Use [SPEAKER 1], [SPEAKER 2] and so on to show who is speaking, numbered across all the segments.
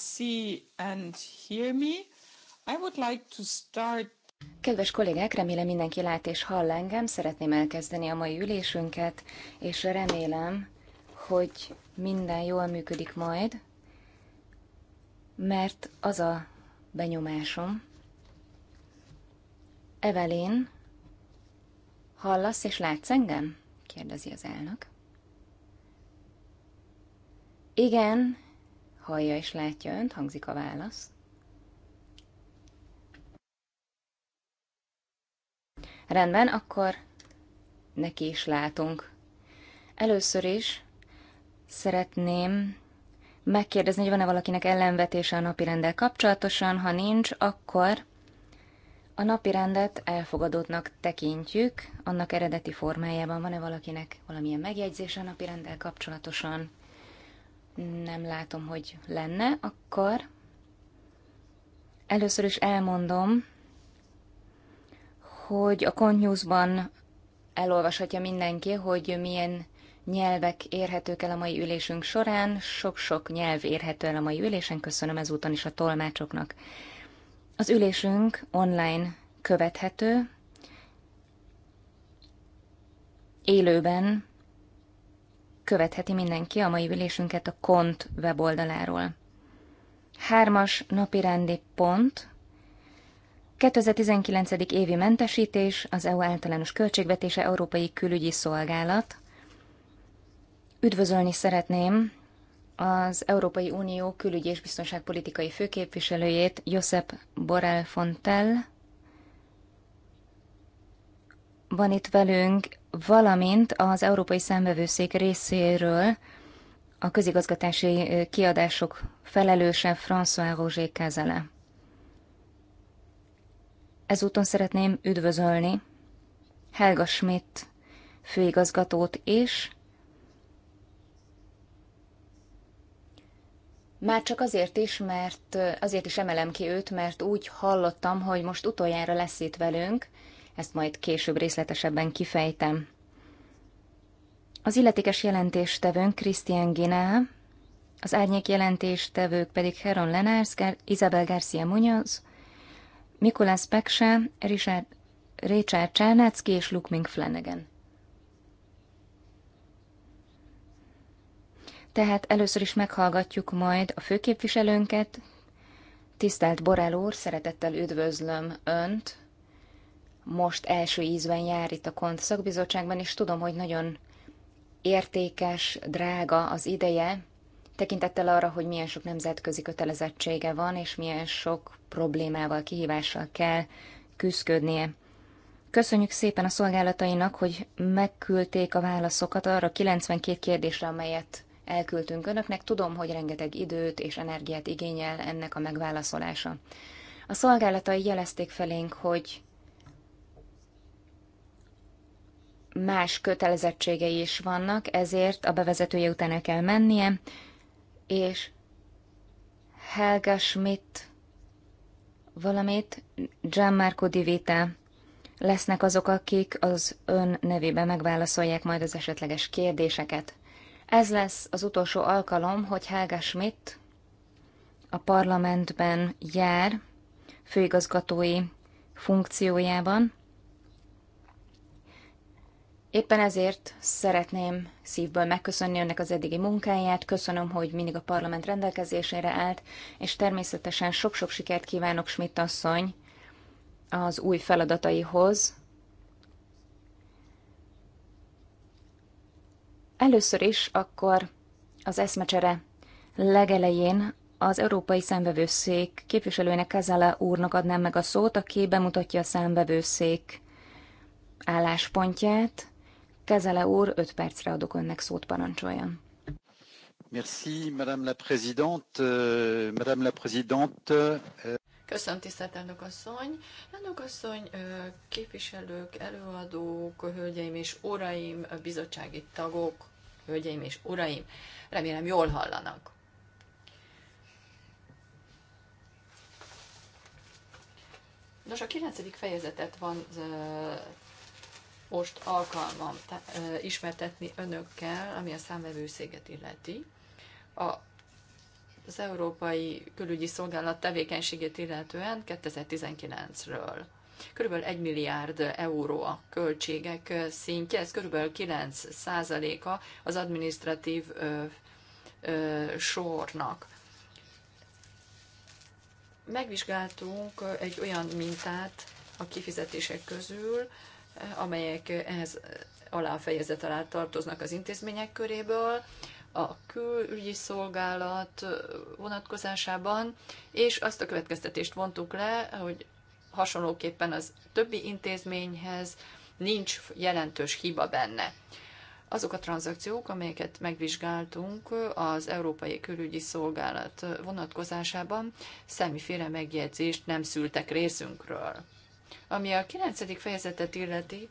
[SPEAKER 1] see and hear me.
[SPEAKER 2] I would like to start Kedves kollégák, remélem mindenki lát és hall engem. Szeretném elkezdeni a mai ülésünket, és remélem, hogy minden jól működik majd, mert az a benyomásom. Evelyn, hallasz és látsz engem? kérdezi az elnök. Igen, hallja és látja önt, hangzik a válasz. Rendben, akkor neki is látunk. Először is szeretném megkérdezni, hogy van-e valakinek ellenvetése a napirenddel kapcsolatosan. Ha nincs, akkor a napirendet elfogadottnak tekintjük. Annak eredeti formájában van-e valakinek valamilyen megjegyzése a napirenddel kapcsolatosan? nem látom, hogy lenne, akkor először is elmondom, hogy a Contnewsban elolvashatja mindenki, hogy milyen nyelvek érhetők el a mai ülésünk során. Sok-sok nyelv érhető el a mai ülésen, köszönöm ezúton is a tolmácsoknak. Az ülésünk online követhető, élőben követheti mindenki a mai ülésünket a KONT weboldaláról. Hármas rendi pont, 2019. évi mentesítés, az EU általános költségvetése Európai Külügyi Szolgálat. Üdvözölni szeretném az Európai Unió külügyi és biztonságpolitikai főképviselőjét, Josep Borrell Fontel. Van itt velünk valamint az Európai Szembevőszék részéről a közigazgatási kiadások felelőse François Roger Kezele. Ezúton szeretném üdvözölni Helga Schmidt főigazgatót és Már csak azért is, mert azért is emelem ki őt, mert úgy hallottam, hogy most utoljára lesz itt velünk, ezt majd később részletesebben kifejtem. Az illetékes jelentéstevőnk Christian Giná, az árnyék jelentéstevők pedig Heron Lenars, Isabel Garcia Munoz, Mikolás Peksa, Richard, Richard Csárnácki és Lukmink Flanagan. Tehát először is meghallgatjuk majd a főképviselőnket. Tisztelt Borel úr, szeretettel üdvözlöm Önt most első ízben jár itt a KONT szakbizottságban, és tudom, hogy nagyon értékes, drága az ideje, tekintettel arra, hogy milyen sok nemzetközi kötelezettsége van, és milyen sok problémával, kihívással kell küzdködnie. Köszönjük szépen a szolgálatainak, hogy megküldték a válaszokat arra 92 kérdésre, amelyet elküldtünk önöknek. Tudom, hogy rengeteg időt és energiát igényel ennek a megválaszolása. A szolgálatai jelezték felénk, hogy más kötelezettségei is vannak, ezért a bevezetője után el kell mennie, és Helga Schmidt valamit Gianmarco Di Vita lesznek azok, akik az ön nevében megválaszolják majd az esetleges kérdéseket. Ez lesz az utolsó alkalom, hogy Helga Schmidt a parlamentben jár főigazgatói funkciójában, Éppen ezért szeretném szívből megköszönni önnek az eddigi munkáját, köszönöm, hogy mindig a parlament rendelkezésére állt, és természetesen sok-sok sikert kívánok Schmidt asszony az új feladataihoz. Először is akkor az eszmecsere legelején az Európai Számbevőszék képviselőjének Kazala úrnak adnám meg a szót, aki bemutatja a számbevőszék álláspontját Kezele úr, öt percre adok önnek szót parancsoljon. Merci, Madame la Présidente. Euh, madame la Présidente. Euh,
[SPEAKER 3] Köszönöm, tisztelt elnök asszony. Elnök asszony, euh, képviselők, előadók, hölgyeim és uraim, bizottsági tagok, hölgyeim és uraim. Remélem jól hallanak. Nos, a 9. fejezetet van most alkalmam ismertetni önökkel, ami a számvevőszéget illeti, a, az Európai Külügyi Szolgálat tevékenységét illetően 2019-ről. Körülbelül 1 milliárd euró a költségek szintje, ez körülbelül 9 százaléka az administratív ö, ö, sornak. Megvizsgáltunk egy olyan mintát a kifizetések közül, amelyek ehhez alá fejezet alá tartoznak az intézmények köréből, a külügyi szolgálat vonatkozásában, és azt a következtetést vontuk le, hogy hasonlóképpen az többi intézményhez nincs jelentős hiba benne. Azok a tranzakciók, amelyeket megvizsgáltunk az Európai Külügyi Szolgálat vonatkozásában, semmiféle megjegyzést nem szültek részünkről. Ami a 9. fejezetet illeti,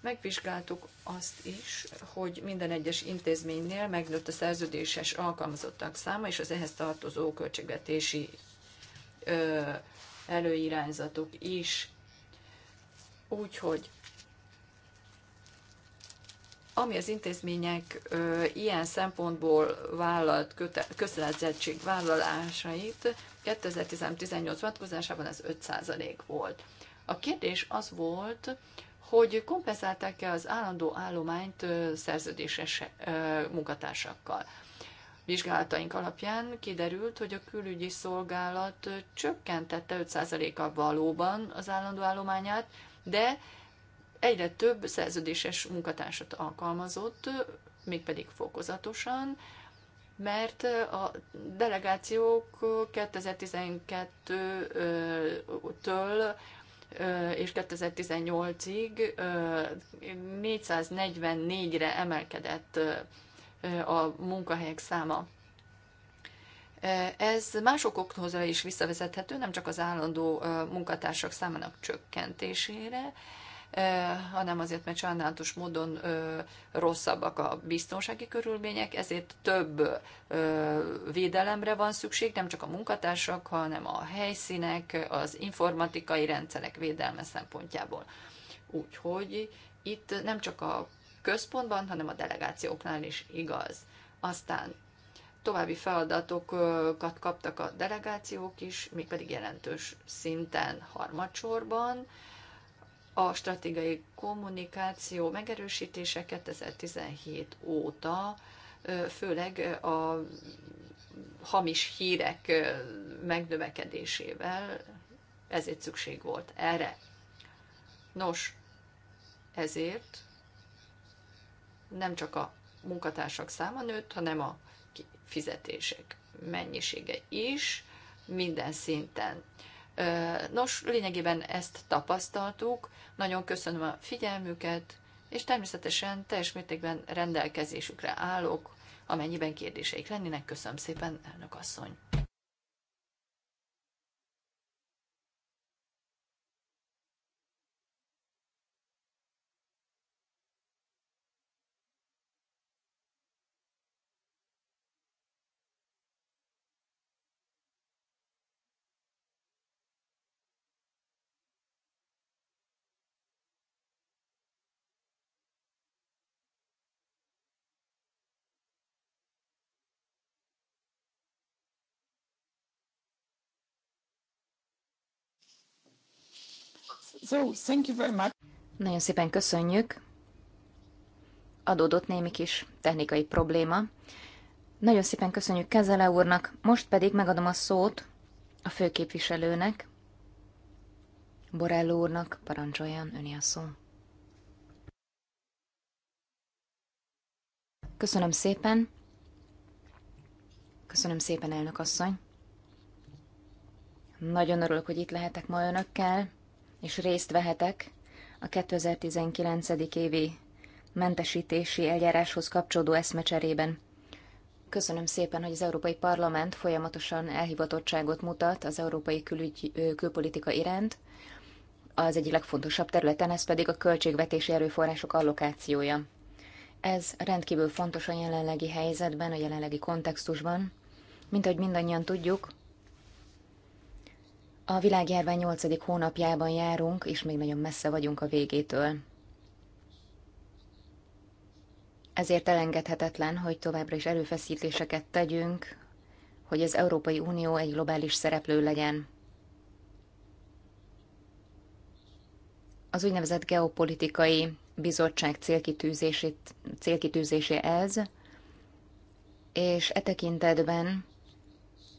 [SPEAKER 3] megvizsgáltuk azt is, hogy minden egyes intézménynél megnőtt a szerződéses alkalmazottak száma és az ehhez tartozó költségvetési ö, előirányzatok is. Úgyhogy ami az intézmények ö, ilyen szempontból vállalt kötelezettség vállalásait 2018 vonatkozásában ez 5% volt. A kérdés az volt, hogy kompenzálták-e az állandó állományt szerződéses munkatársakkal. Vizsgálataink alapján kiderült, hogy a külügyi szolgálat csökkentette 5%-kal valóban az állandó állományát, de egyre több szerződéses munkatársat alkalmazott, mégpedig fokozatosan, mert a delegációk 2012-től és 2018-ig 444-re emelkedett a munkahelyek száma. Ez más okokhoz is visszavezethető, nem csak az állandó munkatársak számának csökkentésére, Eh, hanem azért, mert sajnálatos módon rosszabbak a biztonsági körülmények, ezért több védelemre van szükség, nem csak a munkatársak, hanem a helyszínek, az informatikai rendszerek védelme szempontjából. Úgyhogy itt nem csak a központban, hanem a delegációknál is igaz. Aztán további feladatokat kaptak a delegációk is, mégpedig jelentős szinten harmadsorban, a stratégiai kommunikáció megerősítése 2017 óta, főleg a hamis hírek megnövekedésével, ezért szükség volt erre. Nos, ezért nem csak a munkatársak száma nőtt, hanem a fizetések mennyisége is minden szinten. Nos, lényegében ezt tapasztaltuk. Nagyon köszönöm a figyelmüket, és természetesen teljes mértékben rendelkezésükre állok, amennyiben kérdéseik lennének. Köszönöm szépen, elnök asszony!
[SPEAKER 2] So, thank you very much. Nagyon szépen köszönjük. Adódott némi kis technikai probléma. Nagyon szépen köszönjük Kezele úrnak, most pedig megadom a szót a főképviselőnek, Borello úrnak, parancsoljon öni a szó. Köszönöm szépen. Köszönöm szépen, elnök asszony. Nagyon örülök, hogy itt lehetek ma önökkel és részt vehetek a 2019. évi mentesítési eljáráshoz kapcsolódó eszmecserében. Köszönöm szépen, hogy az Európai Parlament folyamatosan elhivatottságot mutat az európai külügy, külpolitika iránt. Az egyik legfontosabb területen ez pedig a költségvetési erőforrások allokációja. Ez rendkívül fontos a jelenlegi helyzetben, a jelenlegi kontextusban. Mint ahogy mindannyian tudjuk, a világjárvány 8. hónapjában járunk, és még nagyon messze vagyunk a végétől. Ezért elengedhetetlen, hogy továbbra is erőfeszítéseket tegyünk, hogy az Európai Unió egy globális szereplő legyen. Az úgynevezett geopolitikai bizottság célkitűzését, célkitűzése ez, és e tekintetben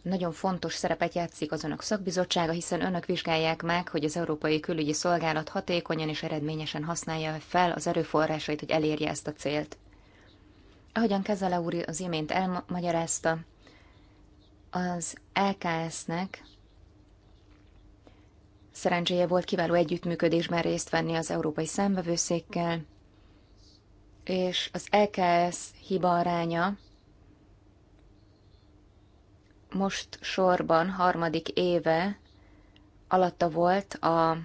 [SPEAKER 2] nagyon fontos szerepet játszik az önök szakbizottsága, hiszen önök vizsgálják meg, hogy az Európai Külügyi Szolgálat hatékonyan és eredményesen használja fel az erőforrásait, hogy elérje ezt a célt. Ahogyan Kezele úr az imént elmagyarázta, az LKS-nek szerencséje volt kiváló együttműködésben részt venni az Európai Számbevőszékkel, és az LKS hiba aránya most sorban harmadik éve alatta volt a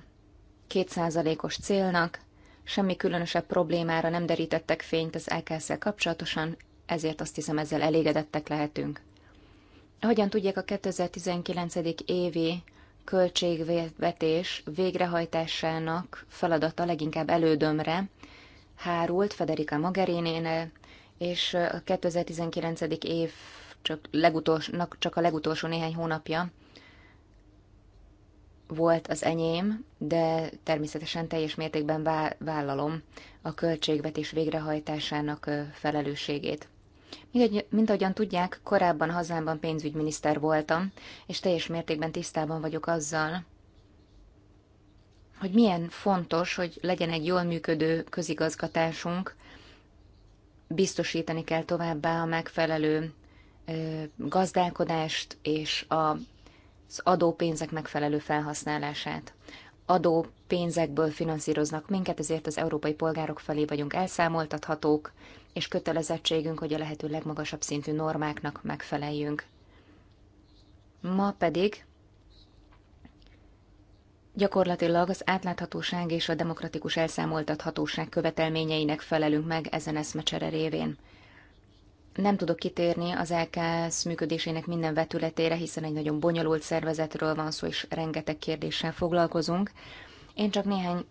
[SPEAKER 2] kétszázalékos célnak, semmi különösebb problémára nem derítettek fényt az lks kapcsolatosan, ezért azt hiszem ezzel elégedettek lehetünk. Hogyan tudják a 2019. évi költségvetés végrehajtásának feladata leginkább elődömre hárult Federica Mogherinénél, és a 2019. év csak, legutolsónak csak a legutolsó néhány hónapja volt az enyém, de természetesen teljes mértékben vállalom a költségvetés végrehajtásának felelősségét. Mint ahogyan tudják, korábban hazámban pénzügyminiszter voltam, és teljes mértékben tisztában vagyok azzal, hogy milyen fontos, hogy legyen egy jól működő közigazgatásunk, biztosítani kell továbbá a megfelelő gazdálkodást és az adópénzek megfelelő felhasználását. Adópénzekből finanszíroznak minket, ezért az európai polgárok felé vagyunk elszámoltathatók, és kötelezettségünk, hogy a lehető legmagasabb szintű normáknak megfeleljünk. Ma pedig Gyakorlatilag az átláthatóság és a demokratikus elszámoltathatóság követelményeinek felelünk meg ezen eszmecsere révén. Nem tudok kitérni az LKS működésének minden vetületére, hiszen egy nagyon bonyolult szervezetről van szó, és rengeteg kérdéssel foglalkozunk. Én csak néhány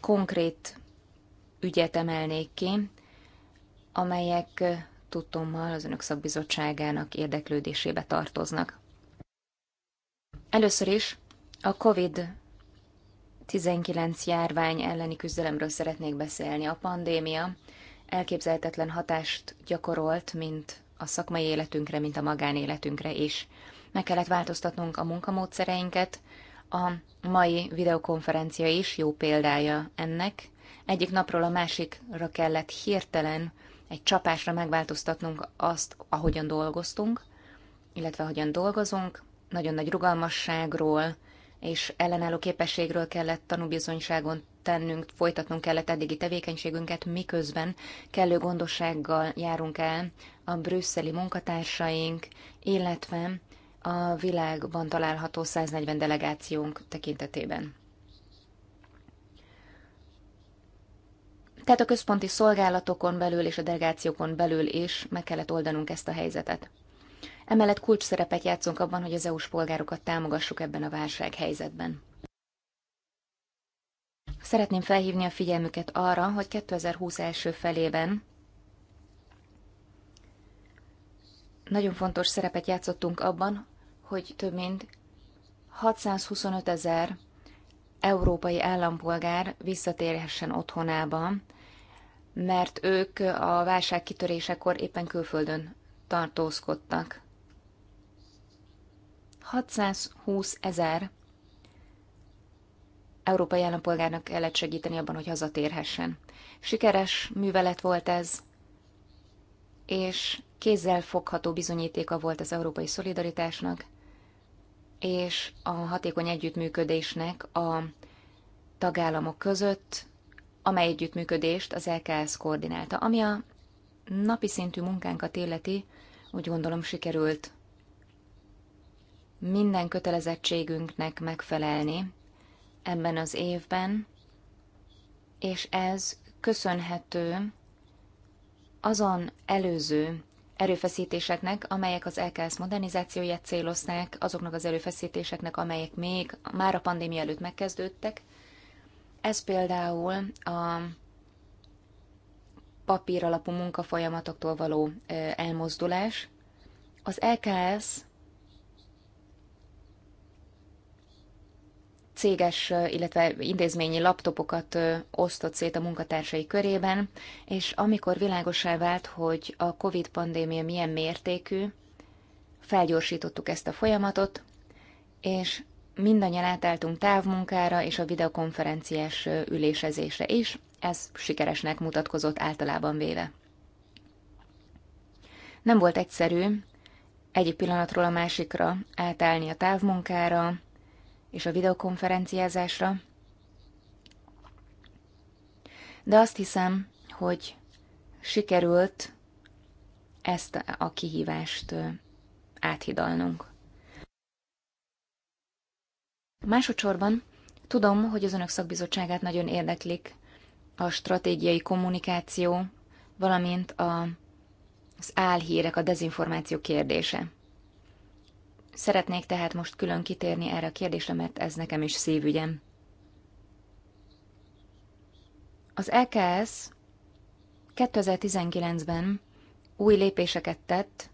[SPEAKER 2] konkrét ügyet emelnék ki, amelyek tudtommal az Önök szakbizottságának érdeklődésébe tartoznak. Először is a COVID-19 járvány elleni küzdelemről szeretnék beszélni. A pandémia elképzelhetetlen hatást gyakorolt, mint a szakmai életünkre, mint a magánéletünkre is. Meg kellett változtatnunk a munkamódszereinket, a mai videokonferencia is jó példája ennek. Egyik napról a másikra kellett hirtelen egy csapásra megváltoztatnunk azt, ahogyan dolgoztunk, illetve hogyan dolgozunk, nagyon nagy rugalmasságról és ellenálló képességről kellett tanúbizonyságon tennünk, folytatnunk kellett eddigi tevékenységünket, miközben kellő gondossággal járunk el a brüsszeli munkatársaink, illetve a világban található 140 delegációnk tekintetében. Tehát a központi szolgálatokon belül és a delegációkon belül is meg kellett oldanunk ezt a helyzetet. Emellett kulcs szerepet játszunk abban, hogy az EU-s polgárokat támogassuk ebben a válsághelyzetben. Szeretném felhívni a figyelmüket arra, hogy 2020 első felében nagyon fontos szerepet játszottunk abban, hogy több mint 625 ezer európai állampolgár visszatérhessen otthonába, mert ők a válság kitörésekor éppen külföldön tartózkodtak. 620 ezer európai állampolgárnak kellett segíteni abban, hogy hazatérhessen. Sikeres művelet volt ez, és kézzel fogható bizonyítéka volt az európai szolidaritásnak, és a hatékony együttműködésnek a tagállamok között, amely együttműködést az LKS koordinálta. Ami a napi szintű munkánkat illeti, úgy gondolom sikerült minden kötelezettségünknek megfelelni, ebben az évben, és ez köszönhető azon előző erőfeszítéseknek, amelyek az LKS modernizációját célozták, azoknak az erőfeszítéseknek, amelyek még már a pandémia előtt megkezdődtek. Ez például a papír alapú munkafolyamatoktól való elmozdulás. Az LKS céges, illetve intézményi laptopokat osztott szét a munkatársai körében, és amikor világosá vált, hogy a COVID-pandémia milyen mértékű, felgyorsítottuk ezt a folyamatot, és mindannyian átálltunk távmunkára és a videokonferenciás ülésezésre is, ez sikeresnek mutatkozott általában véve. Nem volt egyszerű egyik pillanatról a másikra átállni a távmunkára, és a videokonferenciázásra. De azt hiszem, hogy sikerült ezt a kihívást áthidalnunk. Másodszorban tudom, hogy az önök szakbizottságát nagyon érdeklik a stratégiai kommunikáció, valamint a, az álhírek, a dezinformáció kérdése. Szeretnék tehát most külön kitérni erre a kérdésre, mert ez nekem is szívügyem. Az EKS 2019-ben új lépéseket tett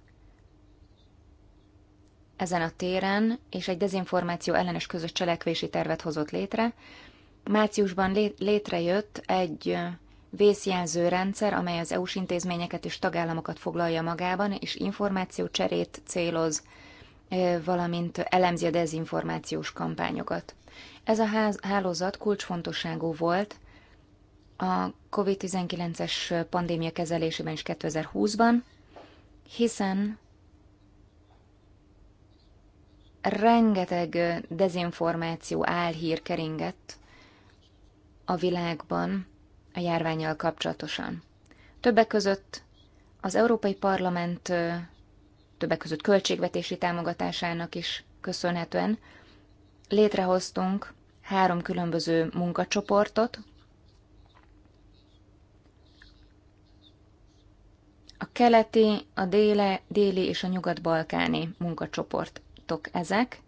[SPEAKER 2] ezen a téren, és egy dezinformáció ellenes közös cselekvési tervet hozott létre. Márciusban létrejött egy vészjelző rendszer, amely az EU-s intézményeket és tagállamokat foglalja magában, és információcserét céloz valamint elemzi a dezinformációs kampányokat. Ez a ház, hálózat kulcsfontosságú volt a COVID-19-es pandémia kezelésében is 2020-ban, hiszen rengeteg dezinformáció, álhír keringett a világban a járványjal kapcsolatosan. Többek között az Európai Parlament többek között költségvetési támogatásának is köszönhetően létrehoztunk három különböző munkacsoportot. A keleti, a déle, déli és a nyugat-balkáni munkacsoportok ezek.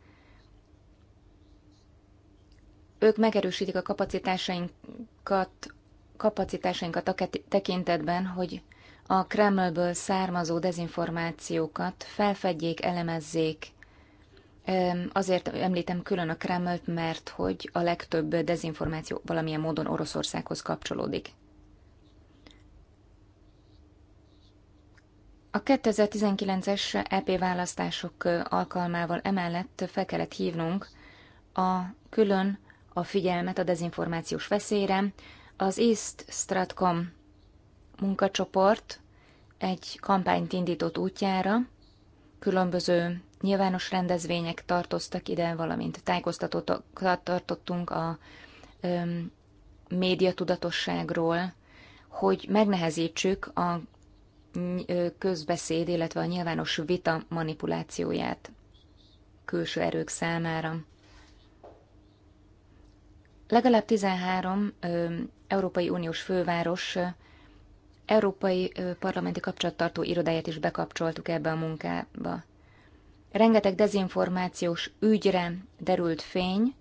[SPEAKER 2] Ők megerősítik a kapacitásainkat, kapacitásainkat a tekintetben, hogy a Kremlből származó dezinformációkat felfedjék, elemezzék. Azért említem külön a Kremlt, mert hogy a legtöbb dezinformáció valamilyen módon Oroszországhoz kapcsolódik. A 2019-es EP választások alkalmával emellett fel kellett hívnunk a külön a figyelmet a dezinformációs veszélyre. Az East Stratcom munkacsoport egy kampányt indított útjára, különböző nyilvános rendezvények tartoztak ide, valamint tájékoztatókat tartottunk a öm, tudatosságról, hogy megnehezítsük a közbeszéd, illetve a nyilvános vita manipulációját külső erők számára. Legalább 13 ö, Európai Uniós főváros európai parlamenti kapcsolattartó irodáját is bekapcsoltuk ebbe a munkába. Rengeteg dezinformációs ügyre derült fény,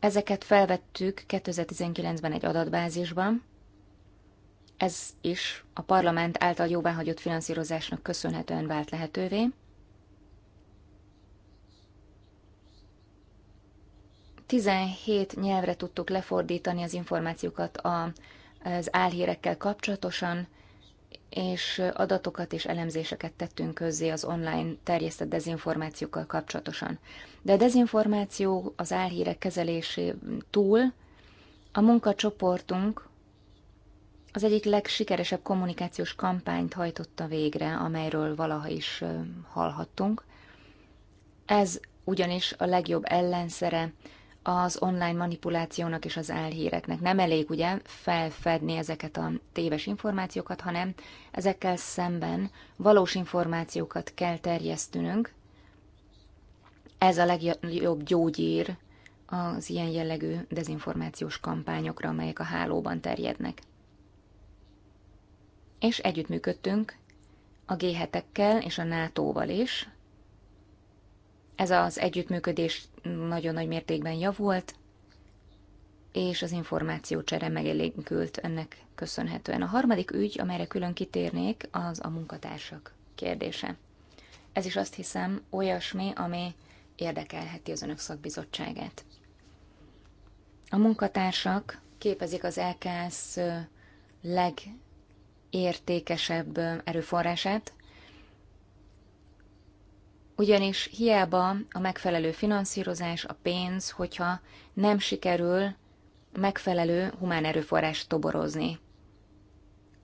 [SPEAKER 2] ezeket felvettük 2019-ben egy adatbázisban, ez is a parlament által jóváhagyott finanszírozásnak köszönhetően vált lehetővé. Tizenhét nyelvre tudtuk lefordítani az információkat a az álhírekkel kapcsolatosan, és adatokat és elemzéseket tettünk közzé az online terjesztett dezinformációkkal kapcsolatosan. De a dezinformáció az álhírek kezelésé túl a munkacsoportunk az egyik legsikeresebb kommunikációs kampányt hajtotta végre, amelyről valaha is hallhattunk. Ez ugyanis a legjobb ellenszere az online manipulációnak és az álhíreknek. Nem elég ugye felfedni ezeket a téves információkat, hanem ezekkel szemben valós információkat kell terjesztünk. Ez a legjobb gyógyír az ilyen jellegű dezinformációs kampányokra, amelyek a hálóban terjednek. És együttműködtünk a g és a NATO-val is. Ez az együttműködés nagyon nagy mértékben javult, és az információcsere megélénkült ennek köszönhetően. A harmadik ügy, amelyre külön kitérnék, az a munkatársak kérdése. Ez is azt hiszem olyasmi, ami érdekelheti az önök szakbizottságát. A munkatársak képezik az LKS legértékesebb erőforrását, ugyanis hiába a megfelelő finanszírozás, a pénz, hogyha nem sikerül megfelelő humán erőforrás toborozni.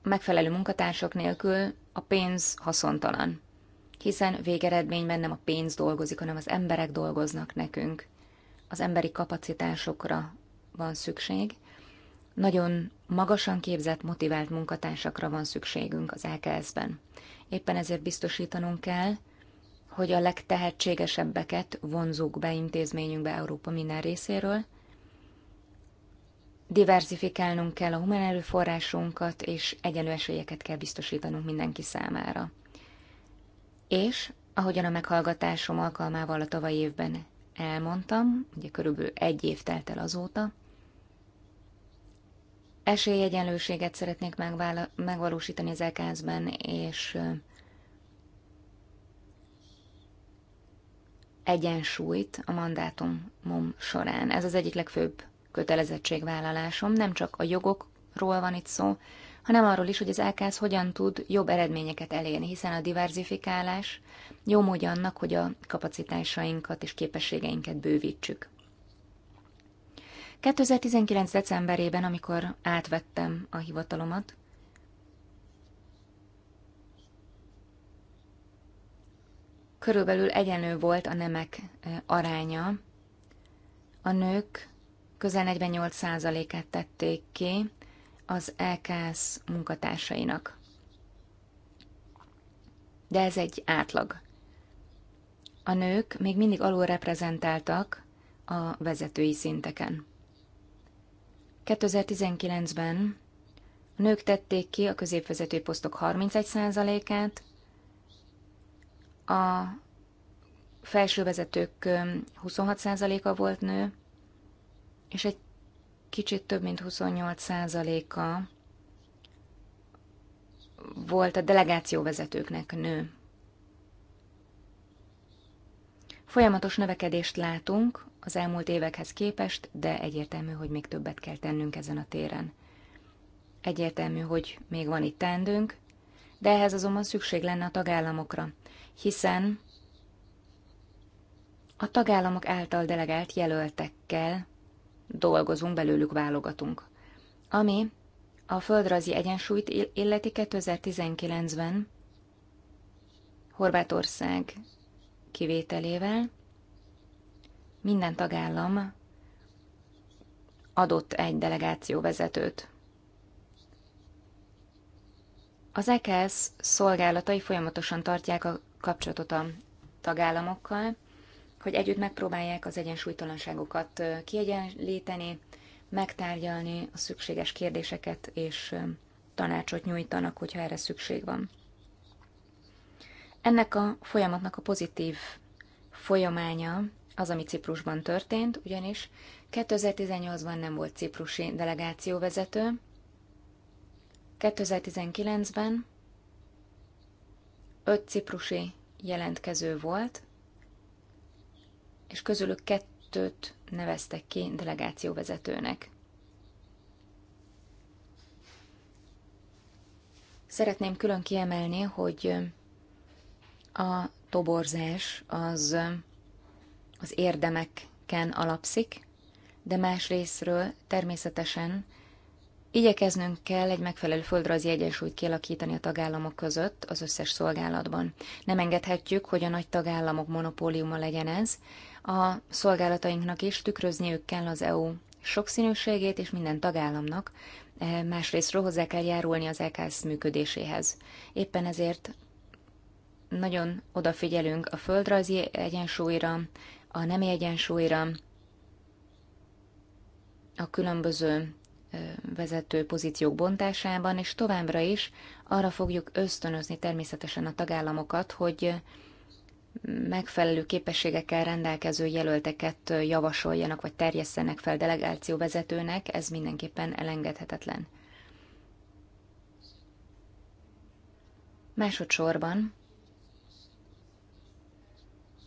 [SPEAKER 2] megfelelő munkatársak nélkül a pénz haszontalan, hiszen végeredményben nem a pénz dolgozik, hanem az emberek dolgoznak nekünk. Az emberi kapacitásokra van szükség. Nagyon magasan képzett, motivált munkatársakra van szükségünk az LKS-ben. Éppen ezért biztosítanunk kell, hogy a legtehetségesebbeket vonzuk be intézményünkbe Európa minden részéről. Diversifikálnunk kell a humán erőforrásunkat, és egyenlő esélyeket kell biztosítanunk mindenki számára. És, ahogyan a meghallgatásom alkalmával a tavalyi évben elmondtam, ugye körülbelül egy év telt el azóta, esélyegyenlőséget szeretnék megvalósítani az eks és egyensúlyt a mandátumom során. Ez az egyik legfőbb kötelezettségvállalásom. Nem csak a jogokról van itt szó, hanem arról is, hogy az LKS hogyan tud jobb eredményeket elérni, hiszen a diverzifikálás jó módja annak, hogy a kapacitásainkat és képességeinket bővítsük. 2019. decemberében, amikor átvettem a hivatalomat, körülbelül egyenlő volt a nemek aránya. A nők közel 48%-át tették ki az LKS munkatársainak. De ez egy átlag. A nők még mindig alulreprezentáltak a vezetői szinteken. 2019-ben a nők tették ki a középvezető posztok 31%-át, a felsővezetők 26%-a volt nő, és egy kicsit több mint 28%-a volt a delegációvezetőknek nő. Folyamatos növekedést látunk az elmúlt évekhez képest, de egyértelmű, hogy még többet kell tennünk ezen a téren. Egyértelmű, hogy még van itt tendünk, de ehhez azonban szükség lenne a tagállamokra hiszen a tagállamok által delegált jelöltekkel dolgozunk, belőlük válogatunk. Ami a földrajzi egyensúlyt illeti 2019-ben Horvátország kivételével minden tagállam adott egy delegáció vezetőt. Az EKS szolgálatai folyamatosan tartják a kapcsolatot a tagállamokkal, hogy együtt megpróbálják az egyensúlytalanságokat kiegyenlíteni, megtárgyalni a szükséges kérdéseket, és tanácsot nyújtanak, hogyha erre szükség van. Ennek a folyamatnak a pozitív folyamánya az, ami Ciprusban történt, ugyanis 2018-ban nem volt ciprusi delegációvezető, 2019-ben öt ciprusi jelentkező volt, és közülük kettőt neveztek ki delegációvezetőnek. Szeretném külön kiemelni, hogy a toborzás az az érdemeken alapszik, de más részről természetesen Igyekeznünk kell egy megfelelő földrajzi egyensúlyt kialakítani a tagállamok között az összes szolgálatban. Nem engedhetjük, hogy a nagy tagállamok monopóliuma legyen ez. A szolgálatainknak is tükrözniük kell az EU sokszínűségét és minden tagállamnak, e, másrészt hozzá kell járulni az EKSZ működéséhez. Éppen ezért nagyon odafigyelünk a földrajzi egyensúlyra, a nemi egyensúlyra, a különböző vezető pozíciók bontásában, és továbbra is arra fogjuk ösztönözni természetesen a tagállamokat, hogy megfelelő képességekkel rendelkező jelölteket javasoljanak vagy terjesszenek fel delegáció vezetőnek, ez mindenképpen elengedhetetlen. Másodszorban,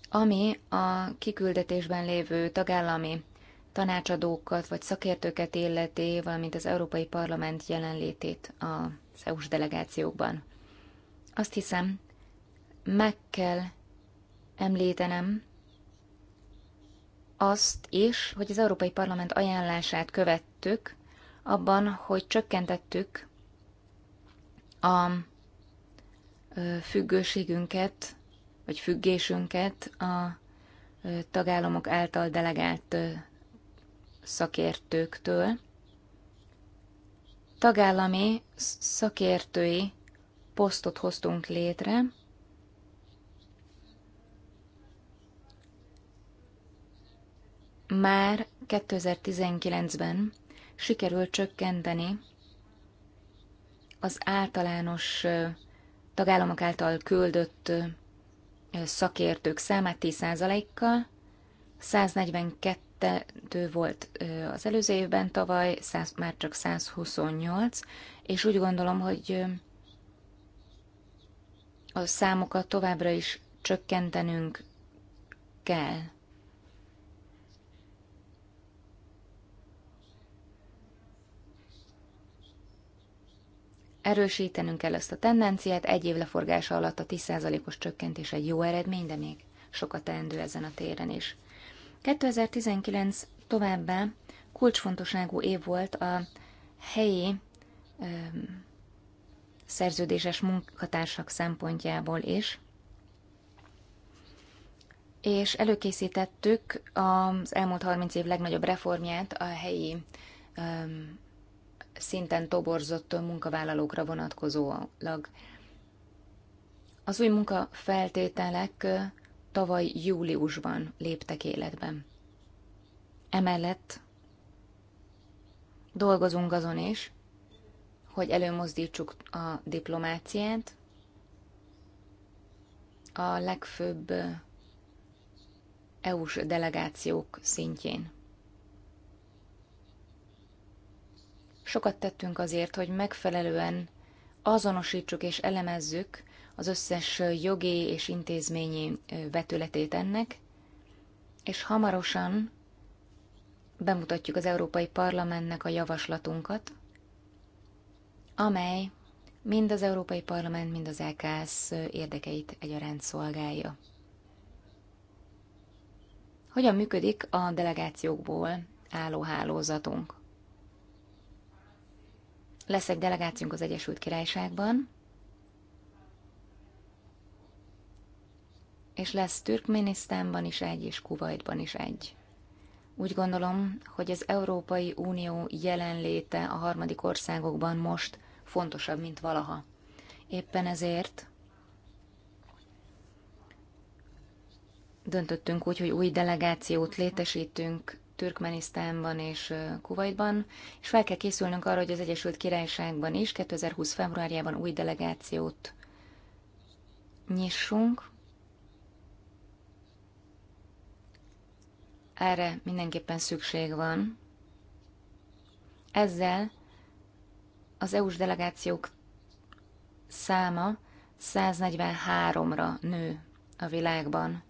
[SPEAKER 2] ami a kiküldetésben lévő tagállami tanácsadókat vagy szakértőket illeti, valamint az Európai Parlament jelenlétét az EU-s delegációkban. Azt hiszem, meg kell említenem azt is, hogy az Európai Parlament ajánlását követtük abban, hogy csökkentettük a függőségünket, vagy függésünket a tagállamok által delegált szakértőktől, tagállami szakértői posztot hoztunk létre, már 2019-ben sikerült csökkenteni az általános tagállamok által küldött szakértők számát 10%-kal, 142 12 volt az előző évben, tavaly 100, már csak 128, és úgy gondolom, hogy a számokat továbbra is csökkentenünk kell. Erősítenünk kell ezt a tendenciát, egy év leforgása alatt a 10%-os csökkentés egy jó eredmény, de még sokat teendő ezen a téren is. 2019 továbbá kulcsfontosságú év volt a helyi ö, szerződéses munkatársak szempontjából is, és előkészítettük az elmúlt 30 év legnagyobb reformját a helyi ö, szinten toborzott munkavállalókra vonatkozólag. Az új munkafeltételek tavaly júliusban léptek életbe. Emellett dolgozunk azon is, hogy előmozdítsuk a diplomáciát, a legfőbb EU-s delegációk szintjén. Sokat tettünk azért, hogy megfelelően azonosítsuk és elemezzük az összes jogi és intézményi vetületét ennek, és hamarosan bemutatjuk az Európai Parlamentnek a javaslatunkat, amely mind az Európai Parlament, mind az EKSZ érdekeit egyaránt szolgálja. Hogyan működik a delegációkból álló hálózatunk? Lesz egy delegációnk az Egyesült Királyságban, és lesz Türkménisztánban is egy, és Kuwaitban is egy. Úgy gondolom, hogy az Európai Unió jelenléte a harmadik országokban most fontosabb, mint valaha. Éppen ezért döntöttünk úgy, hogy új delegációt létesítünk Türkmenisztánban és Kuwaitban, és fel kell készülnünk arra, hogy az Egyesült Királyságban is 2020. februárjában új delegációt nyissunk. Erre mindenképpen szükség van. Ezzel az EU-s delegációk száma 143-ra nő a világban.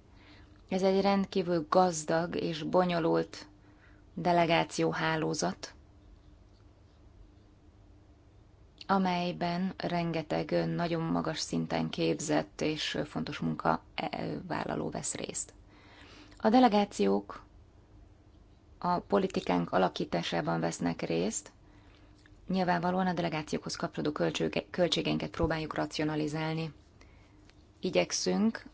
[SPEAKER 2] Ez egy rendkívül gazdag és bonyolult delegációhálózat, amelyben rengeteg nagyon magas szinten képzett és fontos munkavállaló eh, vesz részt. A delegációk a politikánk alakításában vesznek részt. Nyilvánvalóan a delegációkhoz kapcsolódó költségeinket próbáljuk racionalizálni. Igyekszünk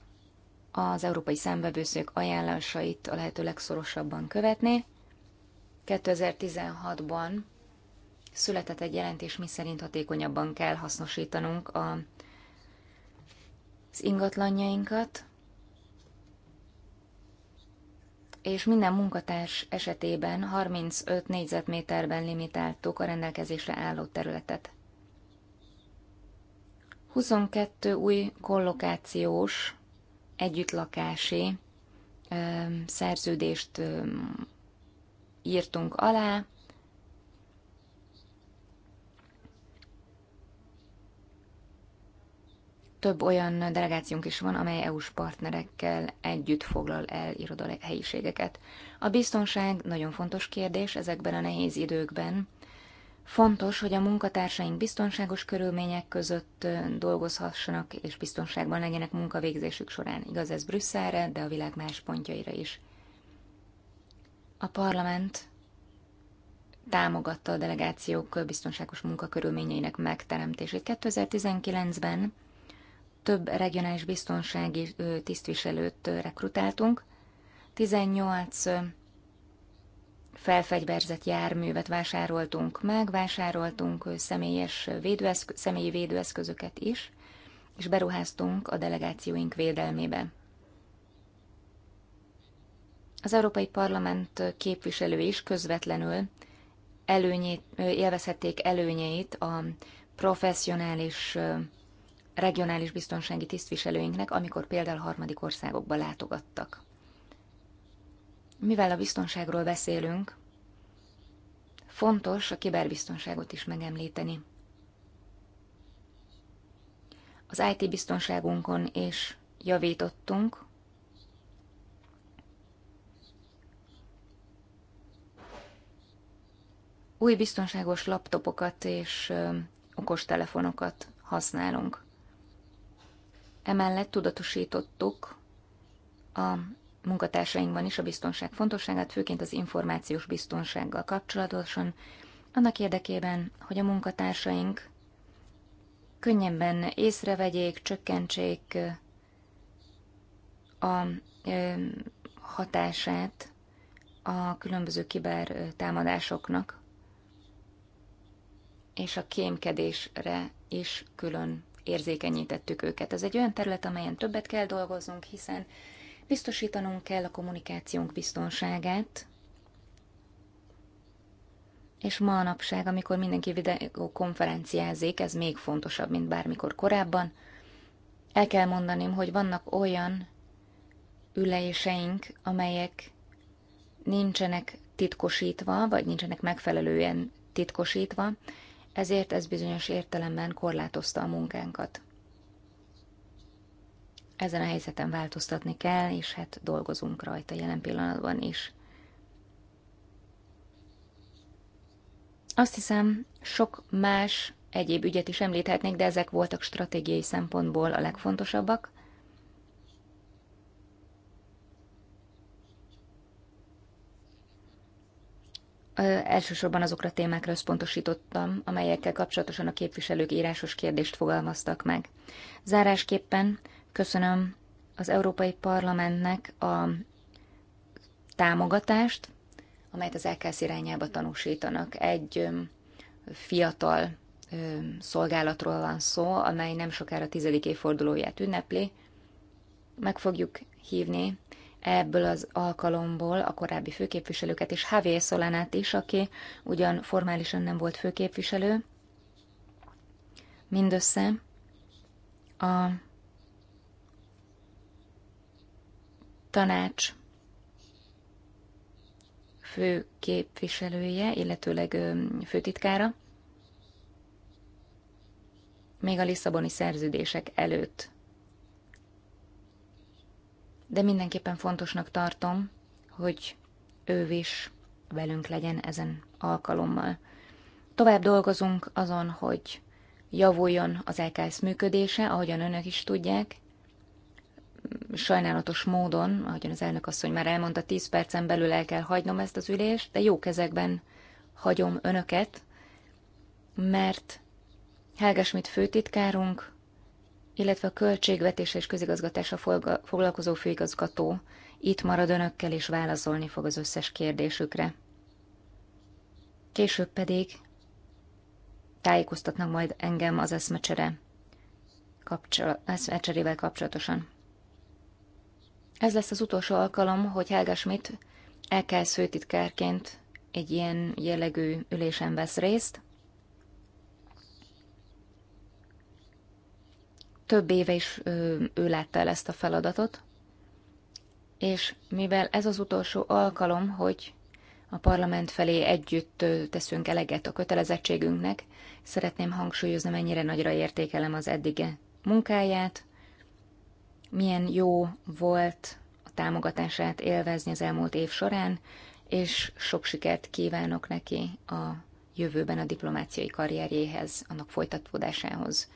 [SPEAKER 2] az Európai Számbevőszék ajánlásait a lehető legszorosabban követni. 2016-ban született egy jelentés, mi szerint hatékonyabban kell hasznosítanunk a, az ingatlanjainkat, és minden munkatárs esetében 35 négyzetméterben limitáltuk a rendelkezésre álló területet. 22 új kollokációs, együttlakási szerződést írtunk alá, több olyan delegációnk is van, amely EU-s partnerekkel együtt foglal el irodai helyiségeket. A biztonság nagyon fontos kérdés ezekben a nehéz időkben. Fontos, hogy a munkatársaink biztonságos körülmények között dolgozhassanak, és biztonságban legyenek munkavégzésük során. Igaz ez Brüsszelre, de a világ más pontjaira is. A parlament támogatta a delegációk biztonságos munkakörülményeinek megteremtését. 2019-ben több regionális biztonsági tisztviselőt rekrutáltunk, 18 felfegyverzett járművet vásároltunk meg, vásároltunk személyes védőeszk- személyi védőeszközöket is, és beruháztunk a delegációink védelmébe. Az Európai Parlament képviselői is közvetlenül előnyét, élvezhették előnyeit a professzionális regionális biztonsági tisztviselőinknek, amikor például harmadik országokba látogattak. Mivel a biztonságról beszélünk, fontos a kiberbiztonságot is megemlíteni. Az IT biztonságunkon is javítottunk, új biztonságos laptopokat és okostelefonokat használunk. Emellett tudatosítottuk a munkatársainkban is a biztonság fontosságát, főként az információs biztonsággal kapcsolatosan, annak érdekében, hogy a munkatársaink könnyebben észrevegyék, csökkentsék a hatását a különböző kiber támadásoknak, és a kémkedésre is külön érzékenyítettük őket. Ez egy olyan terület, amelyen többet kell dolgoznunk, hiszen biztosítanunk kell a kommunikációnk biztonságát, és ma napság, amikor mindenki videokonferenciázik, ez még fontosabb, mint bármikor korábban. El kell mondanom, hogy vannak olyan üléseink, amelyek nincsenek titkosítva, vagy nincsenek megfelelően titkosítva, ezért ez bizonyos értelemben korlátozta a munkánkat. Ezen a helyzeten változtatni kell, és hát dolgozunk rajta jelen pillanatban is. Azt hiszem, sok más egyéb ügyet is említhetnék, de ezek voltak stratégiai szempontból a legfontosabbak. elsősorban azokra a témákra összpontosítottam, amelyekkel kapcsolatosan a képviselők írásos kérdést fogalmaztak meg. Zárásképpen köszönöm az Európai Parlamentnek a támogatást, amelyet az LKS irányába tanúsítanak. Egy fiatal szolgálatról van szó, amely nem sokára tizedik évfordulóját ünnepli. Meg fogjuk hívni ebből az alkalomból a korábbi főképviselőket és Javier Szolánát is, aki ugyan formálisan nem volt főképviselő, mindössze a tanács főképviselője, illetőleg főtitkára, még a Lisszaboni szerződések előtt de mindenképpen fontosnak tartom, hogy ő is velünk legyen ezen alkalommal. Tovább dolgozunk azon, hogy javuljon az LKS működése, ahogyan önök is tudják. Sajnálatos módon, ahogyan az elnök asszony már elmondta, 10 percen belül el kell hagynom ezt az ülést, de jó kezekben hagyom önöket, mert Helgesmit főtitkárunk illetve a költségvetéssel és közigazgatása foglalkozó főigazgató itt marad önökkel, és válaszolni fog az összes kérdésükre. Később pedig tájékoztatnak majd engem az eszmecsere kapcsol- eszmecserével kapcsolatosan. Ez lesz az utolsó alkalom, hogy Helga Schmidt kell szőtitkárként egy ilyen jellegű ülésen vesz részt, több éve is ő látta el ezt a feladatot, és mivel ez az utolsó alkalom, hogy a parlament felé együtt teszünk eleget a kötelezettségünknek, szeretném hangsúlyozni, mennyire nagyra értékelem az eddige munkáját, milyen jó volt a támogatását élvezni az elmúlt év során, és sok sikert kívánok neki a jövőben a diplomáciai karrierjéhez, annak folytatódásához.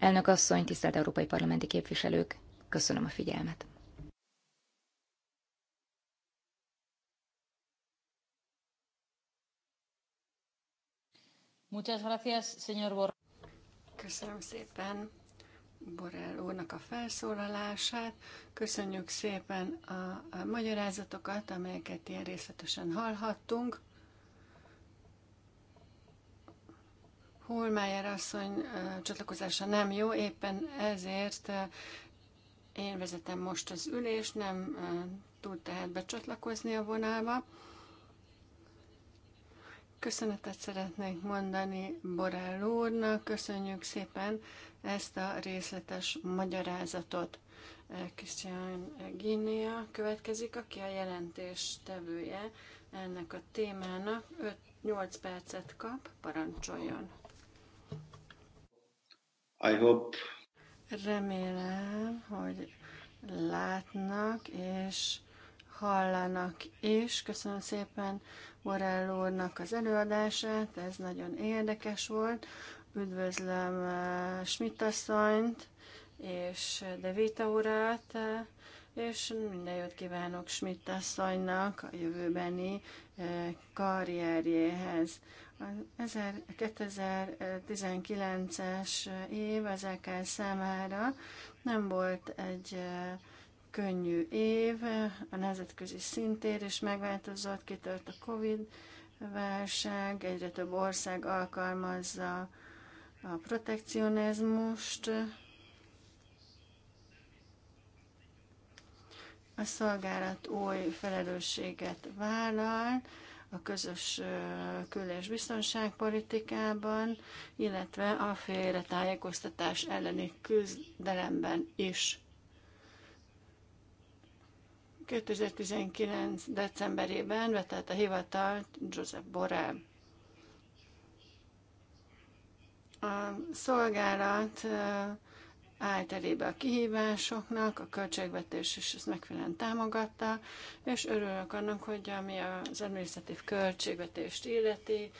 [SPEAKER 2] Elnök asszony, tisztelt európai parlamenti képviselők, köszönöm a figyelmet.
[SPEAKER 1] Muchas gracias, señor Köszönöm szépen Borrell úrnak a felszólalását. Köszönjük szépen a, a magyarázatokat, amelyeket ilyen részletesen hallhattunk. Holmájer asszony csatlakozása nem jó, éppen ezért én vezetem most az ülést, nem tud tehát becsatlakozni a vonalba. Köszönetet szeretnék mondani Borrell úrnak, köszönjük szépen ezt a részletes magyarázatot. Christian Guinea következik, aki a jelentés tevője ennek a témának. 5-8 percet kap, parancsoljon. I hope. Remélem, hogy látnak és hallanak is. Köszönöm szépen Borrell úrnak az előadását, ez nagyon érdekes volt. Üdvözlöm uh, Schmidt asszonyt és De Vita urat, uh, és minden jót kívánok Schmidt asszonynak a jövőbeni uh, karrierjéhez. 2019-es év az EKL számára nem volt egy könnyű év, a nemzetközi szintér is megváltozott, kitört a Covid válság, egyre több ország alkalmazza a protekcionizmust, a szolgálat új felelősséget vállal, a közös kül- és biztonságpolitikában, illetve a félretájékoztatás elleni küzdelemben is. 2019. decemberében vetett a hivatalt Joseph Borrell. A szolgálat állt elébe a kihívásoknak, a költségvetés is ezt megfelelően támogatta, és örülök annak, hogy ami az administratív költségvetést illeti,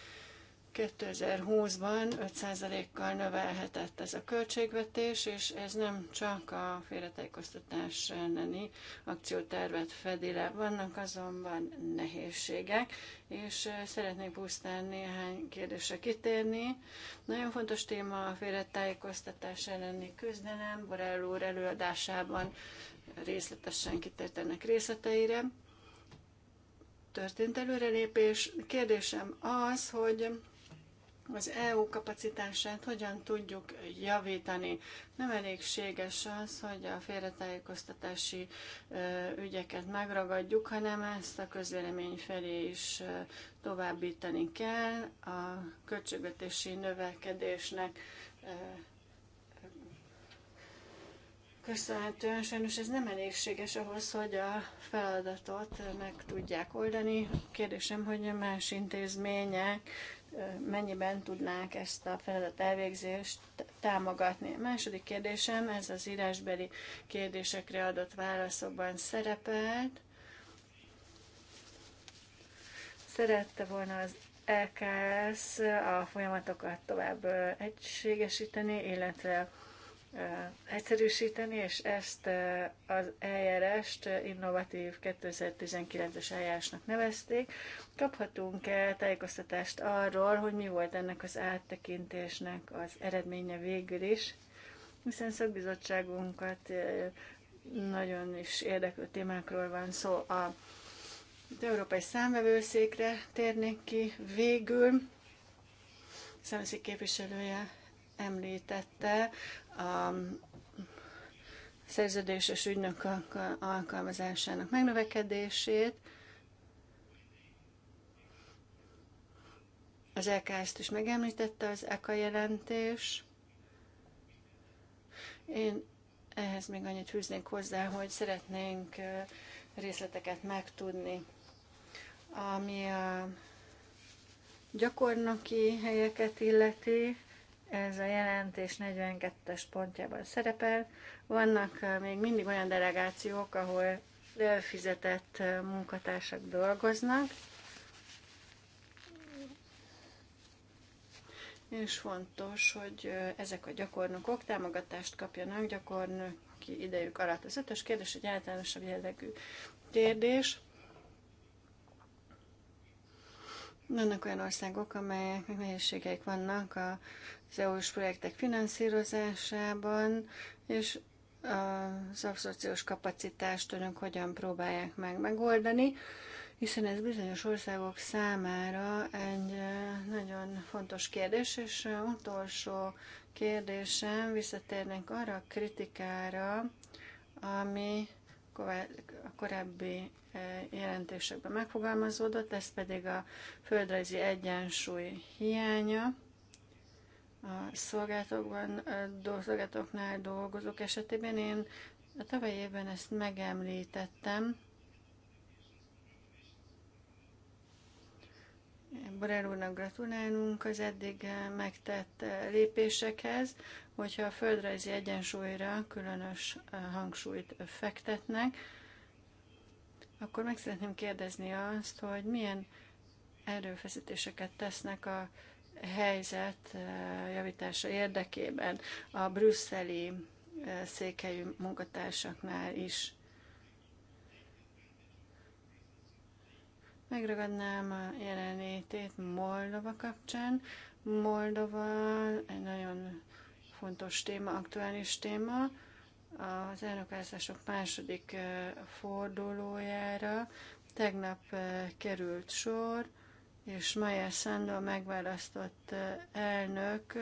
[SPEAKER 1] 2020-ban 5%-kal növelhetett ez a költségvetés, és ez nem csak a félretájékoztatás elleni akciótervet fedi le. Vannak azonban nehézségek, és szeretnék pusztán néhány kérdésre kitérni. Nagyon fontos téma a félretájékoztatás elleni küzdelem. Borrell úr előadásában részletesen kitért ennek részleteire történt előrelépés. Kérdésem az, hogy az EU kapacitását hogyan tudjuk javítani. Nem elégséges az, hogy a félretájékoztatási ügyeket megragadjuk, hanem ezt a közvélemény felé is továbbítani kell. A költségvetési növekedésnek köszönhetően sajnos ez nem elégséges ahhoz, hogy a feladatot meg tudják oldani. Kérdésem, hogy más intézmények mennyiben tudnák ezt a feladat elvégzést támogatni. A második kérdésem, ez az írásbeli kérdésekre adott válaszokban szerepelt. Szerette volna az LKS a folyamatokat tovább egységesíteni, illetve egyszerűsíteni, és ezt az eljárást innovatív 2019-es eljárásnak nevezték. Kaphatunk-e tájékoztatást arról, hogy mi volt ennek az áttekintésnek az eredménye végül is, hiszen szakbizottságunkat nagyon is érdeklő témákról van szó. A az Európai Számvevőszékre térnék ki végül. Szemeszik képviselője említette a szerződéses ügynök alkalmazásának megnövekedését, az LKS-t is megemlítette az ECA jelentés. Én ehhez még annyit fűznék hozzá, hogy szeretnénk részleteket megtudni, ami a gyakornoki helyeket illeti. Ez a jelentés 42-es pontjában szerepel. Vannak eh, még mindig olyan delegációk, ahol fizetett eh, munkatársak dolgoznak, és fontos, hogy eh, ezek a gyakornokok támogatást kapjanak gyakornoki idejük alatt. Az ötös kérdés egy általánosabb jellegű kérdés. Vannak olyan országok, amelyeknek nehézségeik vannak az EU-s projektek finanszírozásában, és az abszorciós kapacitást önök hogyan próbálják meg megoldani, hiszen ez bizonyos országok számára egy nagyon fontos kérdés, és utolsó kérdésem visszatérnek arra a kritikára, ami korábbi e, jelentésekben megfogalmazódott, ez pedig a földrajzi egyensúly hiánya a szolgálatokban, e, szolgálatoknál dolgozók esetében. Én a tavalyi évben ezt megemlítettem, Borel úrnak gratulálunk az eddig eh, megtett eh, lépésekhez, hogyha a földrajzi egyensúlyra különös eh, hangsúlyt fektetnek, akkor meg szeretném kérdezni azt, hogy milyen erőfeszítéseket tesznek a helyzet javítása érdekében a brüsszeli székhelyű munkatársaknál is. Megragadnám a jelenlétét Moldova kapcsán. Moldova egy nagyon fontos téma, aktuális téma. Az elnökválasztások második fordulójára tegnap került sor, és Maja Sándor megválasztott elnök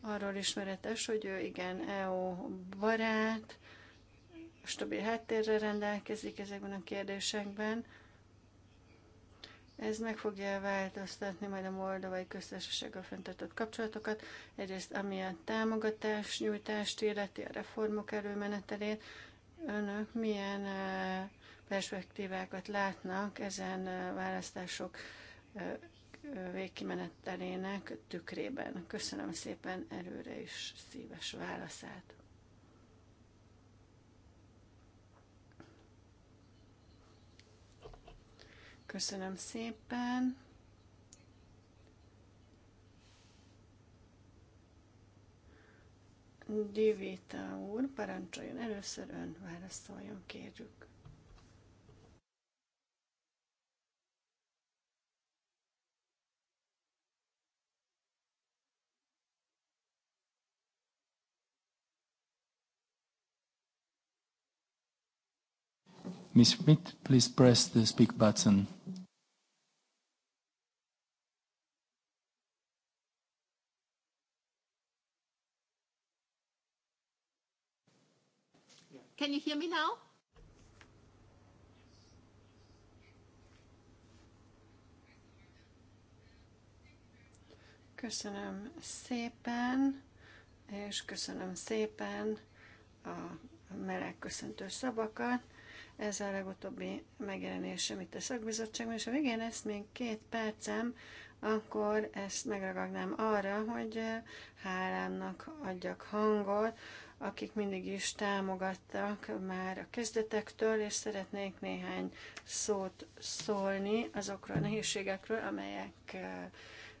[SPEAKER 1] arról ismeretes, hogy ő igen EU barát, stabil háttérre rendelkezik ezekben a kérdésekben, ez meg fogja változtatni majd a moldovai köztársasággal fenntartott kapcsolatokat, egyrészt ami a támogatás nyújtást illeti a reformok előmenetelét. Önök milyen perspektívákat látnak ezen választások végkimenetelének tükrében? Köszönöm szépen előre is szíves válaszát. Köszönöm szépen. Divita úr, parancsoljon először ön, válaszoljon, kérjük.
[SPEAKER 2] Ms. Schmidt, please press the speak button.
[SPEAKER 1] Can you hear me now? Köszönöm szépen, és köszönöm szépen a meleg köszöntő szavakat. Ez a legutóbbi megjelenésem itt a szakbizottságban, és a végén ezt még két percem, akkor ezt megragadnám arra, hogy eh, hálámnak adjak hangot, akik mindig is támogattak már a kezdetektől, és szeretnék néhány szót szólni azokról a nehézségekről, amelyek eh,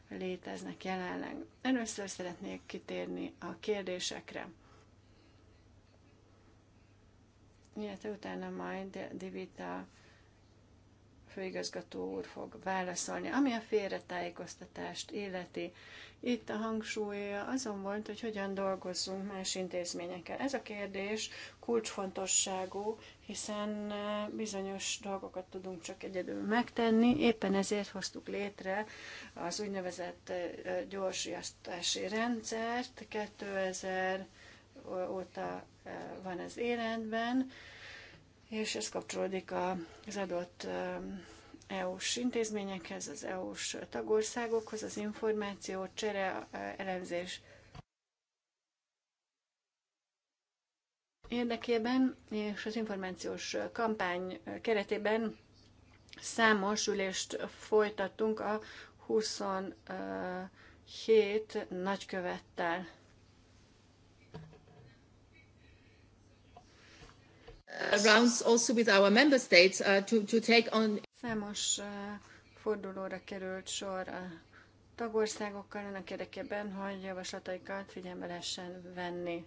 [SPEAKER 1] léteznek jelenleg. Először szeretnék kitérni a kérdésekre. illetve utána majd Divita főigazgató úr fog válaszolni. Ami a félretájékoztatást illeti, itt a hangsúlya azon volt, hogy hogyan dolgozzunk más intézményekkel. Ez a kérdés kulcsfontosságú, hiszen e, bizonyos dolgokat tudunk csak egyedül megtenni, éppen ezért hoztuk létre az úgynevezett e, gyorsiasztási rendszert 2000 óta van ez életben, és ez kapcsolódik az adott EU-s intézményekhez, az EU-s tagországokhoz, az információ, csere, elemzés érdekében, és az információs kampány keretében számos ülést folytattunk a 27 nagykövettel. rounds also with our member states uh, to, to take on. Számos uh, fordulóra került sor a tagországokkal annak érdekében, hogy javaslataikat figyelme lehessen venni.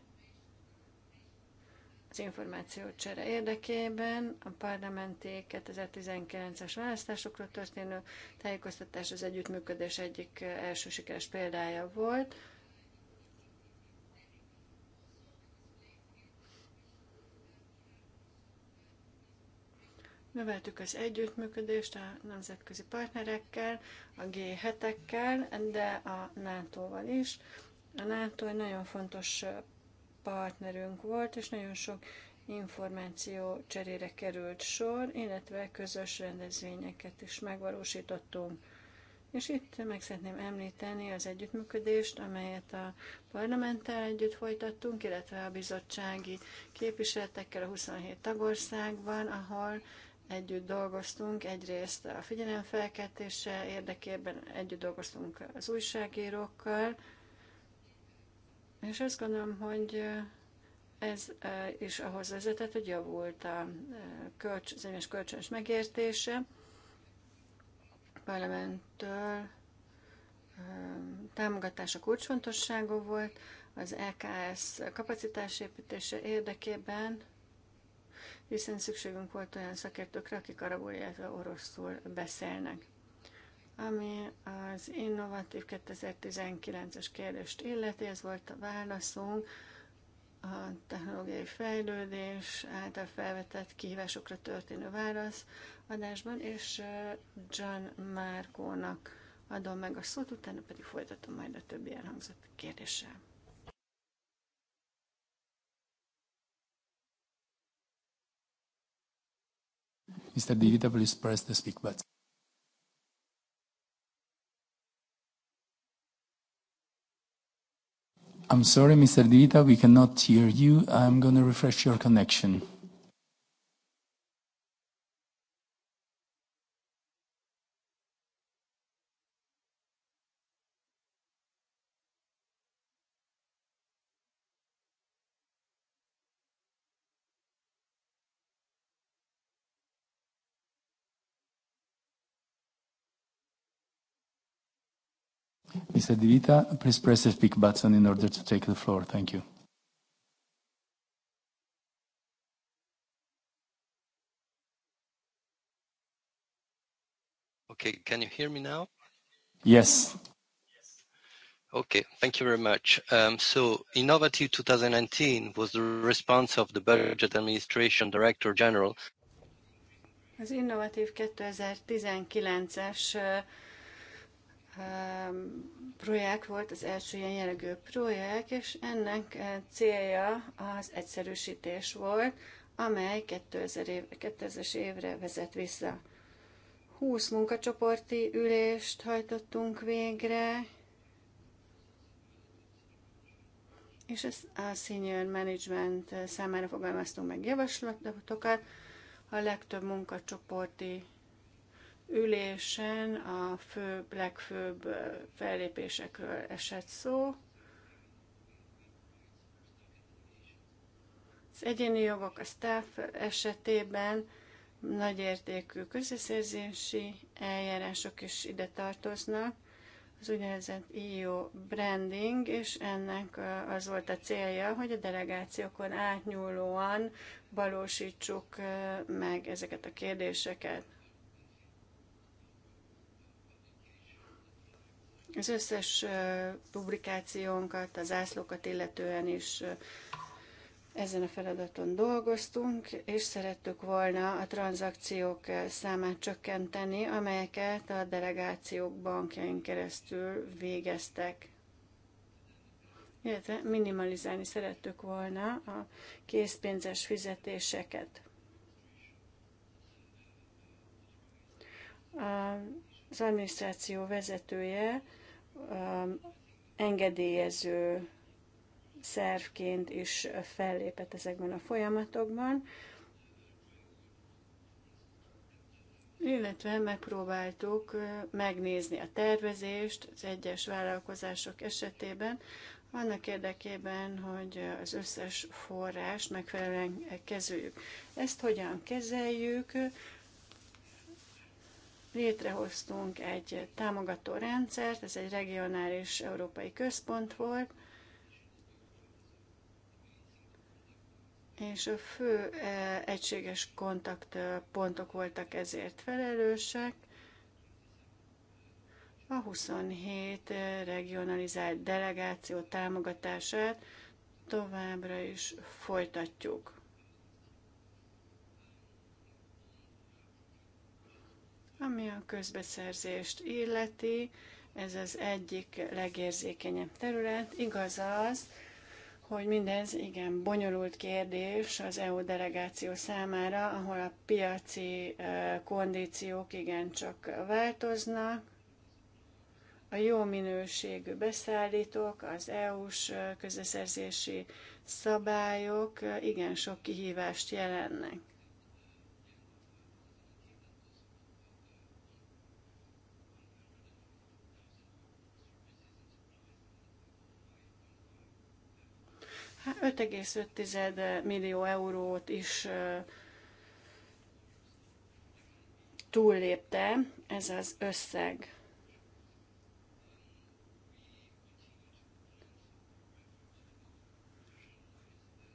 [SPEAKER 1] Az információ csere érdekében a parlamenti 2019-es választásokról történő tájékoztatás az együttműködés egyik uh, első sikeres példája volt. Növeltük az együttműködést a nemzetközi partnerekkel, a G7-ekkel, de a NATO-val is. A NATO egy nagyon fontos partnerünk volt, és nagyon sok információ cserére került sor, illetve közös rendezvényeket is megvalósítottunk. És itt meg szeretném említeni az együttműködést, amelyet a parlamenttel együtt folytattunk, illetve a bizottsági képviseletekkel a 27 tagországban, ahol együtt dolgoztunk, egyrészt a figyelemfelkeltése érdekében együtt dolgoztunk az újságírókkal, és azt gondolom, hogy ez is ahhoz vezetett, hogy javult a kölcs, az egymás kölcsönös megértése parlamenttől támogatása kulcsfontosságú volt az EKS kapacitásépítése érdekében, hiszen szükségünk volt olyan szakértőkre, akik arabul, illetve oroszul beszélnek. Ami az innovatív 2019-es kérdést illeti, ez volt a válaszunk, a technológiai fejlődés által felvetett kihívásokra történő válasz adásban, és John Márkónak adom meg a szót, utána pedig folytatom majd a többi elhangzott kérdéssel.
[SPEAKER 2] Mr. Divita, please press the speak button. I'm sorry, Mr. Divita, we cannot hear you. I'm going to refresh your connection. Mr. De Vita, please press the speak button in order to take the floor. Thank you.
[SPEAKER 3] Okay. Can you hear me now? Yes. Okay. Thank you very much. Um, so Innovative 2019 was the response of the Budget Administration Director General.
[SPEAKER 1] Az Innovatív 2019-es projekt volt, az első ilyen jellegű projekt, és ennek eh, célja az egyszerűsítés volt, amely 2000 év, 2000-es évre vezet vissza. 20 munkacsoporti ülést hajtottunk végre, és ezt a senior management eh, számára fogalmaztunk meg javaslatokat. A legtöbb munkacsoporti ülésen a fő, legfőbb fellépésekről esett szó. Az egyéni jogok a staff esetében nagyértékű közeszerzési eljárások is ide tartoznak, az úgynevezett EU branding, és ennek az volt a célja, hogy a delegációkon átnyúlóan valósítsuk meg ezeket a kérdéseket. Az összes publikációnkat, az ászlókat illetően is ezen a feladaton dolgoztunk, és szerettük volna a tranzakciók számát csökkenteni, amelyeket a delegációk bankjain keresztül végeztek. Illetve minimalizálni szerettük volna a készpénzes fizetéseket. A az adminisztráció vezetője um, engedélyező szervként is fellépett ezekben a folyamatokban, illetve megpróbáltuk uh, megnézni a tervezést az egyes vállalkozások esetében, annak érdekében, hogy az összes forrás megfelelően kezeljük. Ezt hogyan kezeljük? Létrehoztunk egy támogató rendszert, ez egy regionális európai központ volt, és a fő e, egységes kontaktpontok e, voltak ezért felelősek. A 27 e, regionalizált delegáció támogatását továbbra is folytatjuk. Ami a közbeszerzést illeti, ez az egyik legérzékenyebb terület. Igaz az, hogy mindez igen bonyolult kérdés az EU delegáció számára, ahol a piaci kondíciók igencsak változnak. A jó minőségű beszállítók, az EU-s közbeszerzési szabályok igen sok kihívást jelennek. 5,5 hát eh, millió eurót is eh, túllépte ez az összeg.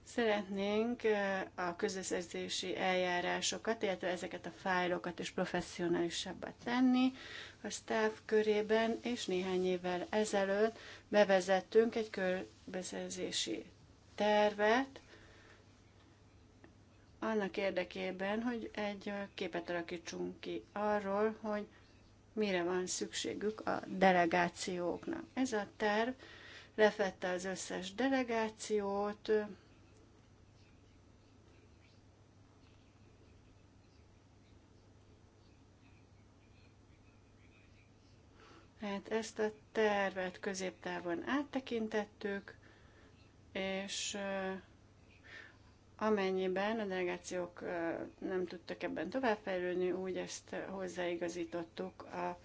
[SPEAKER 1] Szeretnénk eh, a közösszerzési eljárásokat, illetve ezeket a fájlokat is professzionálisabbá tenni a staff körében, és néhány évvel ezelőtt bevezettünk egy közbeszerzési tervet annak érdekében, hogy egy képet alakítsunk ki arról, hogy mire van szükségük a delegációknak. Ez a terv lefette az összes delegációt, Hát ezt a tervet középtávon áttekintettük, és amennyiben a delegációk nem tudtak ebben továbbfejlődni, úgy ezt hozzáigazítottuk a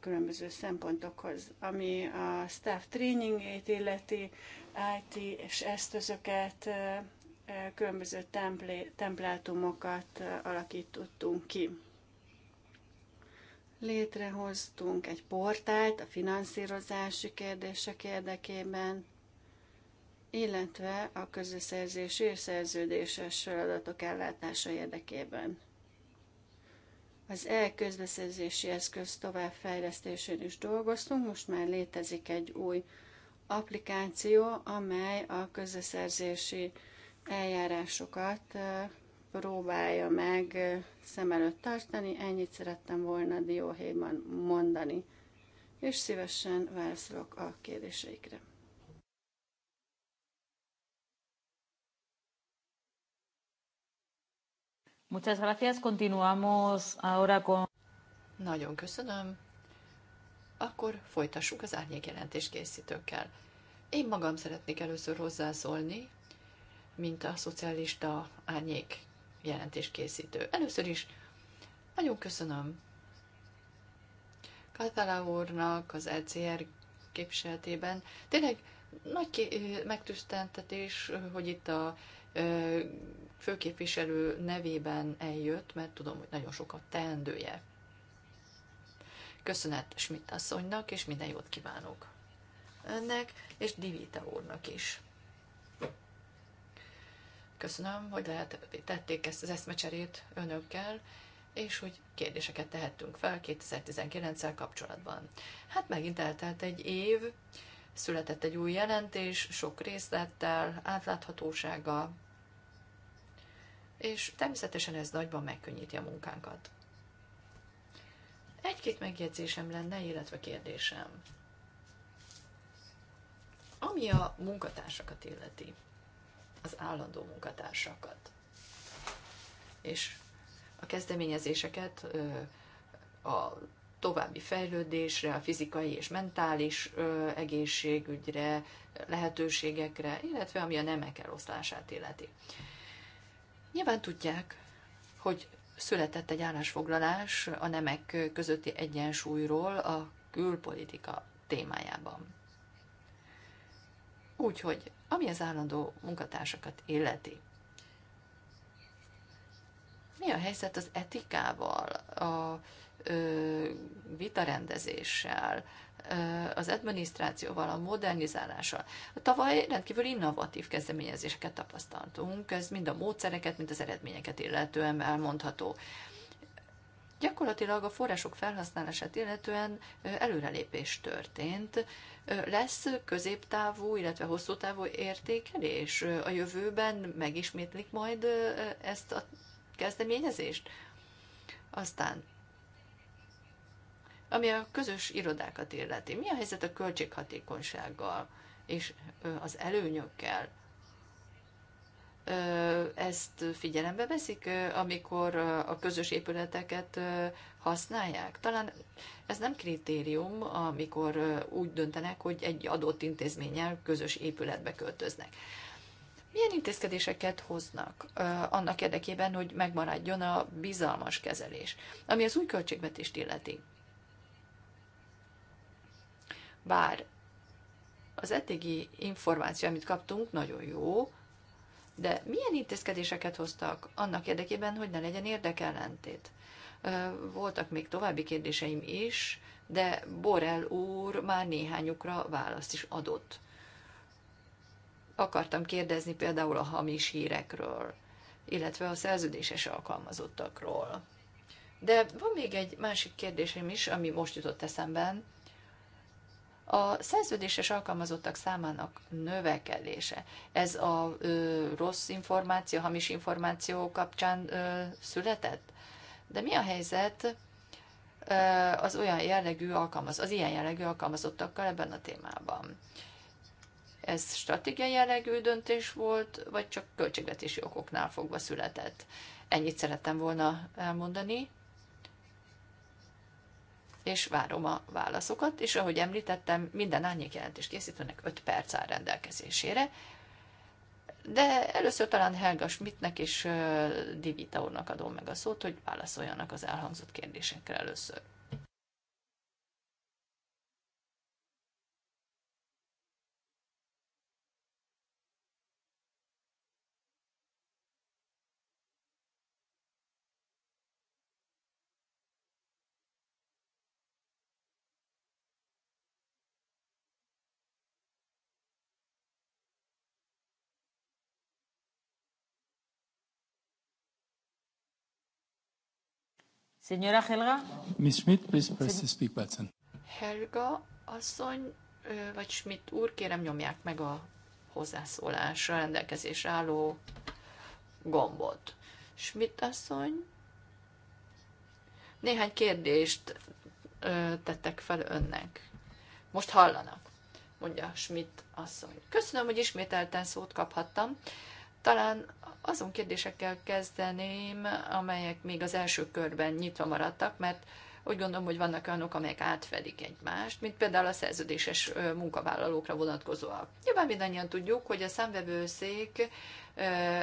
[SPEAKER 1] különböző szempontokhoz, ami a staff trainingét illeti, IT és eszközöket, különböző templátumokat alakítottunk ki. Létrehoztunk egy portált a finanszírozási kérdések érdekében, illetve a közbeszerzési és szerződéses feladatok ellátása érdekében. Az e-közbeszerzési eszköz továbbfejlesztésén is dolgoztunk, most már létezik egy új applikáció, amely a közbeszerzési eljárásokat próbálja meg szem előtt tartani. Ennyit szerettem volna dióhéjban mondani, és szívesen válaszolok a kérdéseikre.
[SPEAKER 2] Muchas gracias. Continuamos
[SPEAKER 3] ahora con... Nagyon köszönöm. Akkor folytassuk az jelentés készítőkkel. Én magam szeretnék először hozzászólni, mint a szocialista árnyék jelentéskészítő. Először is nagyon köszönöm Katala úrnak az LCR e képviseletében. Tényleg nagy megtüsztentetés, hogy itt a főképviselő nevében eljött, mert tudom, hogy nagyon sokat teendője. Köszönet Schmidt asszonynak, és minden jót kívánok önnek, és Divita úrnak is. Köszönöm, hogy lehetővé tették ezt az eszmecserét önökkel, és hogy kérdéseket tehettünk fel 2019-el kapcsolatban. Hát megint eltelt egy év, Született egy új jelentés, sok részlettel, átláthatósággal, és természetesen ez nagyban megkönnyíti a munkánkat. Egy-két megjegyzésem lenne, illetve kérdésem. Ami a munkatársakat illeti, az állandó munkatársakat, és a kezdeményezéseket, a további fejlődésre, a fizikai és mentális egészségügyre, lehetőségekre, illetve ami a nemek eloszlását illeti. Nyilván tudják, hogy született egy állásfoglalás a nemek közötti egyensúlyról a külpolitika témájában. Úgyhogy, ami az állandó munkatársakat illeti, mi a helyzet az etikával, a vitarendezéssel, az adminisztrációval, a modernizálással. Tavaly rendkívül innovatív kezdeményezéseket tapasztaltunk, ez mind a módszereket, mind az eredményeket illetően elmondható. Gyakorlatilag a források felhasználását illetően előrelépés történt. Lesz középtávú, illetve hosszú távú értékelés a jövőben, megismétlik majd ezt a kezdeményezést? Aztán ami a közös irodákat illeti, mi a helyzet a költséghatékonysággal és az előnyökkel? Ezt figyelembe veszik, amikor a közös épületeket használják? Talán ez nem kritérium, amikor úgy döntenek, hogy egy adott intézménnyel közös épületbe költöznek. Milyen intézkedéseket hoznak annak érdekében, hogy megmaradjon a bizalmas kezelés, ami az új költségvetést illeti? Bár az eddigi információ, amit kaptunk, nagyon jó, de milyen intézkedéseket hoztak annak érdekében, hogy ne legyen érdekellentét? Voltak még további kérdéseim is, de Borel úr már néhányukra választ is adott. Akartam kérdezni például a hamis hírekről, illetve a szerződéses alkalmazottakról. De van még egy másik kérdésem is, ami most jutott eszemben, a szerződéses alkalmazottak számának növekedése. Ez a ö, rossz információ, hamis információ kapcsán ö, született? De mi a helyzet ö, az olyan jellegű alkalmaz, az ilyen jellegű alkalmazottakkal ebben a témában? Ez stratégiai jellegű döntés volt, vagy csak költségvetési okoknál fogva született? Ennyit szerettem volna elmondani és várom a válaszokat, és ahogy említettem, minden árnyék jelentést készítőnek 5 perc áll rendelkezésére, de először talán Helga Schmidtnek és Divita úrnak adom meg a szót, hogy válaszoljanak az elhangzott kérdésekre először. Señora Helga?
[SPEAKER 2] Miss Schmidt, please press the speak button.
[SPEAKER 3] Helga asszony, vagy Schmidt úr, kérem nyomják meg a hozzászólásra rendelkezésre álló gombot. Schmidt asszony, néhány kérdést ö, tettek fel önnek. Most hallanak, mondja Schmidt asszony. Köszönöm, hogy ismételten szót kaphattam. Talán azon kérdésekkel kezdeném, amelyek még az első körben nyitva maradtak, mert úgy gondolom, hogy vannak olyanok, amelyek átfedik egymást, mint például a szerződéses munkavállalókra vonatkozóak. Nyilván mindannyian tudjuk, hogy a számvevőszék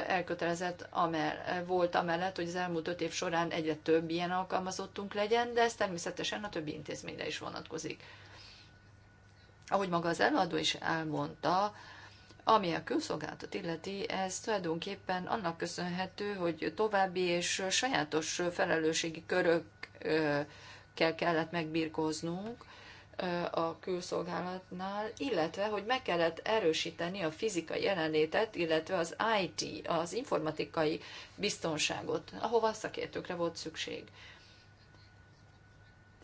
[SPEAKER 3] elkötelezett amel, volt amellett, hogy az elmúlt öt év során egyre több ilyen alkalmazottunk legyen, de ez természetesen a többi intézményre is vonatkozik. Ahogy maga az előadó is elmondta, ami a külszolgálatot illeti, ez tulajdonképpen annak köszönhető, hogy további és sajátos felelősségi körökkel kellett megbirkóznunk a külszolgálatnál, illetve hogy meg kellett erősíteni a fizikai jelenlétet, illetve az IT, az informatikai biztonságot, ahova szakértőkre volt szükség.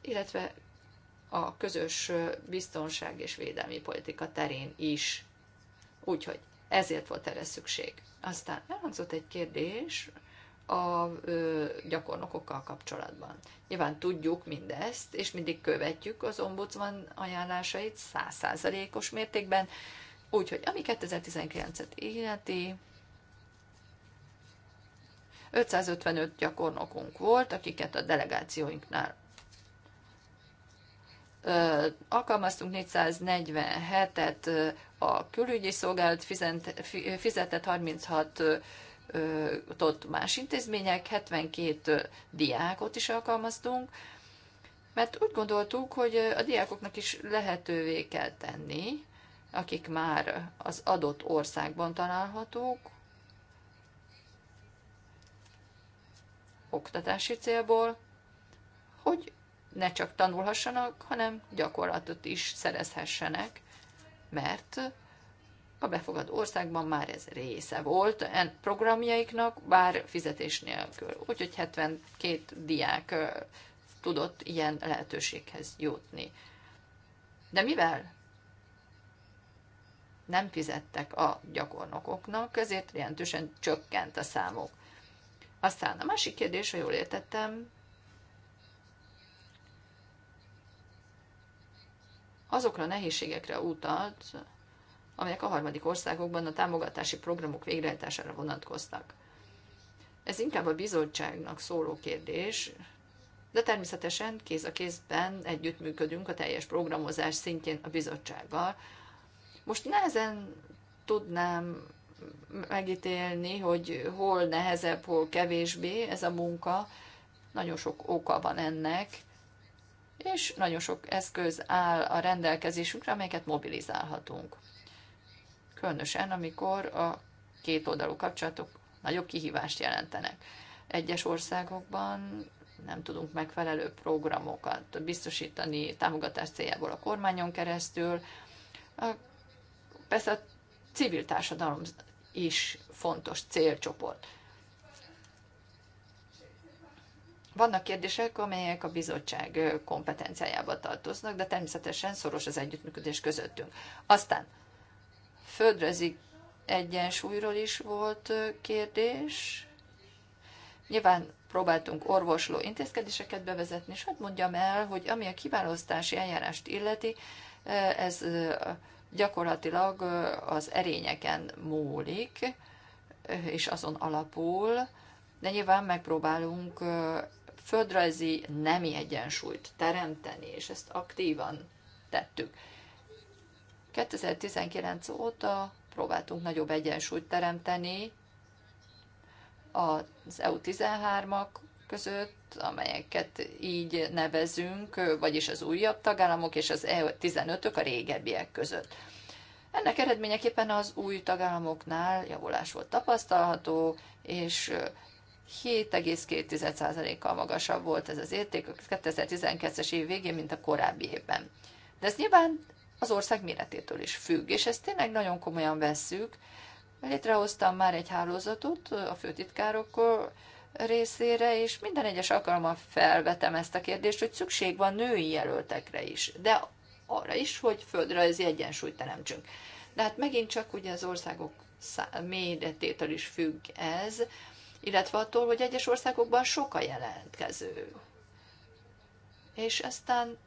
[SPEAKER 3] Illetve a közös biztonság és védelmi politika terén is Úgyhogy ezért volt erre szükség. Aztán elhangzott egy kérdés a ö, gyakornokokkal kapcsolatban. Nyilván tudjuk mindezt, és mindig követjük az ombudsman ajánlásait százszázalékos mértékben, úgyhogy ami 2019-et illeti, 555 gyakornokunk volt, akiket a delegációinknál ö, alkalmaztunk 447-et a külügyi szolgálat fizent, fizetett 36 ott más intézmények, 72 diákot is alkalmaztunk, mert úgy gondoltuk, hogy a diákoknak is lehetővé kell tenni, akik már az adott országban találhatók, oktatási célból, hogy ne csak tanulhassanak, hanem gyakorlatot is szerezhessenek mert a befogadó országban már ez része volt en programjaiknak, bár fizetés nélkül. Úgyhogy 72 diák tudott ilyen lehetőséghez jutni. De mivel nem fizettek a gyakornokoknak, ezért jelentősen csökkent a számok. Aztán a másik kérdés, ha jól értettem, azokra a nehézségekre utalt, amelyek a harmadik országokban a támogatási programok végrehajtására vonatkoztak. Ez inkább a bizottságnak szóló kérdés, de természetesen kéz a kézben együttműködünk a teljes programozás szintjén a bizottsággal. Most nehezen tudnám megítélni, hogy hol nehezebb, hol kevésbé ez a munka. Nagyon sok oka van ennek, és nagyon sok eszköz áll a rendelkezésünkre, amelyeket mobilizálhatunk. Különösen, amikor a két oldalú kapcsolatok nagyobb kihívást jelentenek. Egyes országokban nem tudunk megfelelő programokat biztosítani támogatás céljából a kormányon keresztül. A, persze a civil társadalom is fontos célcsoport. Vannak kérdések, amelyek a bizottság kompetenciájába tartoznak, de természetesen szoros az együttműködés közöttünk. Aztán földrezi egyensúlyról is volt kérdés. Nyilván próbáltunk orvosló intézkedéseket bevezetni, és hadd mondjam el, hogy ami a kiválasztási eljárást illeti, ez gyakorlatilag az erényeken múlik, és azon alapul, de nyilván megpróbálunk földrajzi nemi egyensúlyt teremteni, és ezt aktívan tettük. 2019 óta próbáltunk nagyobb egyensúlyt teremteni az EU13-ak között, amelyeket így nevezünk, vagyis az újabb tagállamok és az EU15-ök a régebbiek között. Ennek eredményeképpen az új tagállamoknál javulás volt tapasztalható, és 7,2%-kal magasabb volt ez az érték a 2012-es év végén, mint a korábbi évben. De ez nyilván az ország méretétől is függ, és ezt tényleg nagyon komolyan vesszük. Létrehoztam már egy hálózatot a főtitkárok részére, és minden egyes alkalommal felvetem ezt a kérdést, hogy szükség van női jelöltekre is, de arra is, hogy földrajzi egyensúlyt teremtsünk. De hát megint csak ugye az országok méretétől is függ ez, illetve attól, hogy egyes országokban sok a jelentkező. És aztán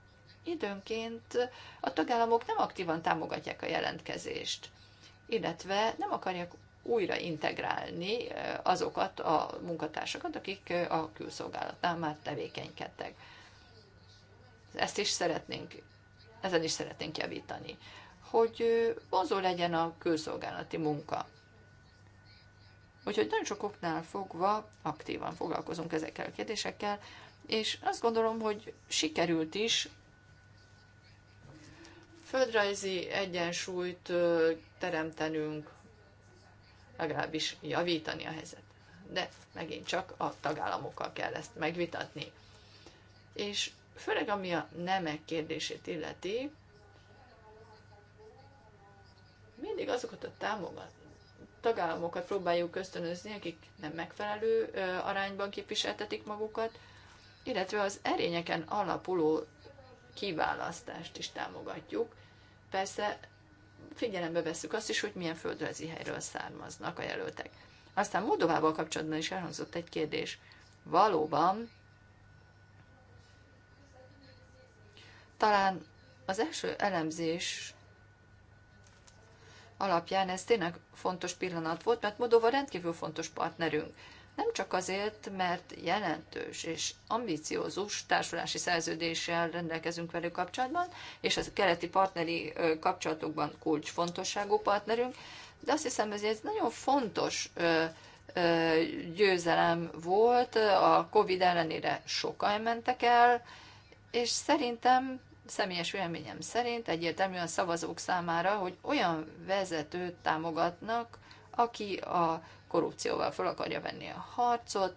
[SPEAKER 3] időnként a tagállamok nem aktívan támogatják a jelentkezést, illetve nem akarják újra integrálni eh, azokat a munkatársakat, akik eh, a külszolgálatnál már tevékenykedtek. Ezt is szeretnénk, ezen is szeretnénk javítani, hogy eh, vonzó legyen a külszolgálati munka. Úgyhogy nagyon sok oknál fogva aktívan foglalkozunk ezekkel a kérdésekkel, és azt gondolom, hogy sikerült is
[SPEAKER 1] földrajzi
[SPEAKER 3] egyensúlyt teremtenünk, legalábbis javítani a helyzet. De megint csak a tagállamokkal kell ezt megvitatni. És főleg ami a nemek kérdését illeti, mindig azokat a támogat, tagállamokat próbáljuk ösztönözni, akik nem megfelelő arányban képviseltetik magukat, illetve az erényeken alapuló kiválasztást is támogatjuk. Persze figyelembe vesszük azt is, hogy milyen földrajzi helyről származnak a jelöltek. Aztán Moldovával kapcsolatban is elhangzott egy kérdés. Valóban talán az első elemzés alapján ez tényleg fontos pillanat volt, mert Modova rendkívül fontos partnerünk. Nem csak azért, mert jelentős és ambiciózus társulási szerződéssel rendelkezünk velük kapcsolatban, és a keleti partneri kapcsolatokban kulcsfontosságú partnerünk, de azt hiszem, ez egy nagyon fontos győzelem volt, a Covid ellenére sokan mentek el, és szerintem személyes véleményem szerint egyértelműen szavazók számára, hogy olyan vezetőt támogatnak, aki a korrupcióval fel akarja venni a harcot,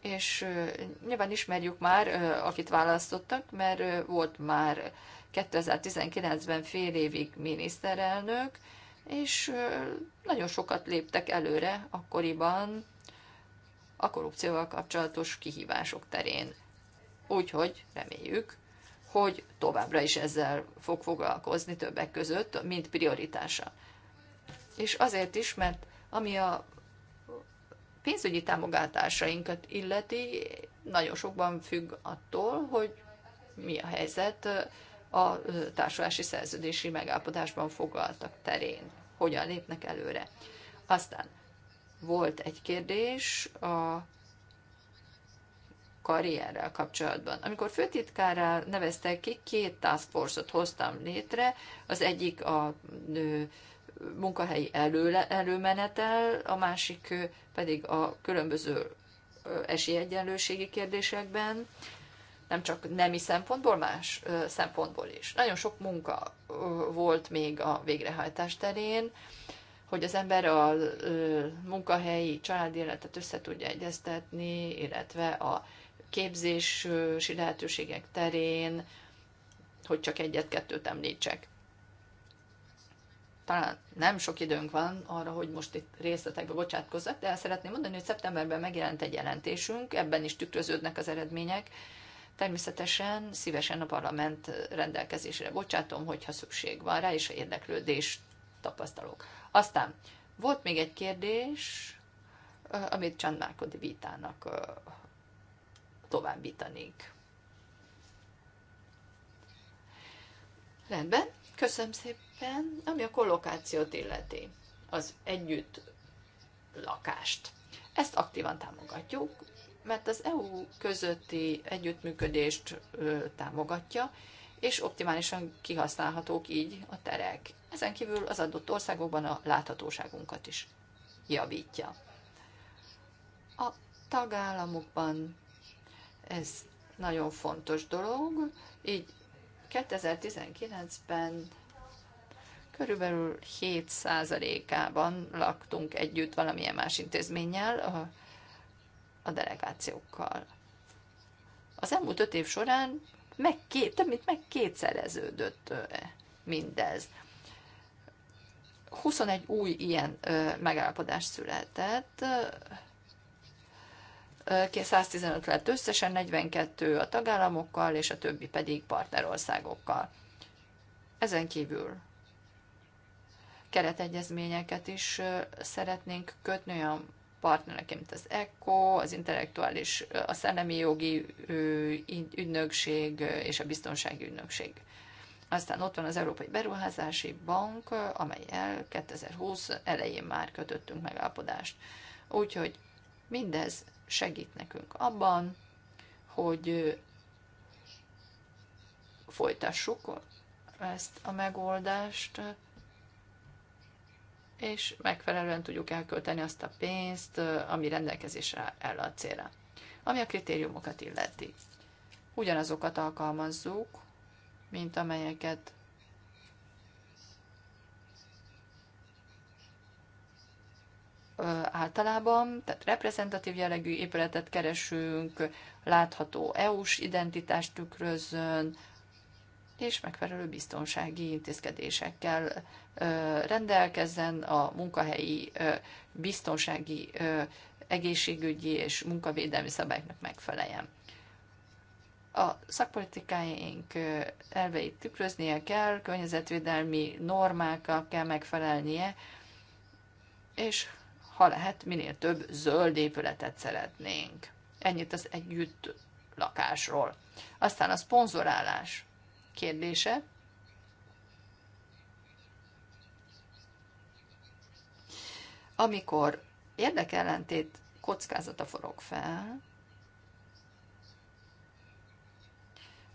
[SPEAKER 3] és nyilván ismerjük már, akit választottak, mert volt már 2019-ben fél évig miniszterelnök, és nagyon sokat léptek előre akkoriban a korrupcióval kapcsolatos kihívások terén. Úgyhogy reméljük, hogy továbbra is ezzel fog foglalkozni többek között, mint prioritása. És azért is, mert ami a pénzügyi támogatásainkat illeti, nagyon sokban függ attól, hogy mi a helyzet a társulási szerződési megállapodásban foglaltak terén, hogyan lépnek előre. Aztán volt egy kérdés a karrierrel kapcsolatban. Amikor főtitkára neveztek ki, két task force-ot hoztam létre. Az egyik a nő munkahelyi elő, előmenetel, a másik pedig a különböző esélyegyenlőségi kérdésekben, nem csak nemi szempontból, más szempontból is. Nagyon sok munka volt még a végrehajtás terén, hogy az ember a munkahelyi családi életet össze tudja egyeztetni, illetve a képzési lehetőségek terén, hogy csak egyet-kettőt említsek. Talán nem sok időnk van arra, hogy most itt részletekbe bocsátkozzak, de el szeretném mondani, hogy szeptemberben megjelent egy jelentésünk, ebben is tükröződnek az eredmények. Természetesen szívesen a parlament rendelkezésére bocsátom, hogyha szükség van rá, és a érdeklődést tapasztalok. Aztán volt még egy kérdés, amit Csandmárkodi Vítának továbbítanék. Rendben, köszönöm szépen. Ami a kollokációt illeti, az együtt lakást. Ezt aktívan támogatjuk, mert az EU közötti együttműködést támogatja, és optimálisan kihasználhatók így a terek. Ezen kívül az adott országokban a láthatóságunkat is javítja. A tagállamokban ez nagyon fontos dolog. Így 2019-ben körülbelül 7%-ában laktunk együtt valamilyen más intézménnyel, a, a delegációkkal. Az elmúlt öt év során meg két, több mint meg kétszereződött mindez. 21 új ilyen megállapodás született, 115 lett összesen, 42 a tagállamokkal, és a többi pedig partnerországokkal. Ezen kívül keretegyezményeket is szeretnénk kötni olyan partnerek, mint az ECO, az intellektuális, a szellemi jogi ügynökség és a biztonsági ügynökség. Aztán ott van az Európai Beruházási Bank, amelyel 2020 elején már kötöttünk megállapodást. Úgyhogy mindez segít nekünk abban, hogy folytassuk ezt a megoldást, és megfelelően tudjuk elkölteni azt a pénzt, ami rendelkezésre áll a célra. Ami a kritériumokat illeti. Ugyanazokat alkalmazzuk, mint amelyeket általában, tehát reprezentatív jellegű épületet keresünk, látható EU-s identitást tükrözön, és megfelelő biztonsági intézkedésekkel rendelkezzen a munkahelyi biztonsági egészségügyi és munkavédelmi szabályoknak megfeleljen. A szakpolitikáink elveit tükröznie kell, környezetvédelmi normákkal kell megfelelnie, és ha lehet, minél több zöld épületet szeretnénk. Ennyit az együtt lakásról. Aztán a szponzorálás kérdése. Amikor érdekellentét kockázata forog fel,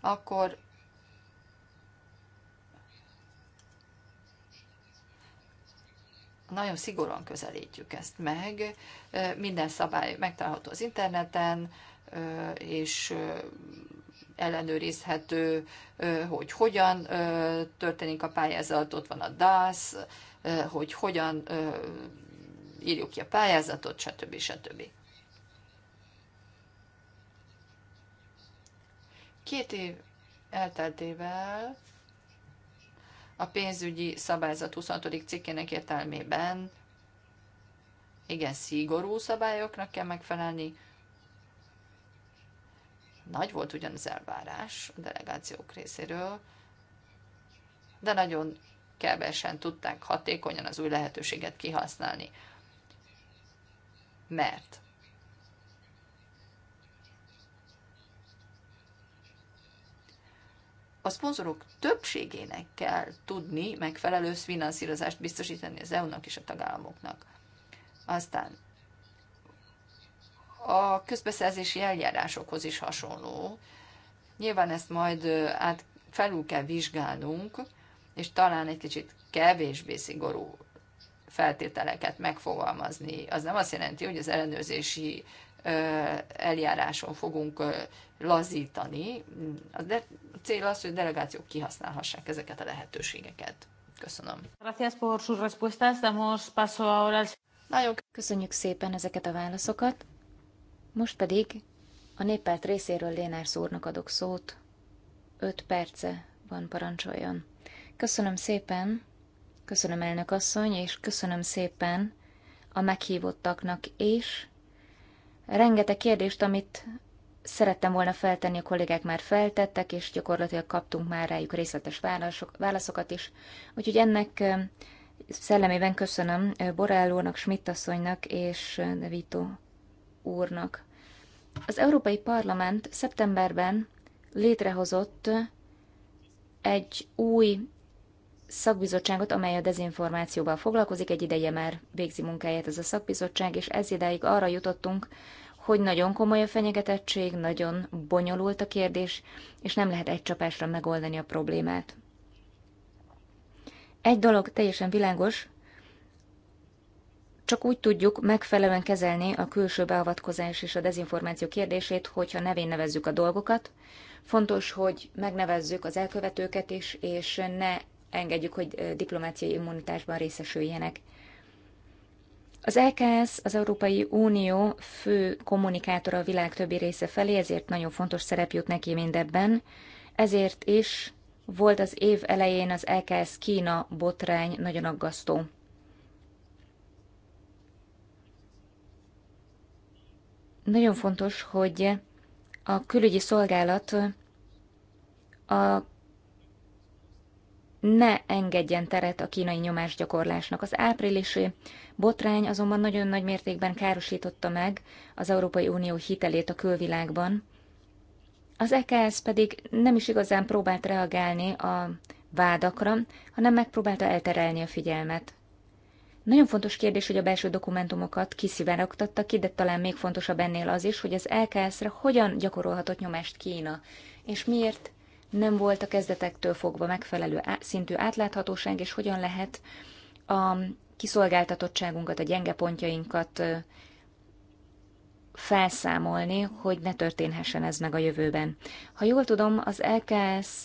[SPEAKER 3] akkor nagyon szigorúan közelítjük ezt meg. Minden szabály megtalálható az interneten, és ellenőrizhető, hogy hogyan történik a pályázat, ott van a DAS, hogy hogyan írjuk ki a pályázatot, stb. stb. Két év elteltével a pénzügyi szabályzat 26. cikkének értelmében igen szigorú szabályoknak kell megfelelni. Nagy volt ugyan az elvárás a delegációk részéről, de nagyon kevesen tudták hatékonyan az új lehetőséget kihasználni. Mert a szponzorok többségének kell tudni megfelelő finanszírozást biztosítani az EU-nak és a tagállamoknak. Aztán a közbeszerzési eljárásokhoz is hasonló. Nyilván ezt majd át felül kell vizsgálnunk, és talán egy kicsit kevésbé szigorú feltételeket megfogalmazni. Az nem azt jelenti, hogy az ellenőrzési eljáráson fogunk lazítani, de a cél az, hogy a delegációk kihasználhassák ezeket a lehetőségeket.
[SPEAKER 2] Köszönöm. por sus respuestas. Damos paso ahora al... Nagyon köszönjük szépen ezeket a válaszokat. Most pedig a néppárt részéről Lénár szórnak adok szót. Öt perce van, parancsoljon. Köszönöm szépen, köszönöm elnök asszony, és köszönöm szépen a meghívottaknak és Rengeteg kérdést, amit szerettem volna feltenni, a kollégák már feltettek, és gyakorlatilag kaptunk már rájuk részletes válaszok, válaszokat is. Úgyhogy ennek szellemében köszönöm Borrell úrnak, Schmidt asszonynak és Vito úrnak. Az Európai Parlament szeptemberben létrehozott egy új szakbizottságot, amely a dezinformációval foglalkozik, egy ideje már végzi munkáját ez a szakbizottság, és ez ideig arra jutottunk, hogy nagyon komoly a fenyegetettség, nagyon bonyolult a kérdés, és nem lehet egy csapásra megoldani a problémát. Egy dolog teljesen világos, csak úgy tudjuk megfelelően kezelni a külső beavatkozás és a dezinformáció kérdését, hogyha nevén nevezzük a dolgokat. Fontos, hogy megnevezzük az elkövetőket is, és ne engedjük, hogy diplomáciai immunitásban részesüljenek. Az EKS az Európai Unió fő kommunikátora a világ többi része felé, ezért nagyon fontos szerep jut neki mindebben. Ezért is volt az év elején az EKS Kína botrány nagyon aggasztó. Nagyon fontos, hogy a külügyi szolgálat a ne engedjen teret a kínai nyomásgyakorlásnak. Az áprilisi botrány azonban nagyon nagy mértékben károsította meg az Európai Unió hitelét a külvilágban. Az EKS pedig nem is igazán próbált reagálni a vádakra, hanem megpróbálta elterelni a figyelmet. Nagyon fontos kérdés, hogy a belső dokumentumokat kiszivárogtatta. ki, de talán még fontosabb ennél az is, hogy az LKS-re e hogyan gyakorolhatott nyomást Kína, és miért nem volt a kezdetektől fogva megfelelő szintű átláthatóság, és hogyan lehet a kiszolgáltatottságunkat, a gyenge pontjainkat felszámolni, hogy ne történhessen ez meg a jövőben. Ha jól tudom, az LKS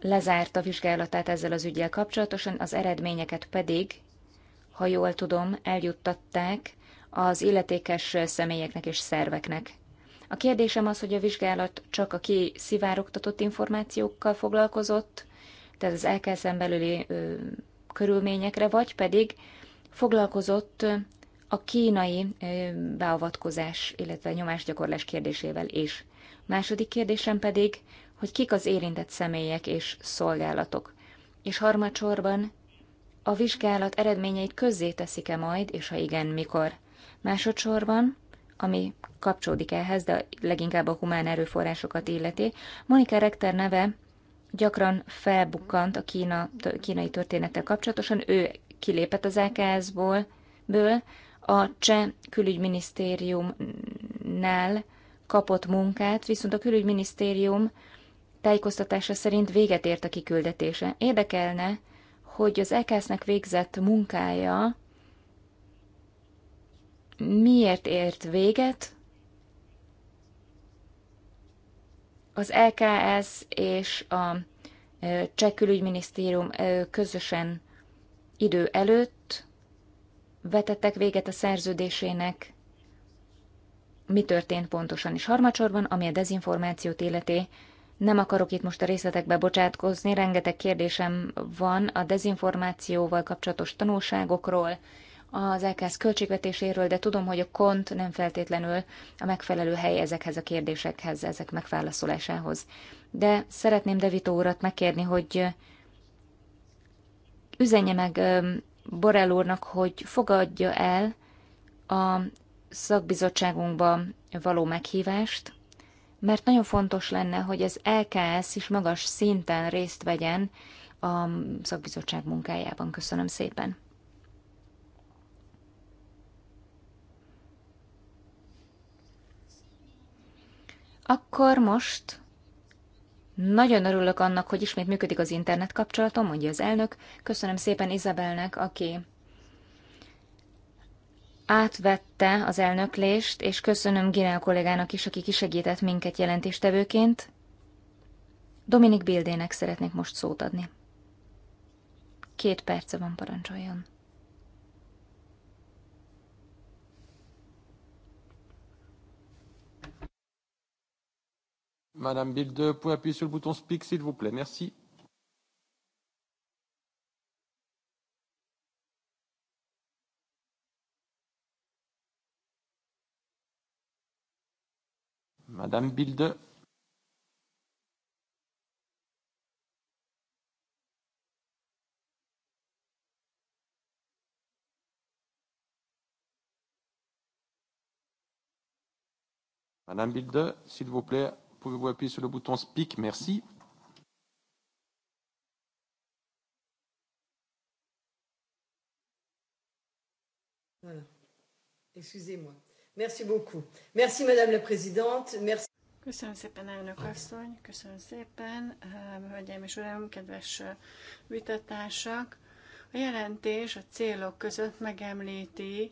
[SPEAKER 2] lezárta vizsgálatát ezzel az ügyel kapcsolatosan, az eredményeket pedig, ha jól tudom, eljuttatták az illetékes személyeknek és szerveknek. A kérdésem az, hogy a vizsgálat csak a szivárogtatott információkkal foglalkozott, tehát az lksz belüli ö, körülményekre, vagy pedig foglalkozott a kínai ö, beavatkozás, illetve nyomásgyakorlás kérdésével is. Második kérdésem pedig, hogy kik az érintett személyek és szolgálatok. És harmadsorban, a vizsgálat eredményeit közzé teszik-e majd, és ha igen, mikor? Másodszorban, ami kapcsolódik ehhez, de leginkább a humán erőforrásokat illeti. Monika Rekter neve gyakran felbukkant a Kína, kínai történettel kapcsolatosan. Ő kilépett az AKS-ból, ből, a cseh külügyminisztériumnál kapott munkát, viszont a külügyminisztérium tájékoztatása szerint véget ért a kiküldetése. Érdekelne, hogy az eksz nek végzett munkája miért ért véget az LKS és a cseh külügyminisztérium közösen idő előtt vetettek véget a szerződésének, mi történt pontosan is harmadsorban, ami a dezinformációt illeti. Nem akarok itt most a részletekbe bocsátkozni, rengeteg kérdésem van a dezinformációval kapcsolatos tanulságokról, az EKSZ költségvetéséről, de tudom, hogy a kont nem feltétlenül a megfelelő hely ezekhez a kérdésekhez, ezek megválaszolásához. De szeretném Devito urat megkérni, hogy üzenje meg Borel úrnak, hogy fogadja el a szakbizottságunkba való meghívást, mert nagyon fontos lenne, hogy az LKS is magas szinten részt vegyen a szakbizottság munkájában. Köszönöm szépen! Akkor most nagyon örülök annak, hogy ismét működik az internet kapcsolatom, mondja az elnök. Köszönöm szépen Izabelnek, aki átvette az elnöklést, és köszönöm Ginel kollégának is, aki kisegített minket jelentéstevőként. Dominik Bildének szeretnék most szót adni. Két perce van, parancsoljon.
[SPEAKER 3] Madame Bilde, pouvez appuyer sur le bouton Speak, s'il vous plaît. Merci. Madame Bilde. Madame Bilde, s'il vous plaît, Pouvez-vous appuyer sur le bouton Speak Merci.
[SPEAKER 1] Voilà. Excusez-moi. Merci beaucoup. Merci, Madame la Présidente. Merci. Köszönöm szépen, elnök asszony, köszönöm szépen, eh, hölgyeim és uraim, kedves vitatársak. Eh, a jelentés a célok között megemlíti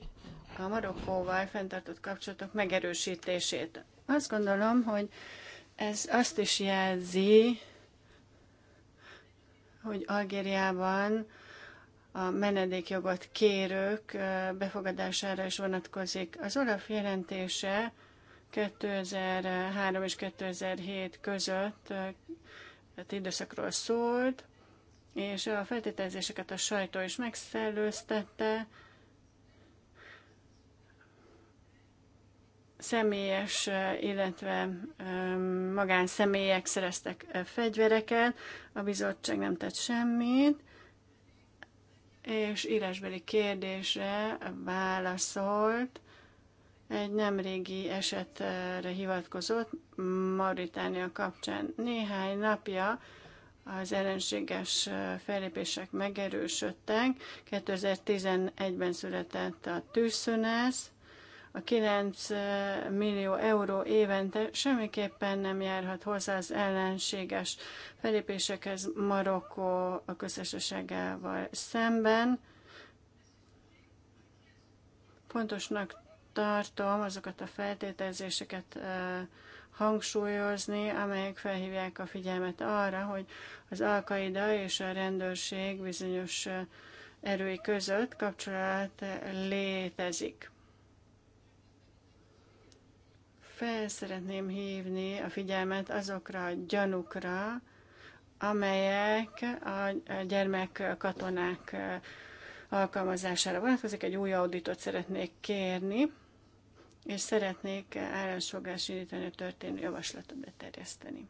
[SPEAKER 1] a Marokkóval fenntartott kapcsolatok megerősítését. Azt gondolom, hogy ez azt is jelzi, hogy Algériában a menedékjogot kérők befogadására is vonatkozik. Az Olaf jelentése 2003 és 2007 között tehát időszakról szólt, és a feltételezéseket a sajtó is megszellőztette, személyes, illetve magánszemélyek szereztek fegyvereket, a bizottság nem tett semmit, és írásbeli kérdésre válaszolt, egy nemrégi esetre hivatkozott Mauritánia kapcsán. Néhány napja az ellenséges fellépések megerősödtek. 2011-ben született a tűzszünet, a 9 millió euró évente semmiképpen nem járhat hozzá az ellenséges felépésekhez Marokkó a közösségával szemben. Fontosnak tartom azokat a feltételezéseket hangsúlyozni, amelyek felhívják a figyelmet arra, hogy az alkaida és a rendőrség bizonyos erői között kapcsolat létezik. fel szeretném hívni a figyelmet azokra a gyanukra, amelyek a gyermek katonák alkalmazására vonatkozik. Egy új auditot szeretnék kérni, és szeretnék állásfogást indítani a történő javaslatot beterjeszteni.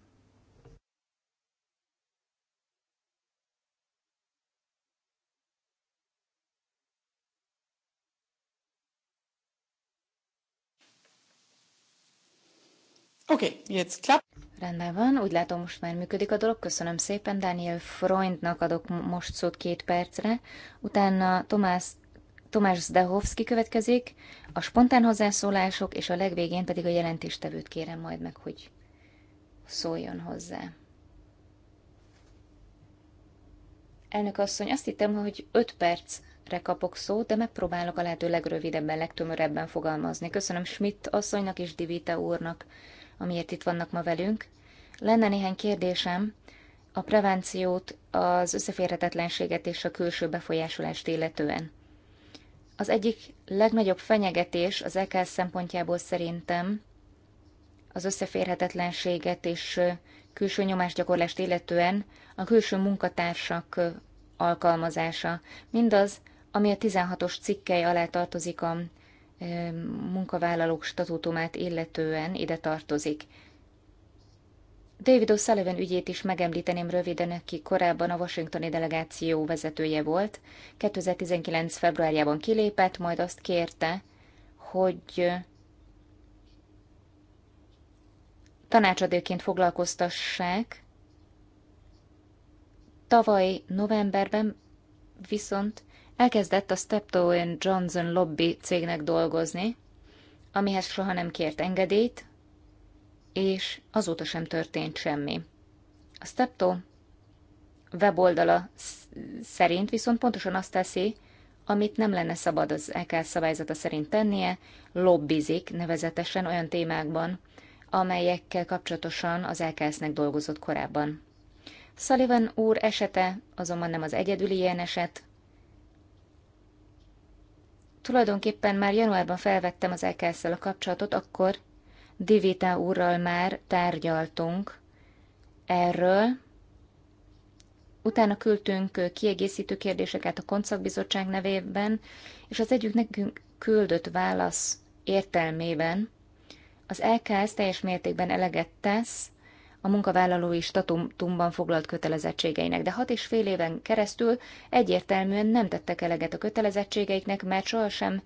[SPEAKER 2] Oké, okay, jetzt klappt. Rendben van, úgy látom most már működik a dolog. Köszönöm szépen, Daniel Freundnak adok most szót két percre. Utána Tomás, Tomás Zdehovski következik, a spontán hozzászólások, és a legvégén pedig a jelentéstevőt kérem majd meg, hogy szóljon hozzá. Elnök asszony, azt hittem, hogy 5 percre kapok szót, de megpróbálok a lehető legrövidebben, legtömörebben fogalmazni. Köszönöm Schmidt asszonynak és Divita úrnak amiért itt vannak ma velünk. Lenne néhány kérdésem a prevenciót, az összeférhetetlenséget és a külső befolyásolást illetően. Az egyik legnagyobb fenyegetés az EKS e szempontjából szerintem az összeférhetetlenséget és külső nyomásgyakorlást illetően a külső munkatársak alkalmazása. Mindaz, ami a 16-os cikkely alá tartozik a munkavállalók statútumát illetően ide tartozik. David O'Sullivan ügyét is megemlíteném röviden, aki korábban a washingtoni delegáció vezetője volt. 2019. februárjában kilépett, majd azt kérte, hogy tanácsadóként foglalkoztassák. Tavaly novemberben viszont Elkezdett a Steptoe Johnson Lobby cégnek dolgozni, amihez soha nem kért engedélyt, és azóta sem történt semmi. A Steptoe weboldala szerint viszont pontosan azt teszi, amit nem lenne szabad az EKS szabályzata szerint tennie, lobbizik nevezetesen olyan témákban, amelyekkel kapcsolatosan az LKS-nek dolgozott korábban. Sullivan úr esete azonban nem az egyedüli ilyen eset, Tulajdonképpen már januárban felvettem az eksz a kapcsolatot, akkor Divita úrral már tárgyaltunk erről. Utána küldtünk kiegészítő kérdéseket a Koncakbizottság nevében, és az együtt nekünk küldött válasz értelmében az LKS e teljes mértékben eleget tesz a munkavállalói statutumban foglalt kötelezettségeinek, de hat és fél éven keresztül egyértelműen nem tettek eleget a kötelezettségeiknek, mert sohasem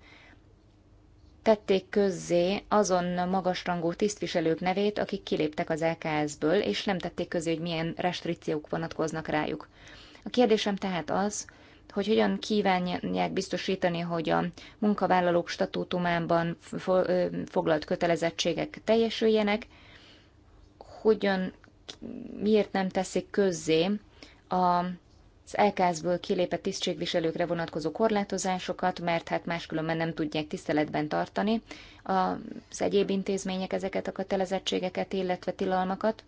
[SPEAKER 2] tették közzé azon magasrangú tisztviselők nevét, akik kiléptek az LKS-ből, és nem tették közé, hogy milyen restrikciók vonatkoznak rájuk. A kérdésem tehát az, hogy hogyan kívánják biztosítani, hogy a munkavállalók statútumában foglalt kötelezettségek teljesüljenek, hogyan, miért nem teszik közzé a az LKS-ből kilépett tisztségviselőkre vonatkozó korlátozásokat, mert hát máskülönben nem tudják tiszteletben tartani az egyéb intézmények ezeket a kötelezettségeket, illetve tilalmakat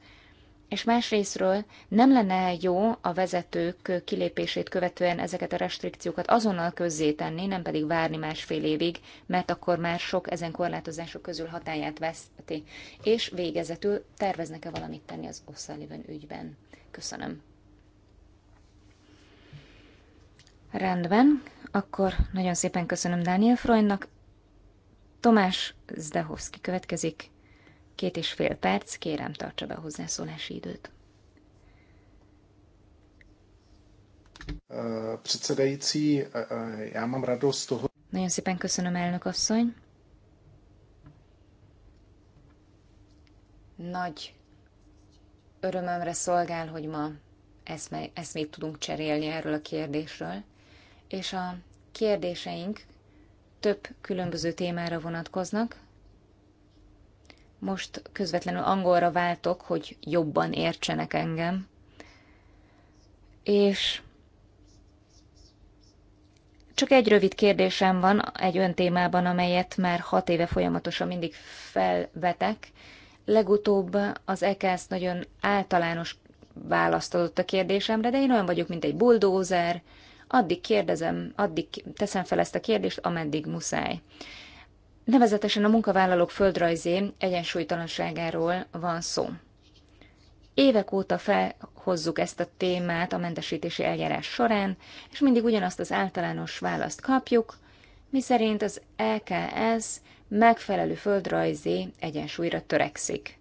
[SPEAKER 2] és másrésztről nem lenne jó a vezetők kilépését követően ezeket a restrikciókat azonnal közzétenni, nem pedig várni másfél évig, mert akkor már sok ezen korlátozások közül hatáját veszti. És végezetül terveznek-e valamit tenni az O'Sullivan ügyben? Köszönöm. Rendben, akkor nagyon szépen köszönöm Dániel Freundnak. Tomás Zdehovszki következik Két és fél perc, kérem tartsa be a hozzászólási időt.
[SPEAKER 3] Eh, předsedající, eh, já mám radost toho.
[SPEAKER 2] Nagyon szépen köszönöm, elnök asszony. Nagy örömömre szolgál, hogy ma eszme, eszmét tudunk cserélni erről a kérdésről, és a kérdéseink több különböző témára vonatkoznak, most közvetlenül angolra váltok, hogy jobban értsenek engem. És csak egy rövid kérdésem van egy olyan témában, amelyet már hat éve folyamatosan mindig felvetek. Legutóbb az EKSZ nagyon általános választ adott a kérdésemre, de én olyan vagyok, mint egy buldózer, addig kérdezem, addig teszem fel ezt a kérdést, ameddig muszáj. Nevezetesen a munkavállalók földrajzi egyensúlytalanságáról van szó. Évek óta felhozzuk ezt a témát a mentesítési eljárás során, és mindig ugyanazt az általános választ kapjuk, miszerint az LKS megfelelő földrajzi egyensúlyra törekszik.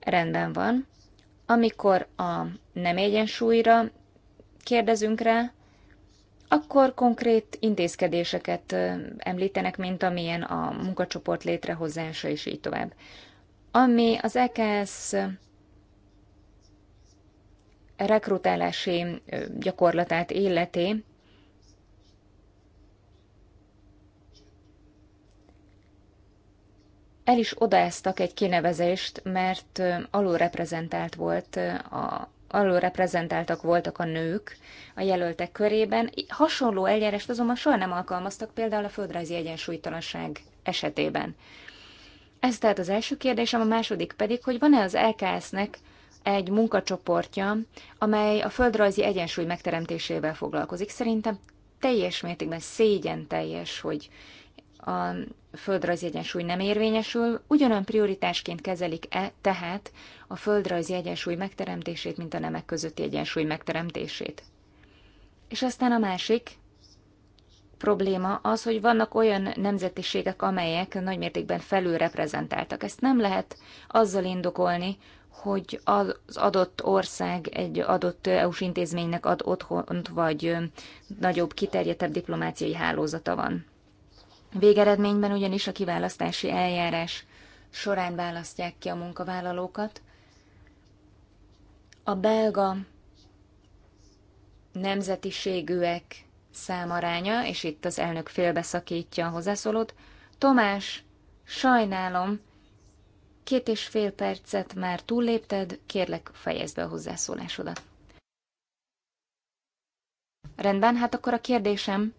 [SPEAKER 2] Rendben van. Amikor a nem egyensúlyra kérdezünk rá, akkor konkrét intézkedéseket említenek, mint amilyen a munkacsoport létrehozása, és így tovább. Ami az EKS rekrutálási gyakorlatát illeti, el is odaáztak egy kinevezést, mert alulreprezentált volt a alulreprezentáltak voltak a nők a jelöltek körében. Hasonló eljárást azonban soha nem alkalmaztak például a földrajzi egyensúlytalanság esetében. Ez tehát az első kérdésem, a második pedig, hogy van-e az LKS-nek egy munkacsoportja, amely a földrajzi egyensúly megteremtésével foglalkozik. Szerintem teljes mértékben szégyen teljes, hogy a földrajzi egyensúly nem érvényesül, ugyanolyan prioritásként kezelik-e tehát a földrajzi egyensúly megteremtését, mint a nemek közötti egyensúly megteremtését. És aztán a másik probléma az, hogy vannak olyan nemzetiségek, amelyek nagymértékben felülreprezentáltak. Ezt nem lehet azzal indokolni, hogy az adott ország egy adott EU-s intézménynek ad otthont, vagy nagyobb, kiterjedtebb diplomáciai hálózata van. Végeredményben ugyanis a kiválasztási eljárás során választják ki a munkavállalókat. A belga nemzetiségűek számaránya, és itt az elnök félbeszakítja a hozzászólót. Tomás, sajnálom, két és fél percet már túllépted, kérlek fejezd be a hozzászólásodat. Rendben, hát akkor a kérdésem,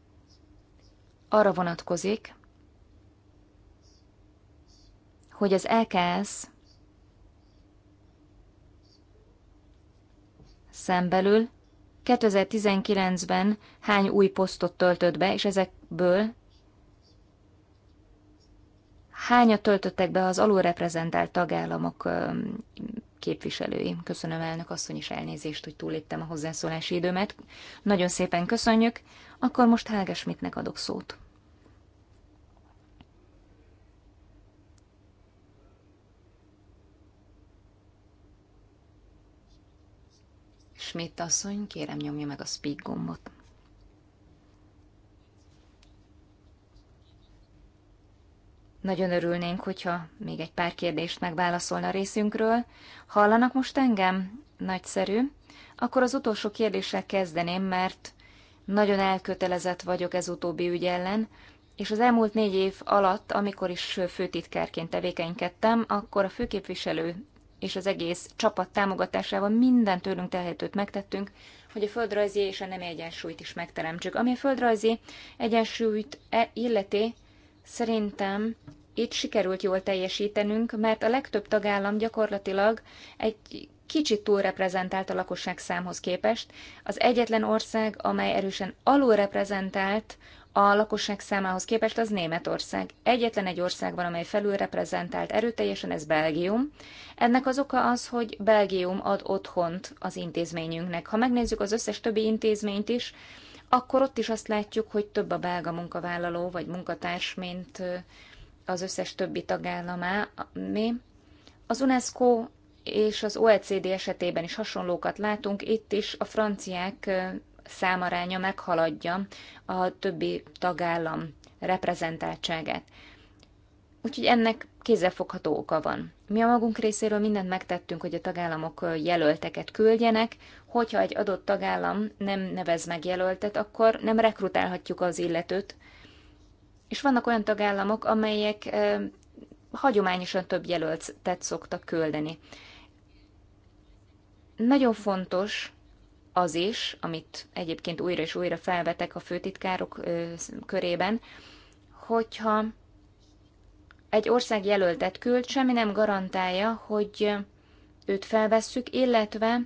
[SPEAKER 2] arra vonatkozik, hogy az EKS szembelül 2019-ben hány új posztot töltött be, és ezekből hányat töltöttek be az alulreprezentált tagállamok képviselői. Köszönöm elnök asszony is elnézést, hogy túléptem a hozzászólási időmet. Nagyon szépen köszönjük. Akkor most Schmidtnek adok szót. Schmidt asszony, kérem nyomja meg a speak gombot. Nagyon örülnénk, hogyha még egy pár kérdést megválaszolna részünkről. Hallanak most engem? Nagyszerű. Akkor az utolsó kérdéssel kezdeném, mert nagyon elkötelezett vagyok ez utóbbi ügy ellen, és az elmúlt négy év alatt, amikor is főtitkárként tevékenykedtem, akkor a főképviselő és az egész csapat támogatásával minden tőlünk telhetőt megtettünk, hogy a földrajzi és a nem egyensúlyt is megteremtsük. Ami a földrajzi egyensúlyt e illeti, szerintem itt sikerült jól teljesítenünk, mert a legtöbb tagállam gyakorlatilag egy kicsit túlreprezentált a lakosság számhoz képest. Az egyetlen ország, amely erősen alulreprezentált a lakosság számához képest az Németország. Egyetlen egy ország van, amely felül reprezentált erőteljesen, ez Belgium. Ennek az oka az, hogy Belgium ad otthont az intézményünknek. Ha megnézzük az összes többi intézményt is, akkor ott is azt látjuk, hogy több a belga munkavállaló vagy munkatárs, mint az összes többi tagállamá. Mi? Az UNESCO és az OECD esetében is hasonlókat látunk. Itt is a franciák számaránya meghaladja a többi tagállam reprezentáltságát. Úgyhogy ennek kézzelfogható oka van. Mi a magunk részéről mindent megtettünk, hogy a tagállamok jelölteket küldjenek. Hogyha egy adott tagállam nem nevez meg jelöltet, akkor nem rekrutálhatjuk az illetőt. És vannak olyan tagállamok, amelyek eh, hagyományosan több jelöltet szoktak küldeni. Nagyon fontos, az is, amit egyébként újra és újra felvetek a főtitkárok körében, hogyha egy ország jelöltet küld, semmi nem garantálja, hogy őt felvesszük, illetve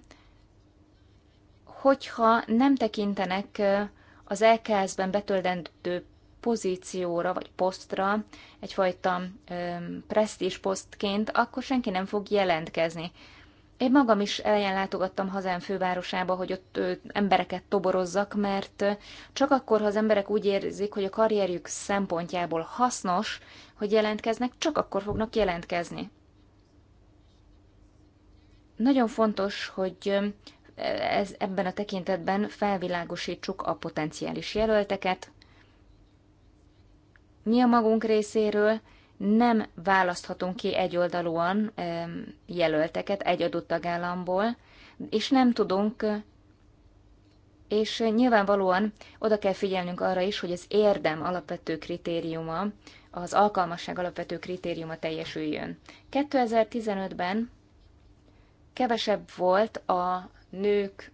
[SPEAKER 2] hogyha nem tekintenek az LKS-ben betöltendő pozícióra vagy posztra, egyfajta presztízs posztként, akkor senki nem fog jelentkezni. Én magam is elején látogattam hazám fővárosába, hogy ott embereket toborozzak, mert csak akkor, ha az emberek úgy érzik, hogy a karrierjük szempontjából hasznos, hogy jelentkeznek, csak akkor fognak jelentkezni. Nagyon fontos, hogy ez, ebben a tekintetben felvilágosítsuk a potenciális jelölteket. Mi a magunk részéről nem választhatunk ki egyoldalúan jelölteket egy adott tagállamból, és nem tudunk, és nyilvánvalóan oda kell figyelnünk arra is, hogy az érdem alapvető kritériuma, az alkalmasság alapvető kritériuma teljesüljön. 2015-ben kevesebb volt a nők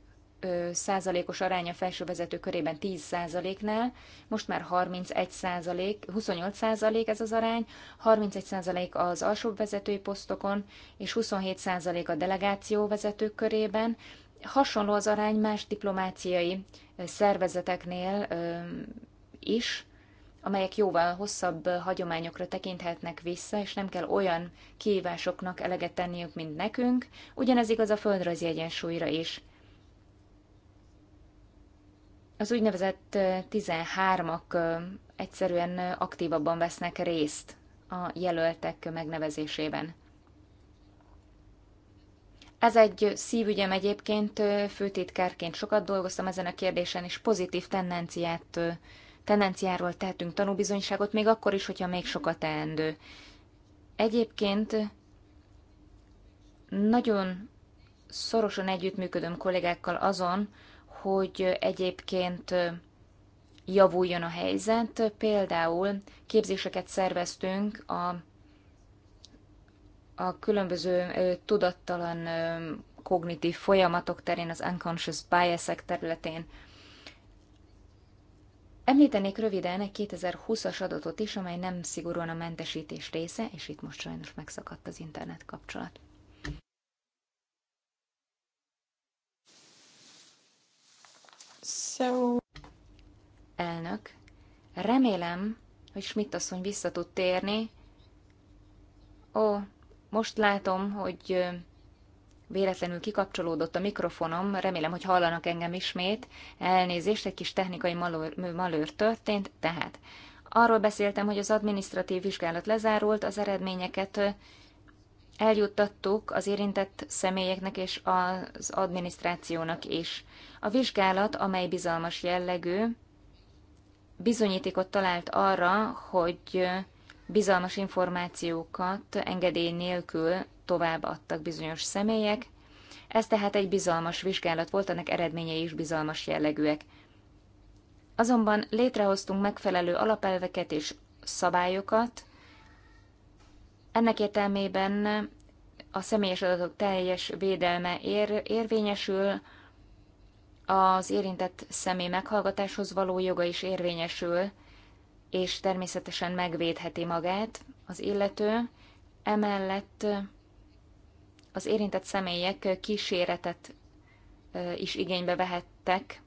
[SPEAKER 2] százalékos aránya felsővezető körében 10 százaléknál, most már 31 százalék, 28 százalék ez az arány, 31 százalék az alsóbb vezetői posztokon, és 27 százalék a delegáció vezetők körében. Hasonló az arány más diplomáciai szervezeteknél is, amelyek jóval hosszabb hagyományokra tekinthetnek vissza, és nem kell olyan kihívásoknak eleget tenniük, mint nekünk, ugyanez igaz a földrajzi egyensúlyra is az úgynevezett 13-ak egyszerűen aktívabban vesznek részt a jelöltek megnevezésében. Ez egy szívügyem egyébként, főtitkárként sokat dolgoztam ezen a kérdésen, és pozitív tendenciát, tendenciáról tehetünk tanúbizonyságot, még akkor is, hogyha még sokat teendő. Egyébként nagyon szorosan együttműködöm kollégákkal azon, hogy egyébként javuljon a helyzet. Például képzéseket szerveztünk a, a különböző tudattalan kognitív folyamatok terén, az unconscious bias területén. Említenék röviden egy 2020-as adatot is, amely nem szigorúan a mentesítés része, és itt most sajnos megszakadt az internet kapcsolat. So... Elnök, remélem, hogy Schmidt asszony vissza tud térni. Ó, most látom, hogy véletlenül kikapcsolódott a mikrofonom, remélem, hogy hallanak engem ismét. Elnézést, egy kis technikai malőr, malőr történt, tehát arról beszéltem, hogy az adminisztratív vizsgálat lezárult, az eredményeket eljuttattuk az érintett személyeknek és az adminisztrációnak is. A vizsgálat, amely bizalmas jellegű, bizonyítékot talált arra, hogy bizalmas információkat engedély nélkül továbbadtak bizonyos személyek, ez tehát egy bizalmas vizsgálat volt, ennek eredményei is bizalmas jellegűek. Azonban létrehoztunk megfelelő alapelveket és szabályokat, ennek értelmében a személyes adatok teljes védelme ér, érvényesül, az érintett személy meghallgatáshoz való joga is érvényesül, és természetesen megvédheti magát az illető, emellett az érintett személyek kíséretet is igénybe vehettek,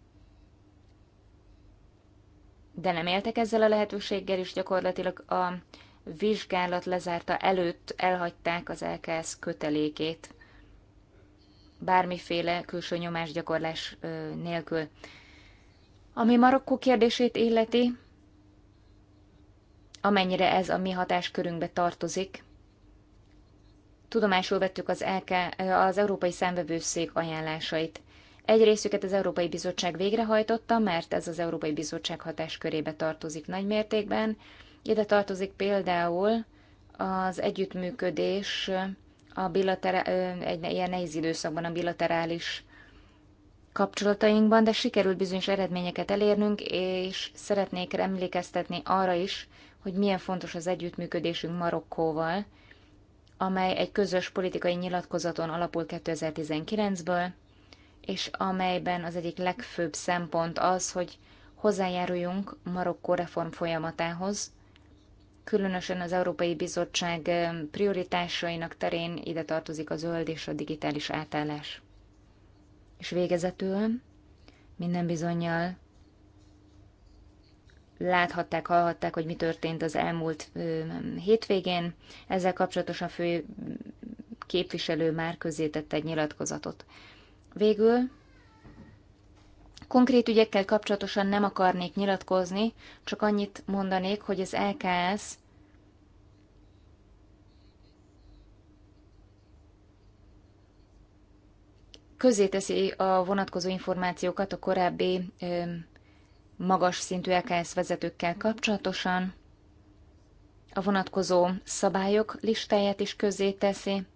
[SPEAKER 2] de nem éltek ezzel a lehetőséggel, és gyakorlatilag a vizsgálat lezárta előtt elhagyták az LKS kötelékét bármiféle külső nyomásgyakorlás nélkül. Ami Marokkó kérdését illeti, amennyire ez a mi hatáskörünkbe tartozik, tudomásul vettük az, LK, az Európai Számvevőszék ajánlásait. Egy részüket az Európai Bizottság végrehajtotta, mert ez az Európai Bizottság hatáskörébe tartozik nagymértékben, mértékben, ide tartozik például az együttműködés a bilaterál, egy ilyen nehéz időszakban a bilaterális kapcsolatainkban, de sikerült bizonyos eredményeket elérnünk, és szeretnék emlékeztetni arra is, hogy milyen fontos az együttműködésünk Marokkóval, amely egy közös politikai nyilatkozaton alapul 2019-ből, és amelyben az egyik legfőbb szempont az, hogy hozzájáruljunk Marokkó reform folyamatához, különösen az Európai Bizottság prioritásainak terén ide tartozik a zöld és a digitális átállás. És végezetül minden bizonyal láthatták, hallhatták, hogy mi történt az elmúlt hétvégén. Ezzel kapcsolatosan fő képviselő már tette egy nyilatkozatot. Végül Konkrét ügyekkel kapcsolatosan nem akarnék nyilatkozni, csak annyit mondanék, hogy az LKS közzéteszi a vonatkozó információkat a korábbi magas szintű LKS vezetőkkel kapcsolatosan, a vonatkozó szabályok listáját is közzéteszi,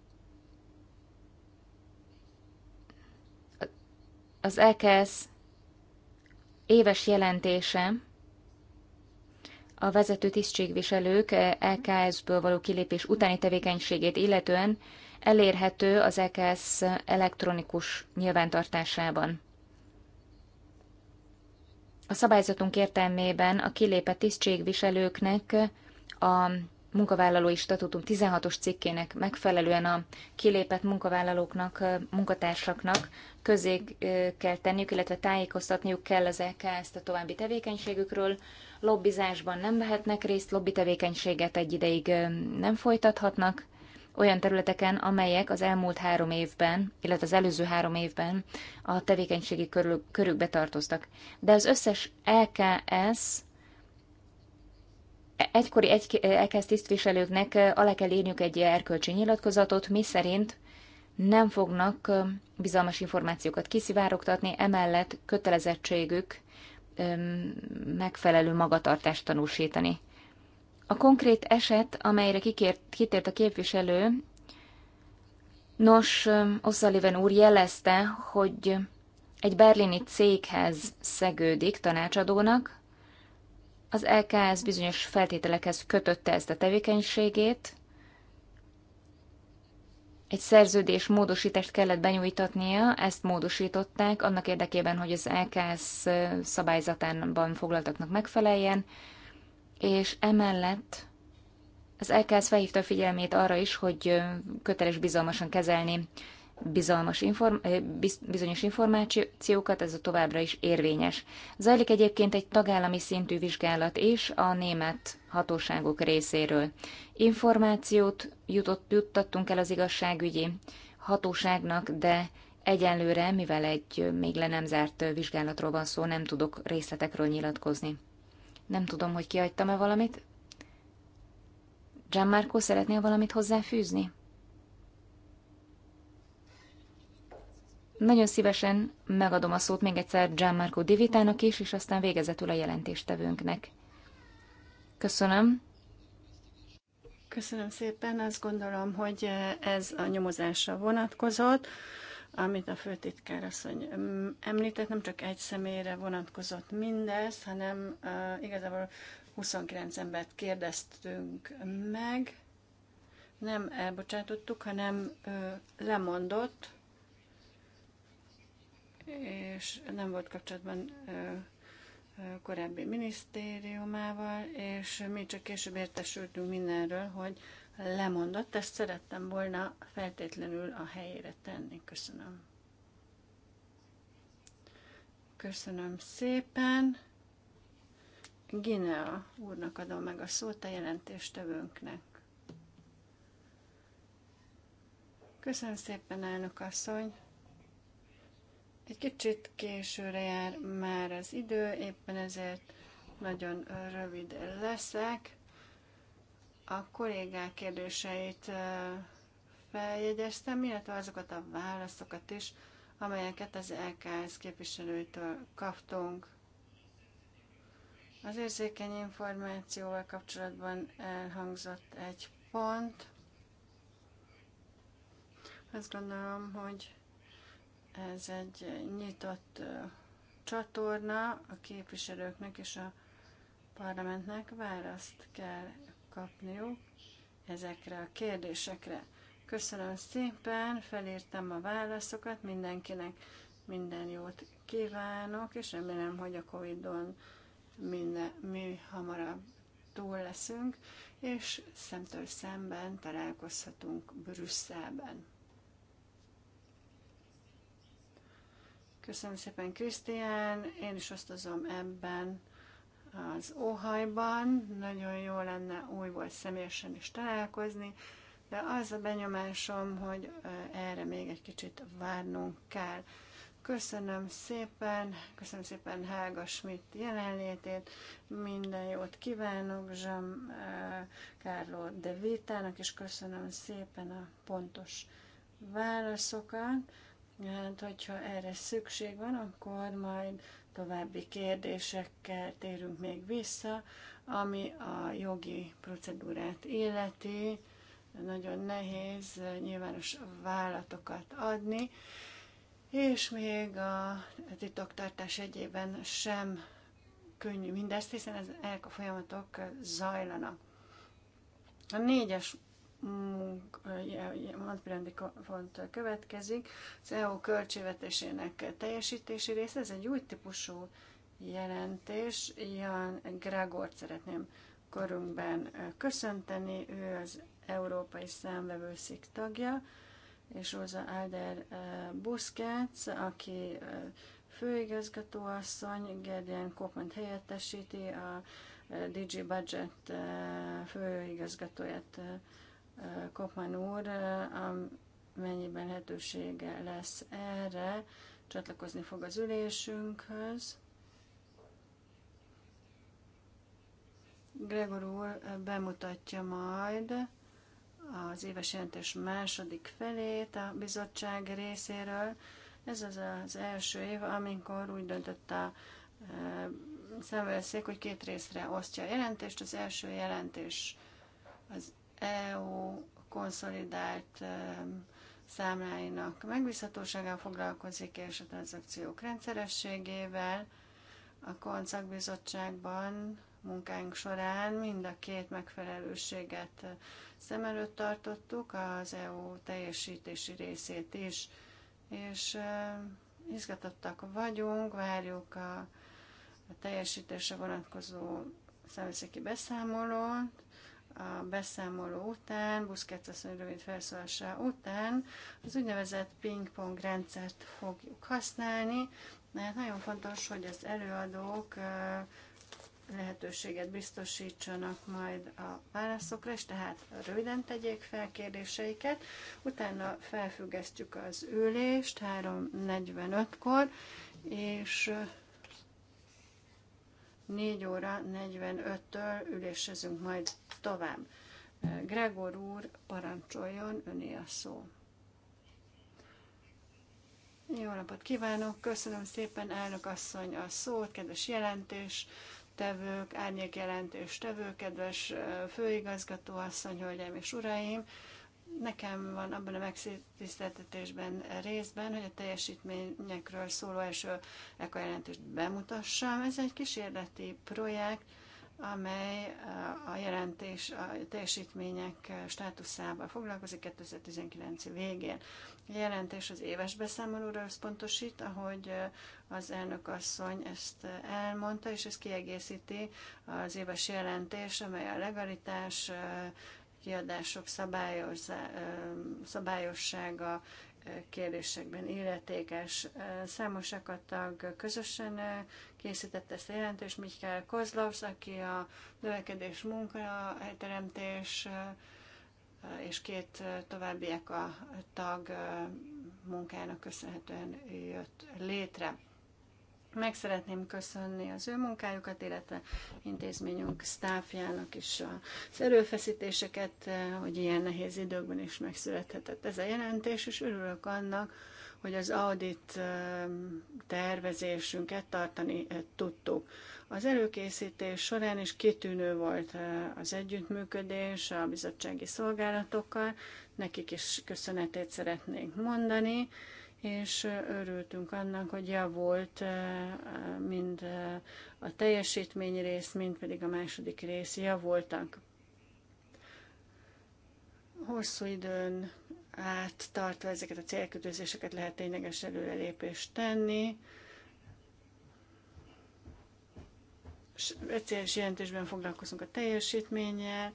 [SPEAKER 2] az LKS éves jelentése a vezető tisztségviselők LKS-ből e való kilépés utáni tevékenységét illetően elérhető az EKS elektronikus nyilvántartásában. A szabályzatunk értelmében a kilépett tisztségviselőknek a munkavállalói statutum 16-os cikkének megfelelően a kilépett munkavállalóknak, munkatársaknak közé kell tenniük, illetve tájékoztatniuk kell az eks a további tevékenységükről. Lobbizásban nem vehetnek részt, lobby tevékenységet egy ideig nem folytathatnak, olyan területeken, amelyek az elmúlt három évben, illetve az előző három évben a tevékenységi körül, körükbe tartoztak. De az összes LKS egykori egy, EKSZ tisztviselőknek alá kell írniuk egy erkölcsi nyilatkozatot, mi szerint nem fognak bizalmas információkat kiszivárogtatni, emellett kötelezettségük megfelelő magatartást tanúsítani. A konkrét eset, amelyre kikért, kitért a képviselő, nos, Oszaliven úr jelezte, hogy egy berlini céghez szegődik tanácsadónak, az LKS e bizonyos feltételekhez kötötte ezt a tevékenységét, egy szerződés módosítást kellett benyújtatnia, ezt módosították annak érdekében, hogy az LKS e szabályzatában foglaltaknak megfeleljen, és emellett az LKS e felhívta a figyelmét arra is, hogy köteles bizalmasan kezelni bizalmas inform, eh, bizonyos információkat, ez a továbbra is érvényes. Zajlik egyébként egy tagállami szintű vizsgálat is a német hatóságok részéről. Információt jutott, juttattunk el az igazságügyi hatóságnak, de egyenlőre, mivel egy még le nem zárt vizsgálatról van szó, nem tudok részletekről nyilatkozni. Nem tudom, hogy kiadtam e valamit. Gianmarco, szeretnél valamit hozzáfűzni? Nagyon szívesen megadom a szót még egyszer Gianmarco Divitának is, és aztán végezetül a jelentéstevőnknek. Köszönöm.
[SPEAKER 1] Köszönöm szépen. Azt gondolom, hogy ez a nyomozásra vonatkozott, amit a főtitkár asszony említett, nem csak egy személyre vonatkozott mindez, hanem uh, igazából 29 embert kérdeztünk meg, nem elbocsátottuk, hanem uh, lemondott, és nem volt kapcsolatban korábbi minisztériumával, és mi csak később értesültünk mindenről, hogy lemondott, ezt szerettem volna feltétlenül a helyére tenni. Köszönöm. Köszönöm szépen. Ginea úrnak adom meg a szót a jelentéstevőnknek. Köszönöm szépen, elnök asszony. Egy kicsit későre jár már az idő, éppen ezért nagyon rövid leszek. A kollégák kérdéseit feljegyeztem, illetve azokat a válaszokat is, amelyeket az LKS képviselőtől kaptunk. Az érzékeny információval kapcsolatban elhangzott egy pont. Azt gondolom, hogy ez egy nyitott csatorna a képviselőknek és a parlamentnek választ kell kapniuk ezekre a kérdésekre. Köszönöm szépen, felírtam a válaszokat mindenkinek, minden jót kívánok, és remélem, hogy a Covid-on minden, mi hamarabb túl leszünk, és szemtől szemben találkozhatunk Brüsszelben. Köszönöm szépen, Krisztián. Én is osztozom ebben az óhajban. Nagyon jó lenne újból személyesen is találkozni, de az a benyomásom, hogy erre még egy kicsit várnunk kell. Köszönöm szépen, köszönöm szépen Helga Schmidt jelenlétét, minden jót kívánok Zsam Kárló de Vitának, és köszönöm szépen a pontos válaszokat. Hát, hogyha erre szükség van, akkor majd további kérdésekkel térünk még vissza, ami a jogi procedúrát illeti. Nagyon nehéz nyilvános vállatokat adni, és még a titoktartás egyében sem könnyű mindezt, hiszen ezek a folyamatok zajlanak. A négyes Montbrandi font következik. Az EU költségvetésének teljesítési része, ez egy új típusú jelentés. Jan Gregort szeretném körünkben köszönteni, ő az Európai Számvevőszik tagja, és Rosa Alder eh, Busquets, aki eh, főigazgatóasszony, Gerdian Kopment helyettesíti, a eh, DG Budget főigazgatóját Kopman úr, amennyiben lehetősége lesz erre, csatlakozni fog az ülésünkhöz. Gregor úr bemutatja majd az éves jelentés második felét a bizottság részéről. Ez az az első év, amikor úgy döntött a e, szemvelszék, hogy két részre osztja a jelentést. Az első jelentés az EU konszolidált e, számláinak megbízhatóságán foglalkozik, és a tranzakciók rendszerességével. A koncakbizottságban munkánk során mind a két megfelelőséget e, szem előtt tartottuk, az EU teljesítési részét is, és e, izgatottak vagyunk, várjuk a, teljesítése teljesítésre vonatkozó számvészeki beszámolót, a beszámoló után, Busquets asszony rövid felszólása után az úgynevezett pingpong rendszert fogjuk használni, mert nagyon fontos, hogy az előadók lehetőséget biztosítsanak majd a válaszokra, és tehát röviden tegyék fel kérdéseiket. Utána felfüggesztjük az ülést 3.45-kor, és 4 óra 45-től ülésezünk majd tovább. Gregor úr, parancsoljon, öné a szó. Jó napot kívánok, köszönöm szépen, elnök asszony a szót, kedves jelentés, tevők, árnyék jelentés tevő, kedves főigazgató asszony, hölgyeim és uraim nekem van abban a megtiszteltetésben részben, hogy a teljesítményekről szóló első ekojelentést bemutassam. Ez egy kísérleti projekt, amely a jelentés a teljesítmények státuszával foglalkozik 2019 végén. A jelentés az éves beszámolóra összpontosít, ahogy az elnök asszony ezt elmondta, és ez kiegészíti az éves jelentés, amely a legalitás, kiadások szabályossága kérdésekben illetékes. Számos tag közösen készítette ezt a jelentést, Mikkel Kozlovsz, aki a növekedés munka, és két továbbiak a tag munkának köszönhetően jött létre. Meg szeretném köszönni az ő munkájukat, illetve intézményünk sztáfjának is az erőfeszítéseket, hogy ilyen nehéz időkben is megszülethetett ez a jelentés, és örülök annak, hogy az audit tervezésünket tartani tudtuk. Az előkészítés során is kitűnő volt az együttműködés a bizottsági szolgálatokkal, nekik is köszönetét szeretnénk mondani és örültünk annak, hogy javult eh, mind eh, a teljesítmény rész, mind pedig a második rész javultak. Hosszú időn át tartva ezeket a célkötőzéseket lehet tényleges előrelépést tenni. Egyszerűs jelentésben foglalkozunk a teljesítménnyel,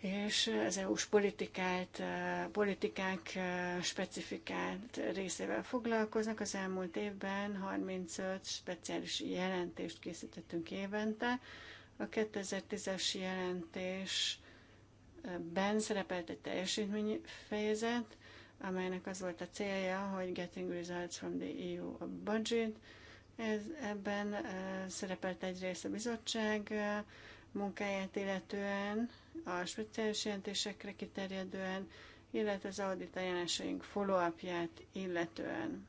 [SPEAKER 1] és az EU-s politikát, eh, politikák eh, specifikált részével foglalkoznak. Az elmúlt évben 35 speciális jelentést készítettünk évente. A 2010-es jelentésben szerepelt egy teljesítményfejezet, amelynek az volt a célja, hogy Getting Results from the EU Budget. Ez, ebben eh, szerepelt egyrészt a bizottság, munkáját illetően, a speciális jelentésekre kiterjedően, illetve az audit ajánlásaink follow illetően.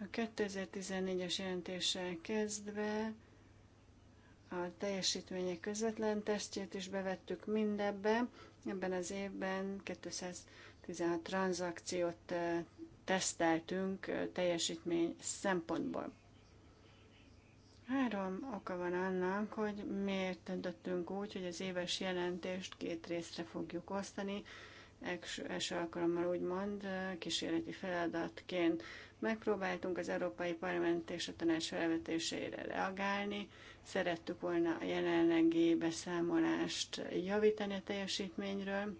[SPEAKER 1] A 2014-es jelentéssel kezdve a teljesítmények közvetlen tesztjét is bevettük mindebbe. Ebben az évben 216 tranzakciót eh, teszteltünk eh, teljesítmény szempontból. Három oka van annak, hogy miért döntöttünk úgy, hogy az éves jelentést két részre fogjuk osztani, első alkalommal úgymond kísérleti feladatként megpróbáltunk az Európai Parlament és a Tanács felvetésére reagálni, szerettük volna a jelenlegi beszámolást javítani a teljesítményről,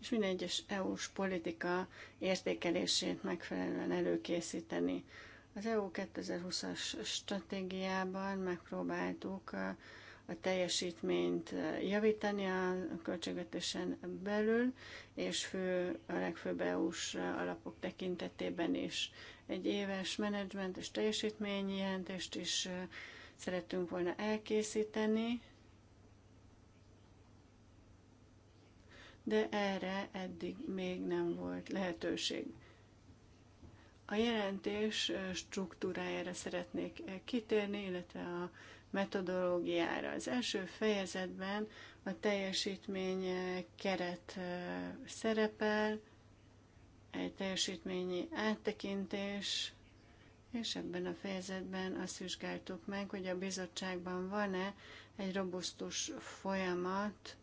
[SPEAKER 1] és minden egyes EU-s politika értékelését megfelelően előkészíteni. Az EU 2020-as stratégiában megpróbáltuk a teljesítményt javítani a költségvetésen belül, és fő, a legfőbb EU-s alapok tekintetében is. Egy éves menedzsment és teljesítményi jelentést is szerettünk volna elkészíteni, de erre eddig még nem volt lehetőség. A jelentés struktúrájára szeretnék kitérni, illetve a metodológiára. Az első fejezetben a teljesítmény keret szerepel, egy teljesítményi áttekintés, és ebben a fejezetben azt vizsgáltuk meg, hogy a bizottságban van-e egy robusztus folyamat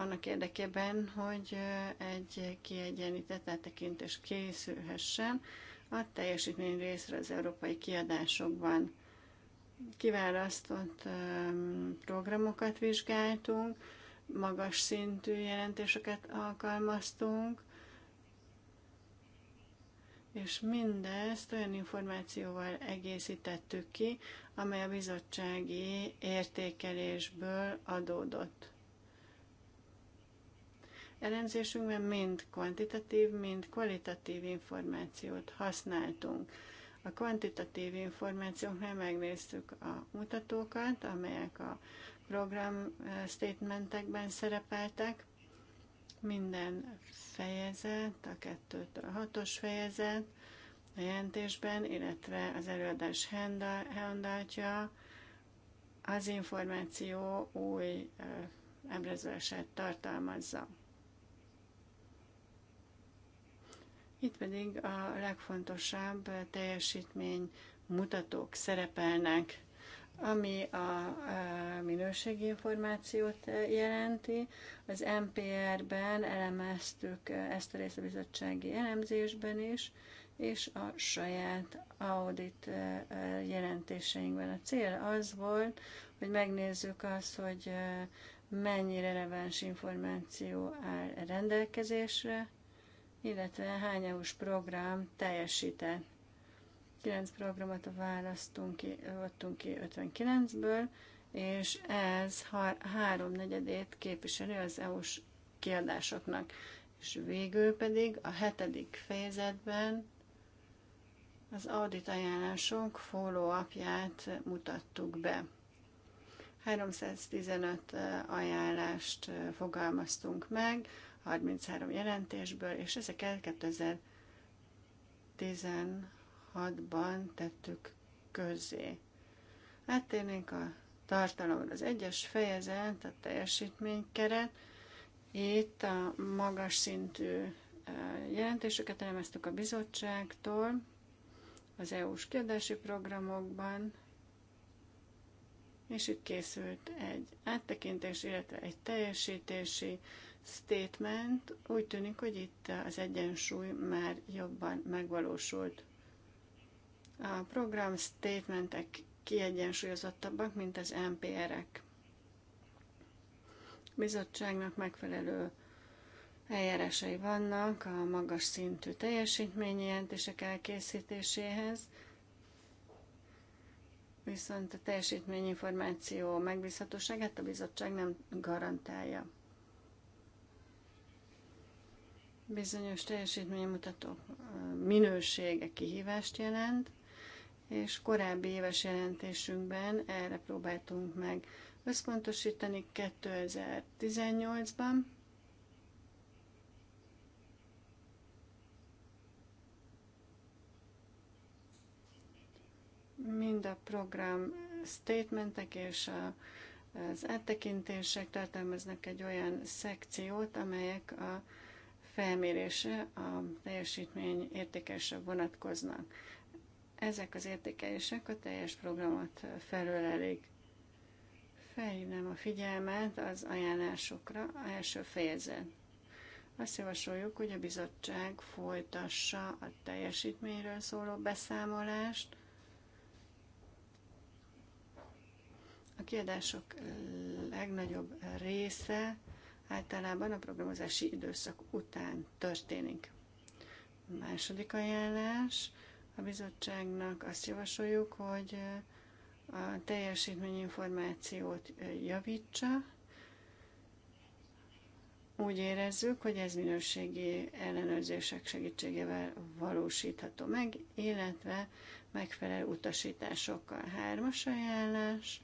[SPEAKER 1] annak érdekében, hogy egy kiegyenített áttekintés készülhessen a teljesítmény részre az európai kiadásokban. Kiválasztott programokat vizsgáltunk, magas szintű jelentéseket alkalmaztunk, és mindezt olyan információval egészítettük ki, amely a bizottsági értékelésből adódott elemzésünkben mind kvantitatív, mind kvalitatív információt használtunk. A kvantitatív információknál megnéztük a mutatókat, amelyek a program eh, statementekben szerepeltek. Minden fejezet, a 2-től 6-os fejezet a jelentésben, illetve az előadás handoutja az információ új eh, ábrázolását tartalmazza. Itt pedig a legfontosabb teljesítmény mutatók szerepelnek, ami a minőségi információt jelenti. Az MPR-ben elemeztük ezt a részt a bizottsági elemzésben is, és a saját audit jelentéseinkben. A cél az volt, hogy megnézzük azt, hogy mennyire releváns információ áll rendelkezésre, illetve hány EU-s program teljesített. 9 programot választunk ki, adtunk ki 59-ből, és ez háromnegyedét képviseli az EU-s kiadásoknak. És végül pedig a hetedik fejezetben az audit ajánlások follow-upját mutattuk be. 315 ajánlást fogalmaztunk meg, 33 jelentésből, és ezeket 2016-ban tettük közzé. Áttérnénk a tartalomra. Az egyes fejezet, a teljesítménykeret, itt a magas szintű e, jelentéseket elemeztük a bizottságtól, az EU-s kiadási programokban, és itt készült egy áttekintés, illetve egy teljesítési statement, úgy tűnik, hogy itt az egyensúly már jobban megvalósult. A program statementek kiegyensúlyozottabbak, mint az mpr ek Bizottságnak megfelelő eljárásai vannak a magas szintű teljesítményjelentések elkészítéséhez, viszont a teljesítményinformáció megbízhatóságát a bizottság nem garantálja. bizonyos teljesítménymutató minősége kihívást jelent, és korábbi éves jelentésünkben erre próbáltunk meg összpontosítani 2018-ban. Mind a program statementek és a, az áttekintések tartalmaznak egy olyan szekciót, amelyek a felmérése a teljesítmény értékelésre vonatkoznak. Ezek az értékelések a teljes programot felölelik. Felhívnám a figyelmet az ajánlásokra, a első fejezet. Azt javasoljuk, hogy a bizottság folytassa a teljesítményről szóló beszámolást, a kiadások legnagyobb része általában a programozási időszak után történik. A második ajánlás, a bizottságnak azt javasoljuk, hogy eh, a teljesítményinformációt eh, javítsa. Úgy érezzük, hogy ez minőségi ellenőrzések segítségével valósítható meg, illetve megfelelő utasításokkal. Hármas ajánlás.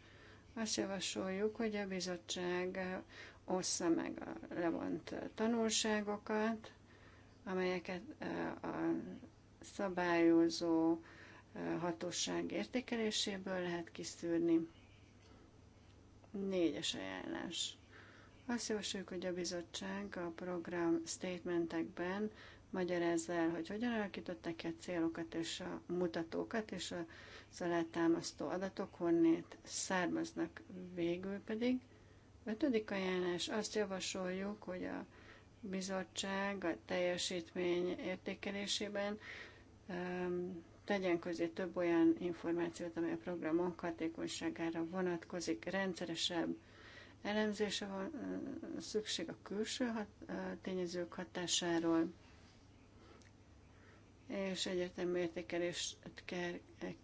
[SPEAKER 1] Azt javasoljuk, hogy a bizottság ossza meg a levont tanulságokat, amelyeket a szabályozó hatóság értékeléséből lehet kiszűrni. Négyes ajánlás. Azt javasoljuk, hogy a bizottság a program statementekben magyarázza el, hogy hogyan alakították ki a célokat és a mutatókat, és az alátámasztó adatok honnét származnak végül pedig. Ötödik ajánlás. Azt javasoljuk, hogy a bizottság a teljesítmény értékelésében um, tegyen közé több olyan információt, amely a programon hatékonyságára vonatkozik, rendszeresebb elemzése van uh, szükség a külső hat, uh, tényezők hatásáról, és egyértelmű értékelést kell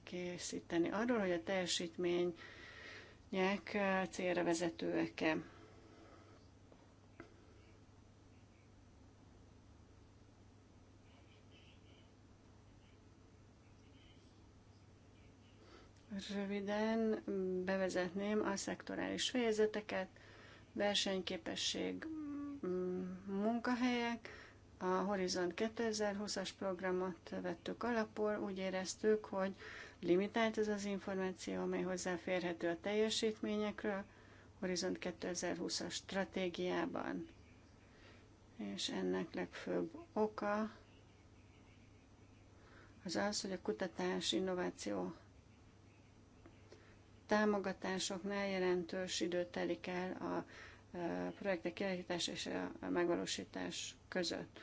[SPEAKER 1] készíteni arról, hogy a teljesítmény nyek célra vezetőek-e. Röviden bevezetném a szektorális fejezeteket, versenyképesség, mm, munkahelyek, a Horizont 2020-as programot vettük alapul, úgy éreztük, hogy Limitált ez az információ, amely hozzáférhető a teljesítményekről, Horizont 2020-as stratégiában. És ennek legfőbb oka az az, hogy a kutatás, innováció támogatásoknál jelentős idő telik el a e, projektek kialakítás és a megvalósítás között.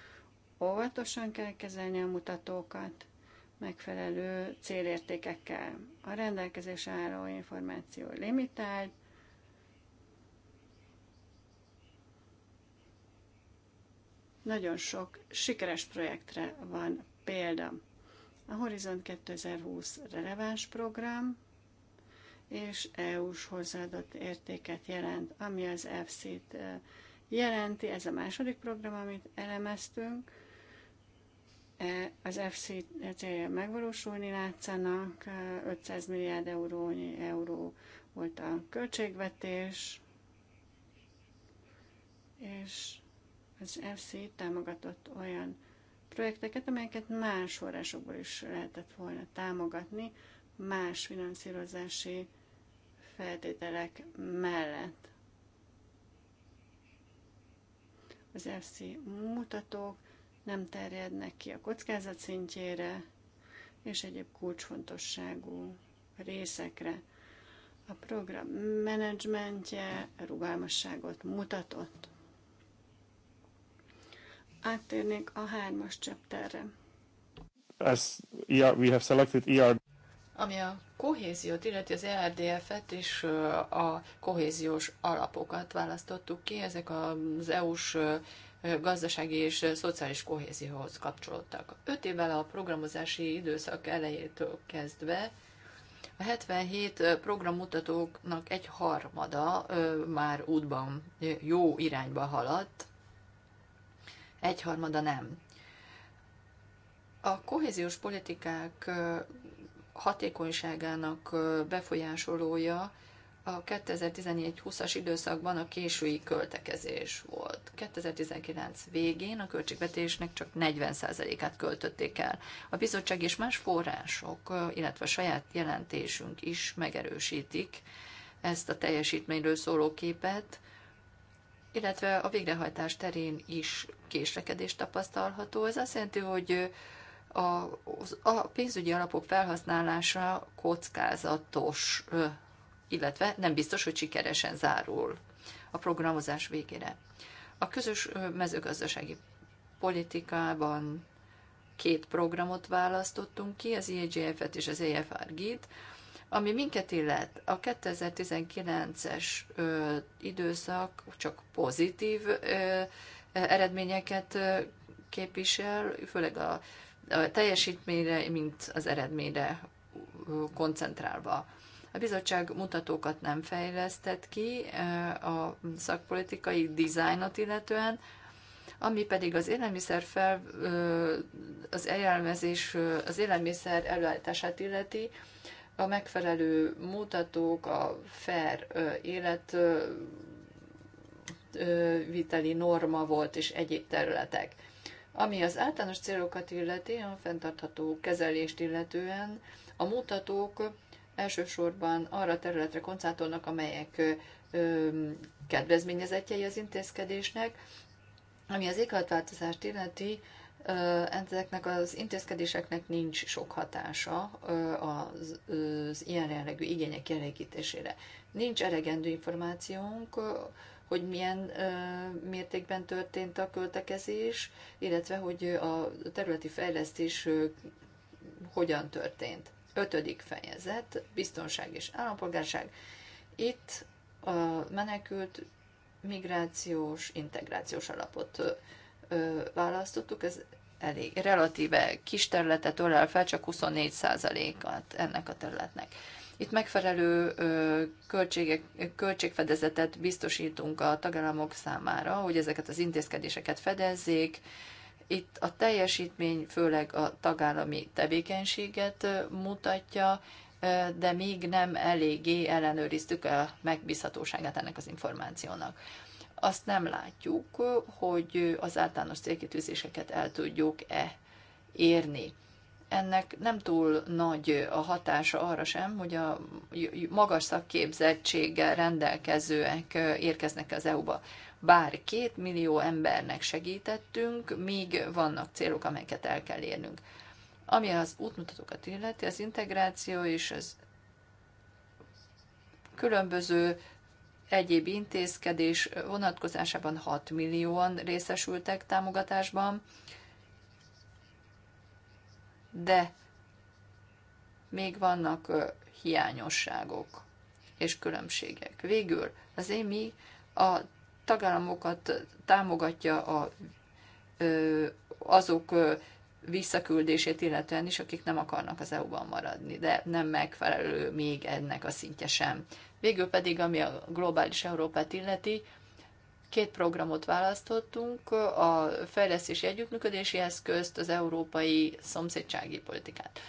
[SPEAKER 1] Óvatosan kell kezelni a mutatókat, megfelelő célértékekkel. A rendelkezés álló információ limitált, nagyon sok sikeres projektre van példa. A Horizont 2020 releváns program és EU-s hozzáadott értéket jelent, ami az EFSZ-t eh, jelenti. Ez a második program, amit elemeztünk az FC célja megvalósulni látszanak, 500 milliárd euró, euró volt a költségvetés, és az FC támogatott olyan projekteket, amelyeket más forrásokból is lehetett volna támogatni, más finanszírozási feltételek mellett. Az FC mutatók nem terjednek ki a kockázat szintjére és egyéb kulcsfontosságú részekre. A program menedzsmentje rugalmasságot mutatott. Áttérnék a hármas chapterre. As ER, we have selected ER. Ami a
[SPEAKER 3] kohéziót, illeti az ERDF-et és a kohéziós alapokat választottuk ki, ezek az EU-s gazdasági és szociális kohézióhoz kapcsolódtak. Öt évvel a programozási időszak elejétől kezdve a 77 programmutatóknak egy harmada már útban jó irányba haladt, egy harmada nem. A kohéziós politikák hatékonyságának befolyásolója a 2014-20-as időszakban a késői költekezés volt. 2019 végén a költségvetésnek csak 40%-át költötték el. A bizottság és más források, illetve a saját jelentésünk is megerősítik ezt a teljesítményről szóló képet, illetve a végrehajtás terén is késlekedés tapasztalható. Ez azt jelenti, hogy a, a pénzügyi alapok felhasználása kockázatos illetve nem biztos, hogy sikeresen zárul a programozás végére. A közös mezőgazdasági politikában két programot választottunk ki, az IEGF-et és az efr t ami minket illet, a 2019-es időszak csak pozitív ö, eredményeket ö, képvisel, főleg a, a teljesítményre, mint az eredményre koncentrálva bizottság mutatókat nem fejlesztett ki a szakpolitikai dizájnot illetően, ami pedig az élelmiszer fel, az élelmezés, az élelmiszer előállítását illeti, a megfelelő mutatók, a fair életviteli norma volt és egyéb területek. Ami az általános célokat illeti, a fenntartható kezelést illetően, a mutatók elsősorban arra a területre koncentrálnak, amelyek kedvezményezetjei az intézkedésnek, ami az éghajlatváltozást illeti, ezeknek az intézkedéseknek nincs sok hatása az, az ilyen jellegű igények kielégítésére. Nincs elegendő információnk, hogy milyen mértékben történt a költekezés, illetve hogy a területi fejlesztés hogyan történt. Ötödik fejezet, biztonság és állampolgárság. Itt a menekült migrációs, integrációs alapot választottuk. Ez elég relatíve kis területet ölel fel, csak 24 at ennek a területnek. Itt megfelelő költségek, költségfedezetet biztosítunk a tagállamok számára, hogy ezeket az intézkedéseket fedezzék, itt a teljesítmény főleg a tagállami tevékenységet mutatja, de még nem eléggé ellenőriztük a megbízhatóságát ennek az információnak. Azt nem látjuk, hogy az általános célkitűzéseket el tudjuk-e érni. Ennek nem túl nagy a hatása arra sem, hogy a magas szakképzettséggel rendelkezőek érkeznek az EU-ba bár két millió embernek segítettünk, még vannak célok, amelyeket el kell érnünk. Ami az útmutatókat illeti, az integráció és az különböző egyéb intézkedés vonatkozásában 6 millióan részesültek támogatásban, de még vannak hiányosságok és különbségek. Végül az mi a tagállamokat támogatja a, azok visszaküldését illetően is, akik nem akarnak az EU-ban maradni, de nem megfelelő még ennek a szintje sem. Végül pedig, ami a globális Európát illeti, két programot választottunk, a fejlesztési együttműködési eszközt, az európai szomszédsági politikát.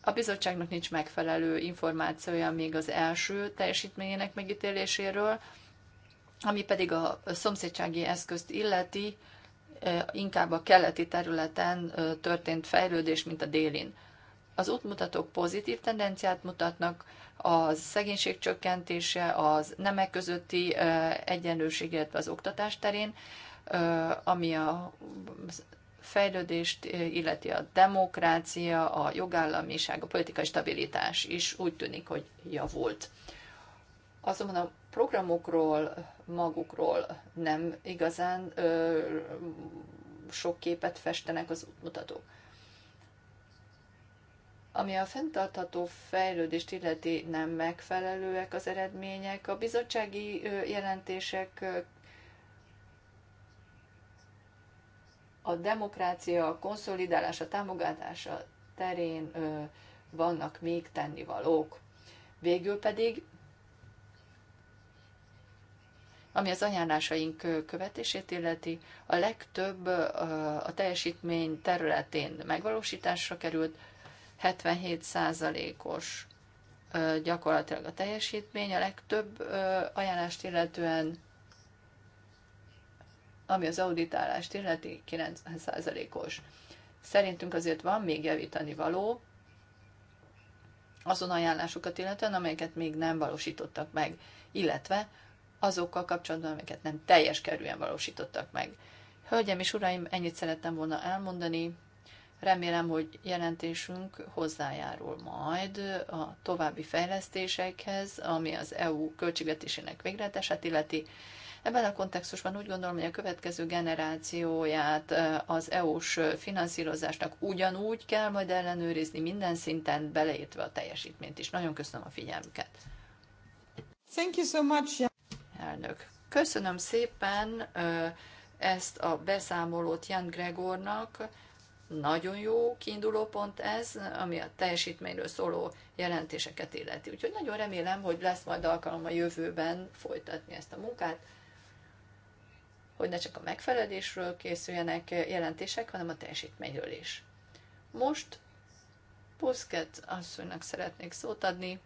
[SPEAKER 3] A bizottságnak nincs megfelelő információja még az első teljesítményének megítéléséről, ami pedig a szomszédsági eszközt illeti, inkább a keleti területen történt fejlődés, mint a délin. Az útmutatók pozitív tendenciát mutatnak, a szegénység csökkentése, az nemek közötti egyenlőség, illetve az oktatás terén, ami a fejlődést illeti a demokrácia, a jogállamiság, a politikai stabilitás is úgy tűnik, hogy javult. Azonban a programokról, magukról nem igazán ö, sok képet festenek az útmutatók. Ami a fenntartható fejlődést illeti, nem megfelelőek az eredmények. A bizottsági jelentések a demokrácia, a konszolidálása, támogatása terén vannak még tennivalók. Végül pedig ami az ajánlásaink követését illeti, a legtöbb a teljesítmény területén megvalósításra került, 77%-os gyakorlatilag a teljesítmény, a legtöbb ajánlást illetően, ami az auditálást illeti, 90%-os. Szerintünk azért van még javítani való, azon ajánlásokat illetően, amelyeket még nem valósítottak meg, illetve azokkal kapcsolatban, amiket nem teljes kerülően valósítottak meg. Hölgyem és uraim, ennyit szerettem volna elmondani. Remélem, hogy jelentésünk hozzájárul majd a további fejlesztésekhez, ami az EU költségvetésének végrehajtását illeti. Ebben a kontextusban úgy gondolom, hogy a következő generációját az EU-s finanszírozásnak ugyanúgy kell majd ellenőrizni minden szinten, beleértve a teljesítményt is. Nagyon köszönöm a figyelmüket. Thank you so much. Elnök. Köszönöm szépen ezt a beszámolót Jan Gregornak. Nagyon jó kiinduló pont ez, ami a teljesítményről szóló jelentéseket illeti. Úgyhogy nagyon remélem, hogy lesz majd alkalom a jövőben folytatni ezt a munkát, hogy ne csak a megfelelésről készüljenek jelentések, hanem a teljesítményről is. Most Puszket asszonynak szeretnék szót adni,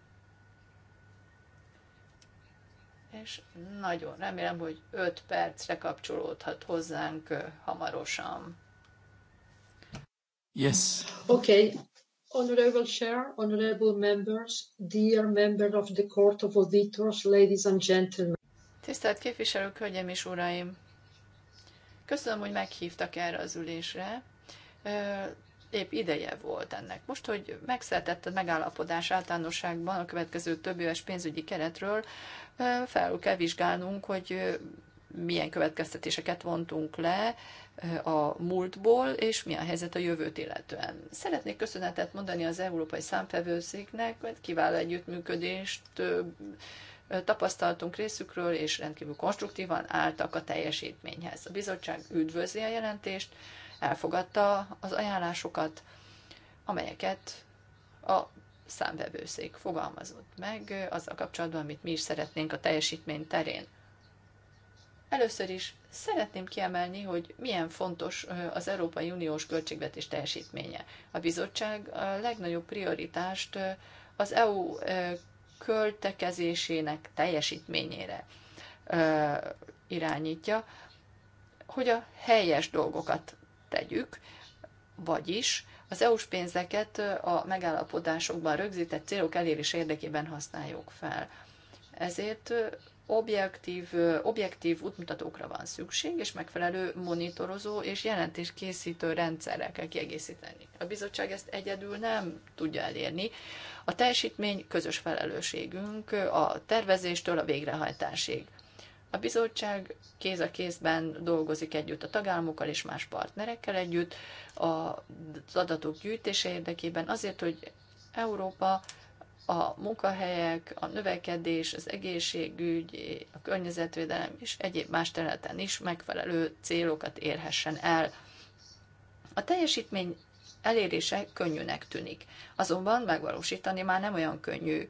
[SPEAKER 3] és nagyon remélem, hogy 5 percre kapcsolódhat hozzánk hamarosan. Yes. Okay. Honorable Chair, honorable members, dear member of the Court of Auditors, ladies and gentlemen. Tisztelt képviselők, hölgyeim és uraim! Köszönöm, hogy meghívtak erre az ülésre épp ideje volt ennek. Most, hogy megszertett a megállapodás általánosságban a következő több éves pénzügyi keretről, fel kell vizsgálnunk, hogy milyen következtetéseket vontunk le a múltból, és milyen helyzet a jövőt illetően. Szeretnék köszönetet mondani az Európai Számfevőszéknek, mert kiváló együttműködést tapasztaltunk részükről, és rendkívül konstruktívan álltak a teljesítményhez. A bizottság üdvözli a jelentést, elfogadta az ajánlásokat, amelyeket a számvevőszék fogalmazott meg azzal kapcsolatban, amit mi is szeretnénk a teljesítmény terén. Először is szeretném kiemelni, hogy milyen fontos az Európai Uniós költségvetés teljesítménye. A bizottság a legnagyobb prioritást az EU költekezésének teljesítményére irányítja, hogy a helyes dolgokat tegyük, vagyis az EU-s pénzeket a megállapodásokban rögzített célok elérés érdekében használjuk fel. Ezért objektív, objektív útmutatókra van szükség, és megfelelő monitorozó és jelentéskészítő rendszerrel kell kiegészíteni. A bizottság ezt egyedül nem tudja elérni. A teljesítmény közös felelősségünk a tervezéstől a végrehajtásig. A bizottság kéz a kézben dolgozik együtt a tagállamokkal és más partnerekkel együtt az adatok gyűjtése érdekében, azért, hogy Európa a munkahelyek, a növekedés, az egészségügy, a környezetvédelem és egyéb más területen is megfelelő célokat érhessen el. A teljesítmény elérése könnyűnek tűnik, azonban megvalósítani már nem olyan könnyű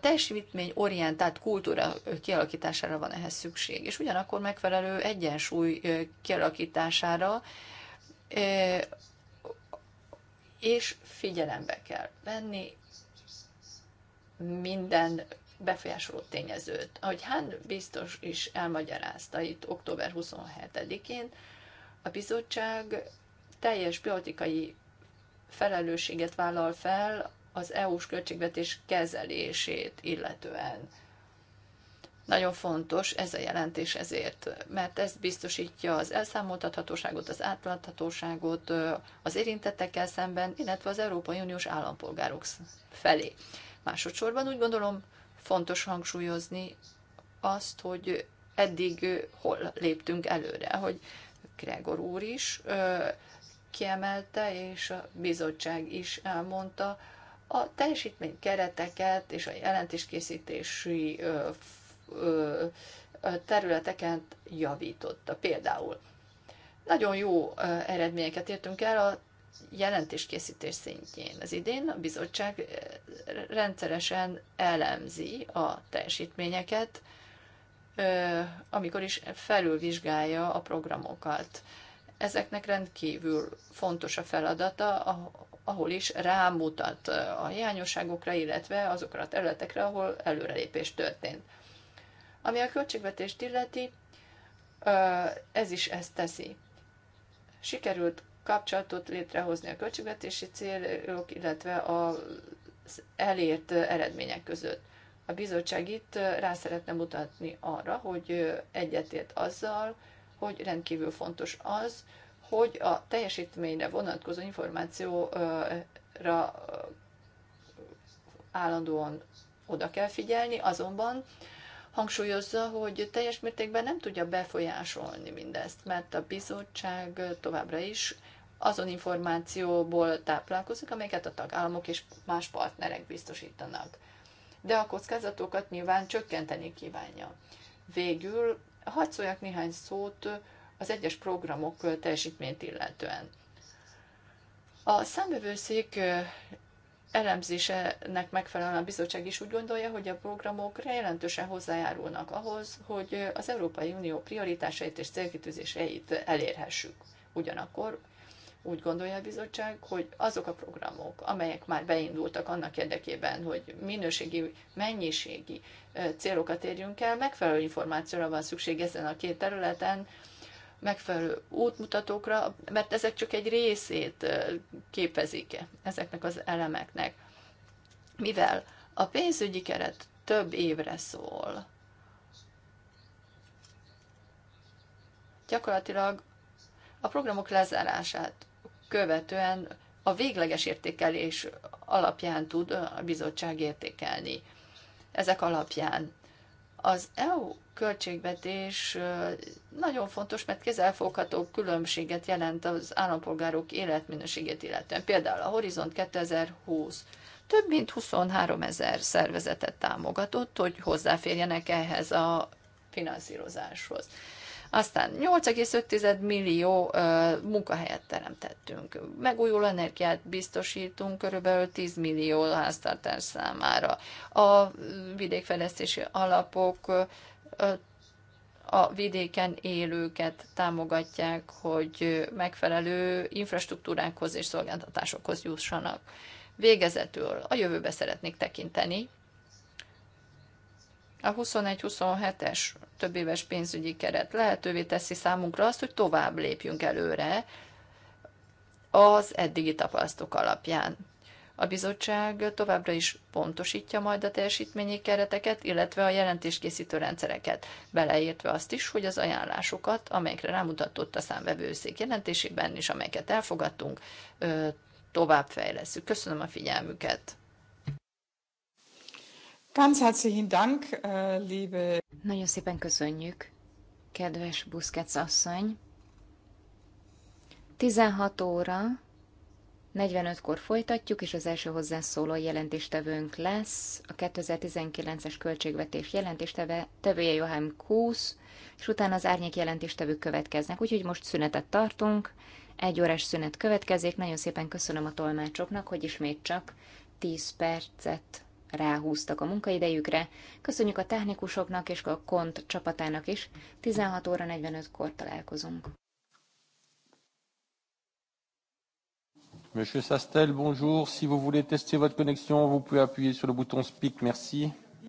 [SPEAKER 3] teljesítmény orientált kultúra kialakítására van ehhez szükség, és ugyanakkor megfelelő egyensúly kialakítására, és figyelembe kell venni minden befolyásoló tényezőt. Ahogy Hán biztos is elmagyarázta itt október 27-én, a bizottság teljes biotikai felelősséget vállal fel az EU-s költségvetés kezelését illetően. Nagyon fontos ez a jelentés ezért, mert ez biztosítja az elszámoltathatóságot, az átláthatóságot az érintettekkel szemben, illetve az Európai Uniós állampolgárok felé. Másodszorban úgy gondolom fontos hangsúlyozni azt, hogy eddig hol léptünk előre, hogy Gregor úr is kiemelte, és a bizottság is elmondta, a teljesítmény kereteket és a jelentéskészítési ö, ö, javította. Például nagyon jó eredményeket értünk el a jelentéskészítés szintjén. Az idén a bizottság rendszeresen elemzi a teljesítményeket, amikor is felülvizsgálja a programokat. Ezeknek rendkívül fontos a feladata ahol is rámutat a hiányosságokra, illetve azokra a területekre, ahol előrelépés történt. Ami a költségvetést illeti, ez is ezt teszi. Sikerült kapcsolatot létrehozni a költségvetési célok, illetve az elért eredmények között. A bizottság itt rá szeretne mutatni arra, hogy egyetért azzal, hogy rendkívül fontos az, hogy a teljesítményre vonatkozó információra állandóan oda kell figyelni, azonban hangsúlyozza, hogy teljes mértékben nem tudja befolyásolni mindezt, mert a bizottság továbbra is azon információból táplálkozik, amelyeket a tagállamok és más partnerek biztosítanak. De a kockázatokat nyilván csökkenteni kívánja. Végül hadd szóljak néhány szót az egyes programok teljesítményt illetően. A számbevőszék elemzésenek megfelelően a bizottság is úgy gondolja, hogy a programok jelentősen hozzájárulnak ahhoz, hogy az Európai Unió prioritásait és célkitűzéseit elérhessük. Ugyanakkor úgy gondolja a bizottság, hogy azok a programok, amelyek már beindultak annak érdekében, hogy minőségi, mennyiségi célokat érjünk el, megfelelő információra van szükség ezen a két területen, megfelelő útmutatókra, mert ezek csak egy részét képezik ezeknek az elemeknek. Mivel a pénzügyi keret több évre szól, gyakorlatilag a programok lezárását követően a végleges értékelés alapján tud a bizottság értékelni. Ezek alapján az EU költségvetés nagyon fontos, mert kezelfogható különbséget jelent az állampolgárok életminőségét illetően. Például a Horizont 2020 több mint 23 ezer szervezetet támogatott, hogy hozzáférjenek ehhez a finanszírozáshoz. Aztán 8,5 millió munkahelyet teremtettünk. Megújuló energiát biztosítunk körülbelül 10 millió háztartás számára. A vidékfejlesztési alapok a vidéken élőket támogatják, hogy megfelelő infrastruktúrákhoz és szolgáltatásokhoz jussanak. Végezetül a jövőbe szeretnék tekinteni. A 21-27-es többéves pénzügyi keret lehetővé teszi számunkra azt, hogy tovább lépjünk előre az eddigi tapasztok alapján. A bizottság továbbra is pontosítja majd a teljesítményi kereteket, illetve a jelentéskészítő rendszereket, beleértve azt is, hogy az ajánlásokat, amelyekre rámutatott a számvevőszék jelentésében, és amelyeket elfogadtunk, tovább fejleszünk. Köszönöm a figyelmüket!
[SPEAKER 2] Ganz herzlichen Dank, äh, liebe... Nagyon szépen köszönjük, kedves Busquets asszony. 16 óra 45-kor folytatjuk, és az első hozzászóló jelentéstevőnk lesz a 2019-es költségvetés tevője Johan Kúsz, és utána az árnyék jelentéstevők következnek. Úgyhogy most szünetet tartunk, egy órás szünet következik. Nagyon szépen köszönöm a tolmácsoknak, hogy ismét csak 10 percet ráhúztak a munkaidejükre. Köszönjük a technikusoknak és a kont csapatának is. 16 óra 45-kor találkozunk.
[SPEAKER 3] Monsieur Sastel, bonjour. Si vous voulez tester votre connexion, vous pouvez appuyer sur le bouton speak. Merci.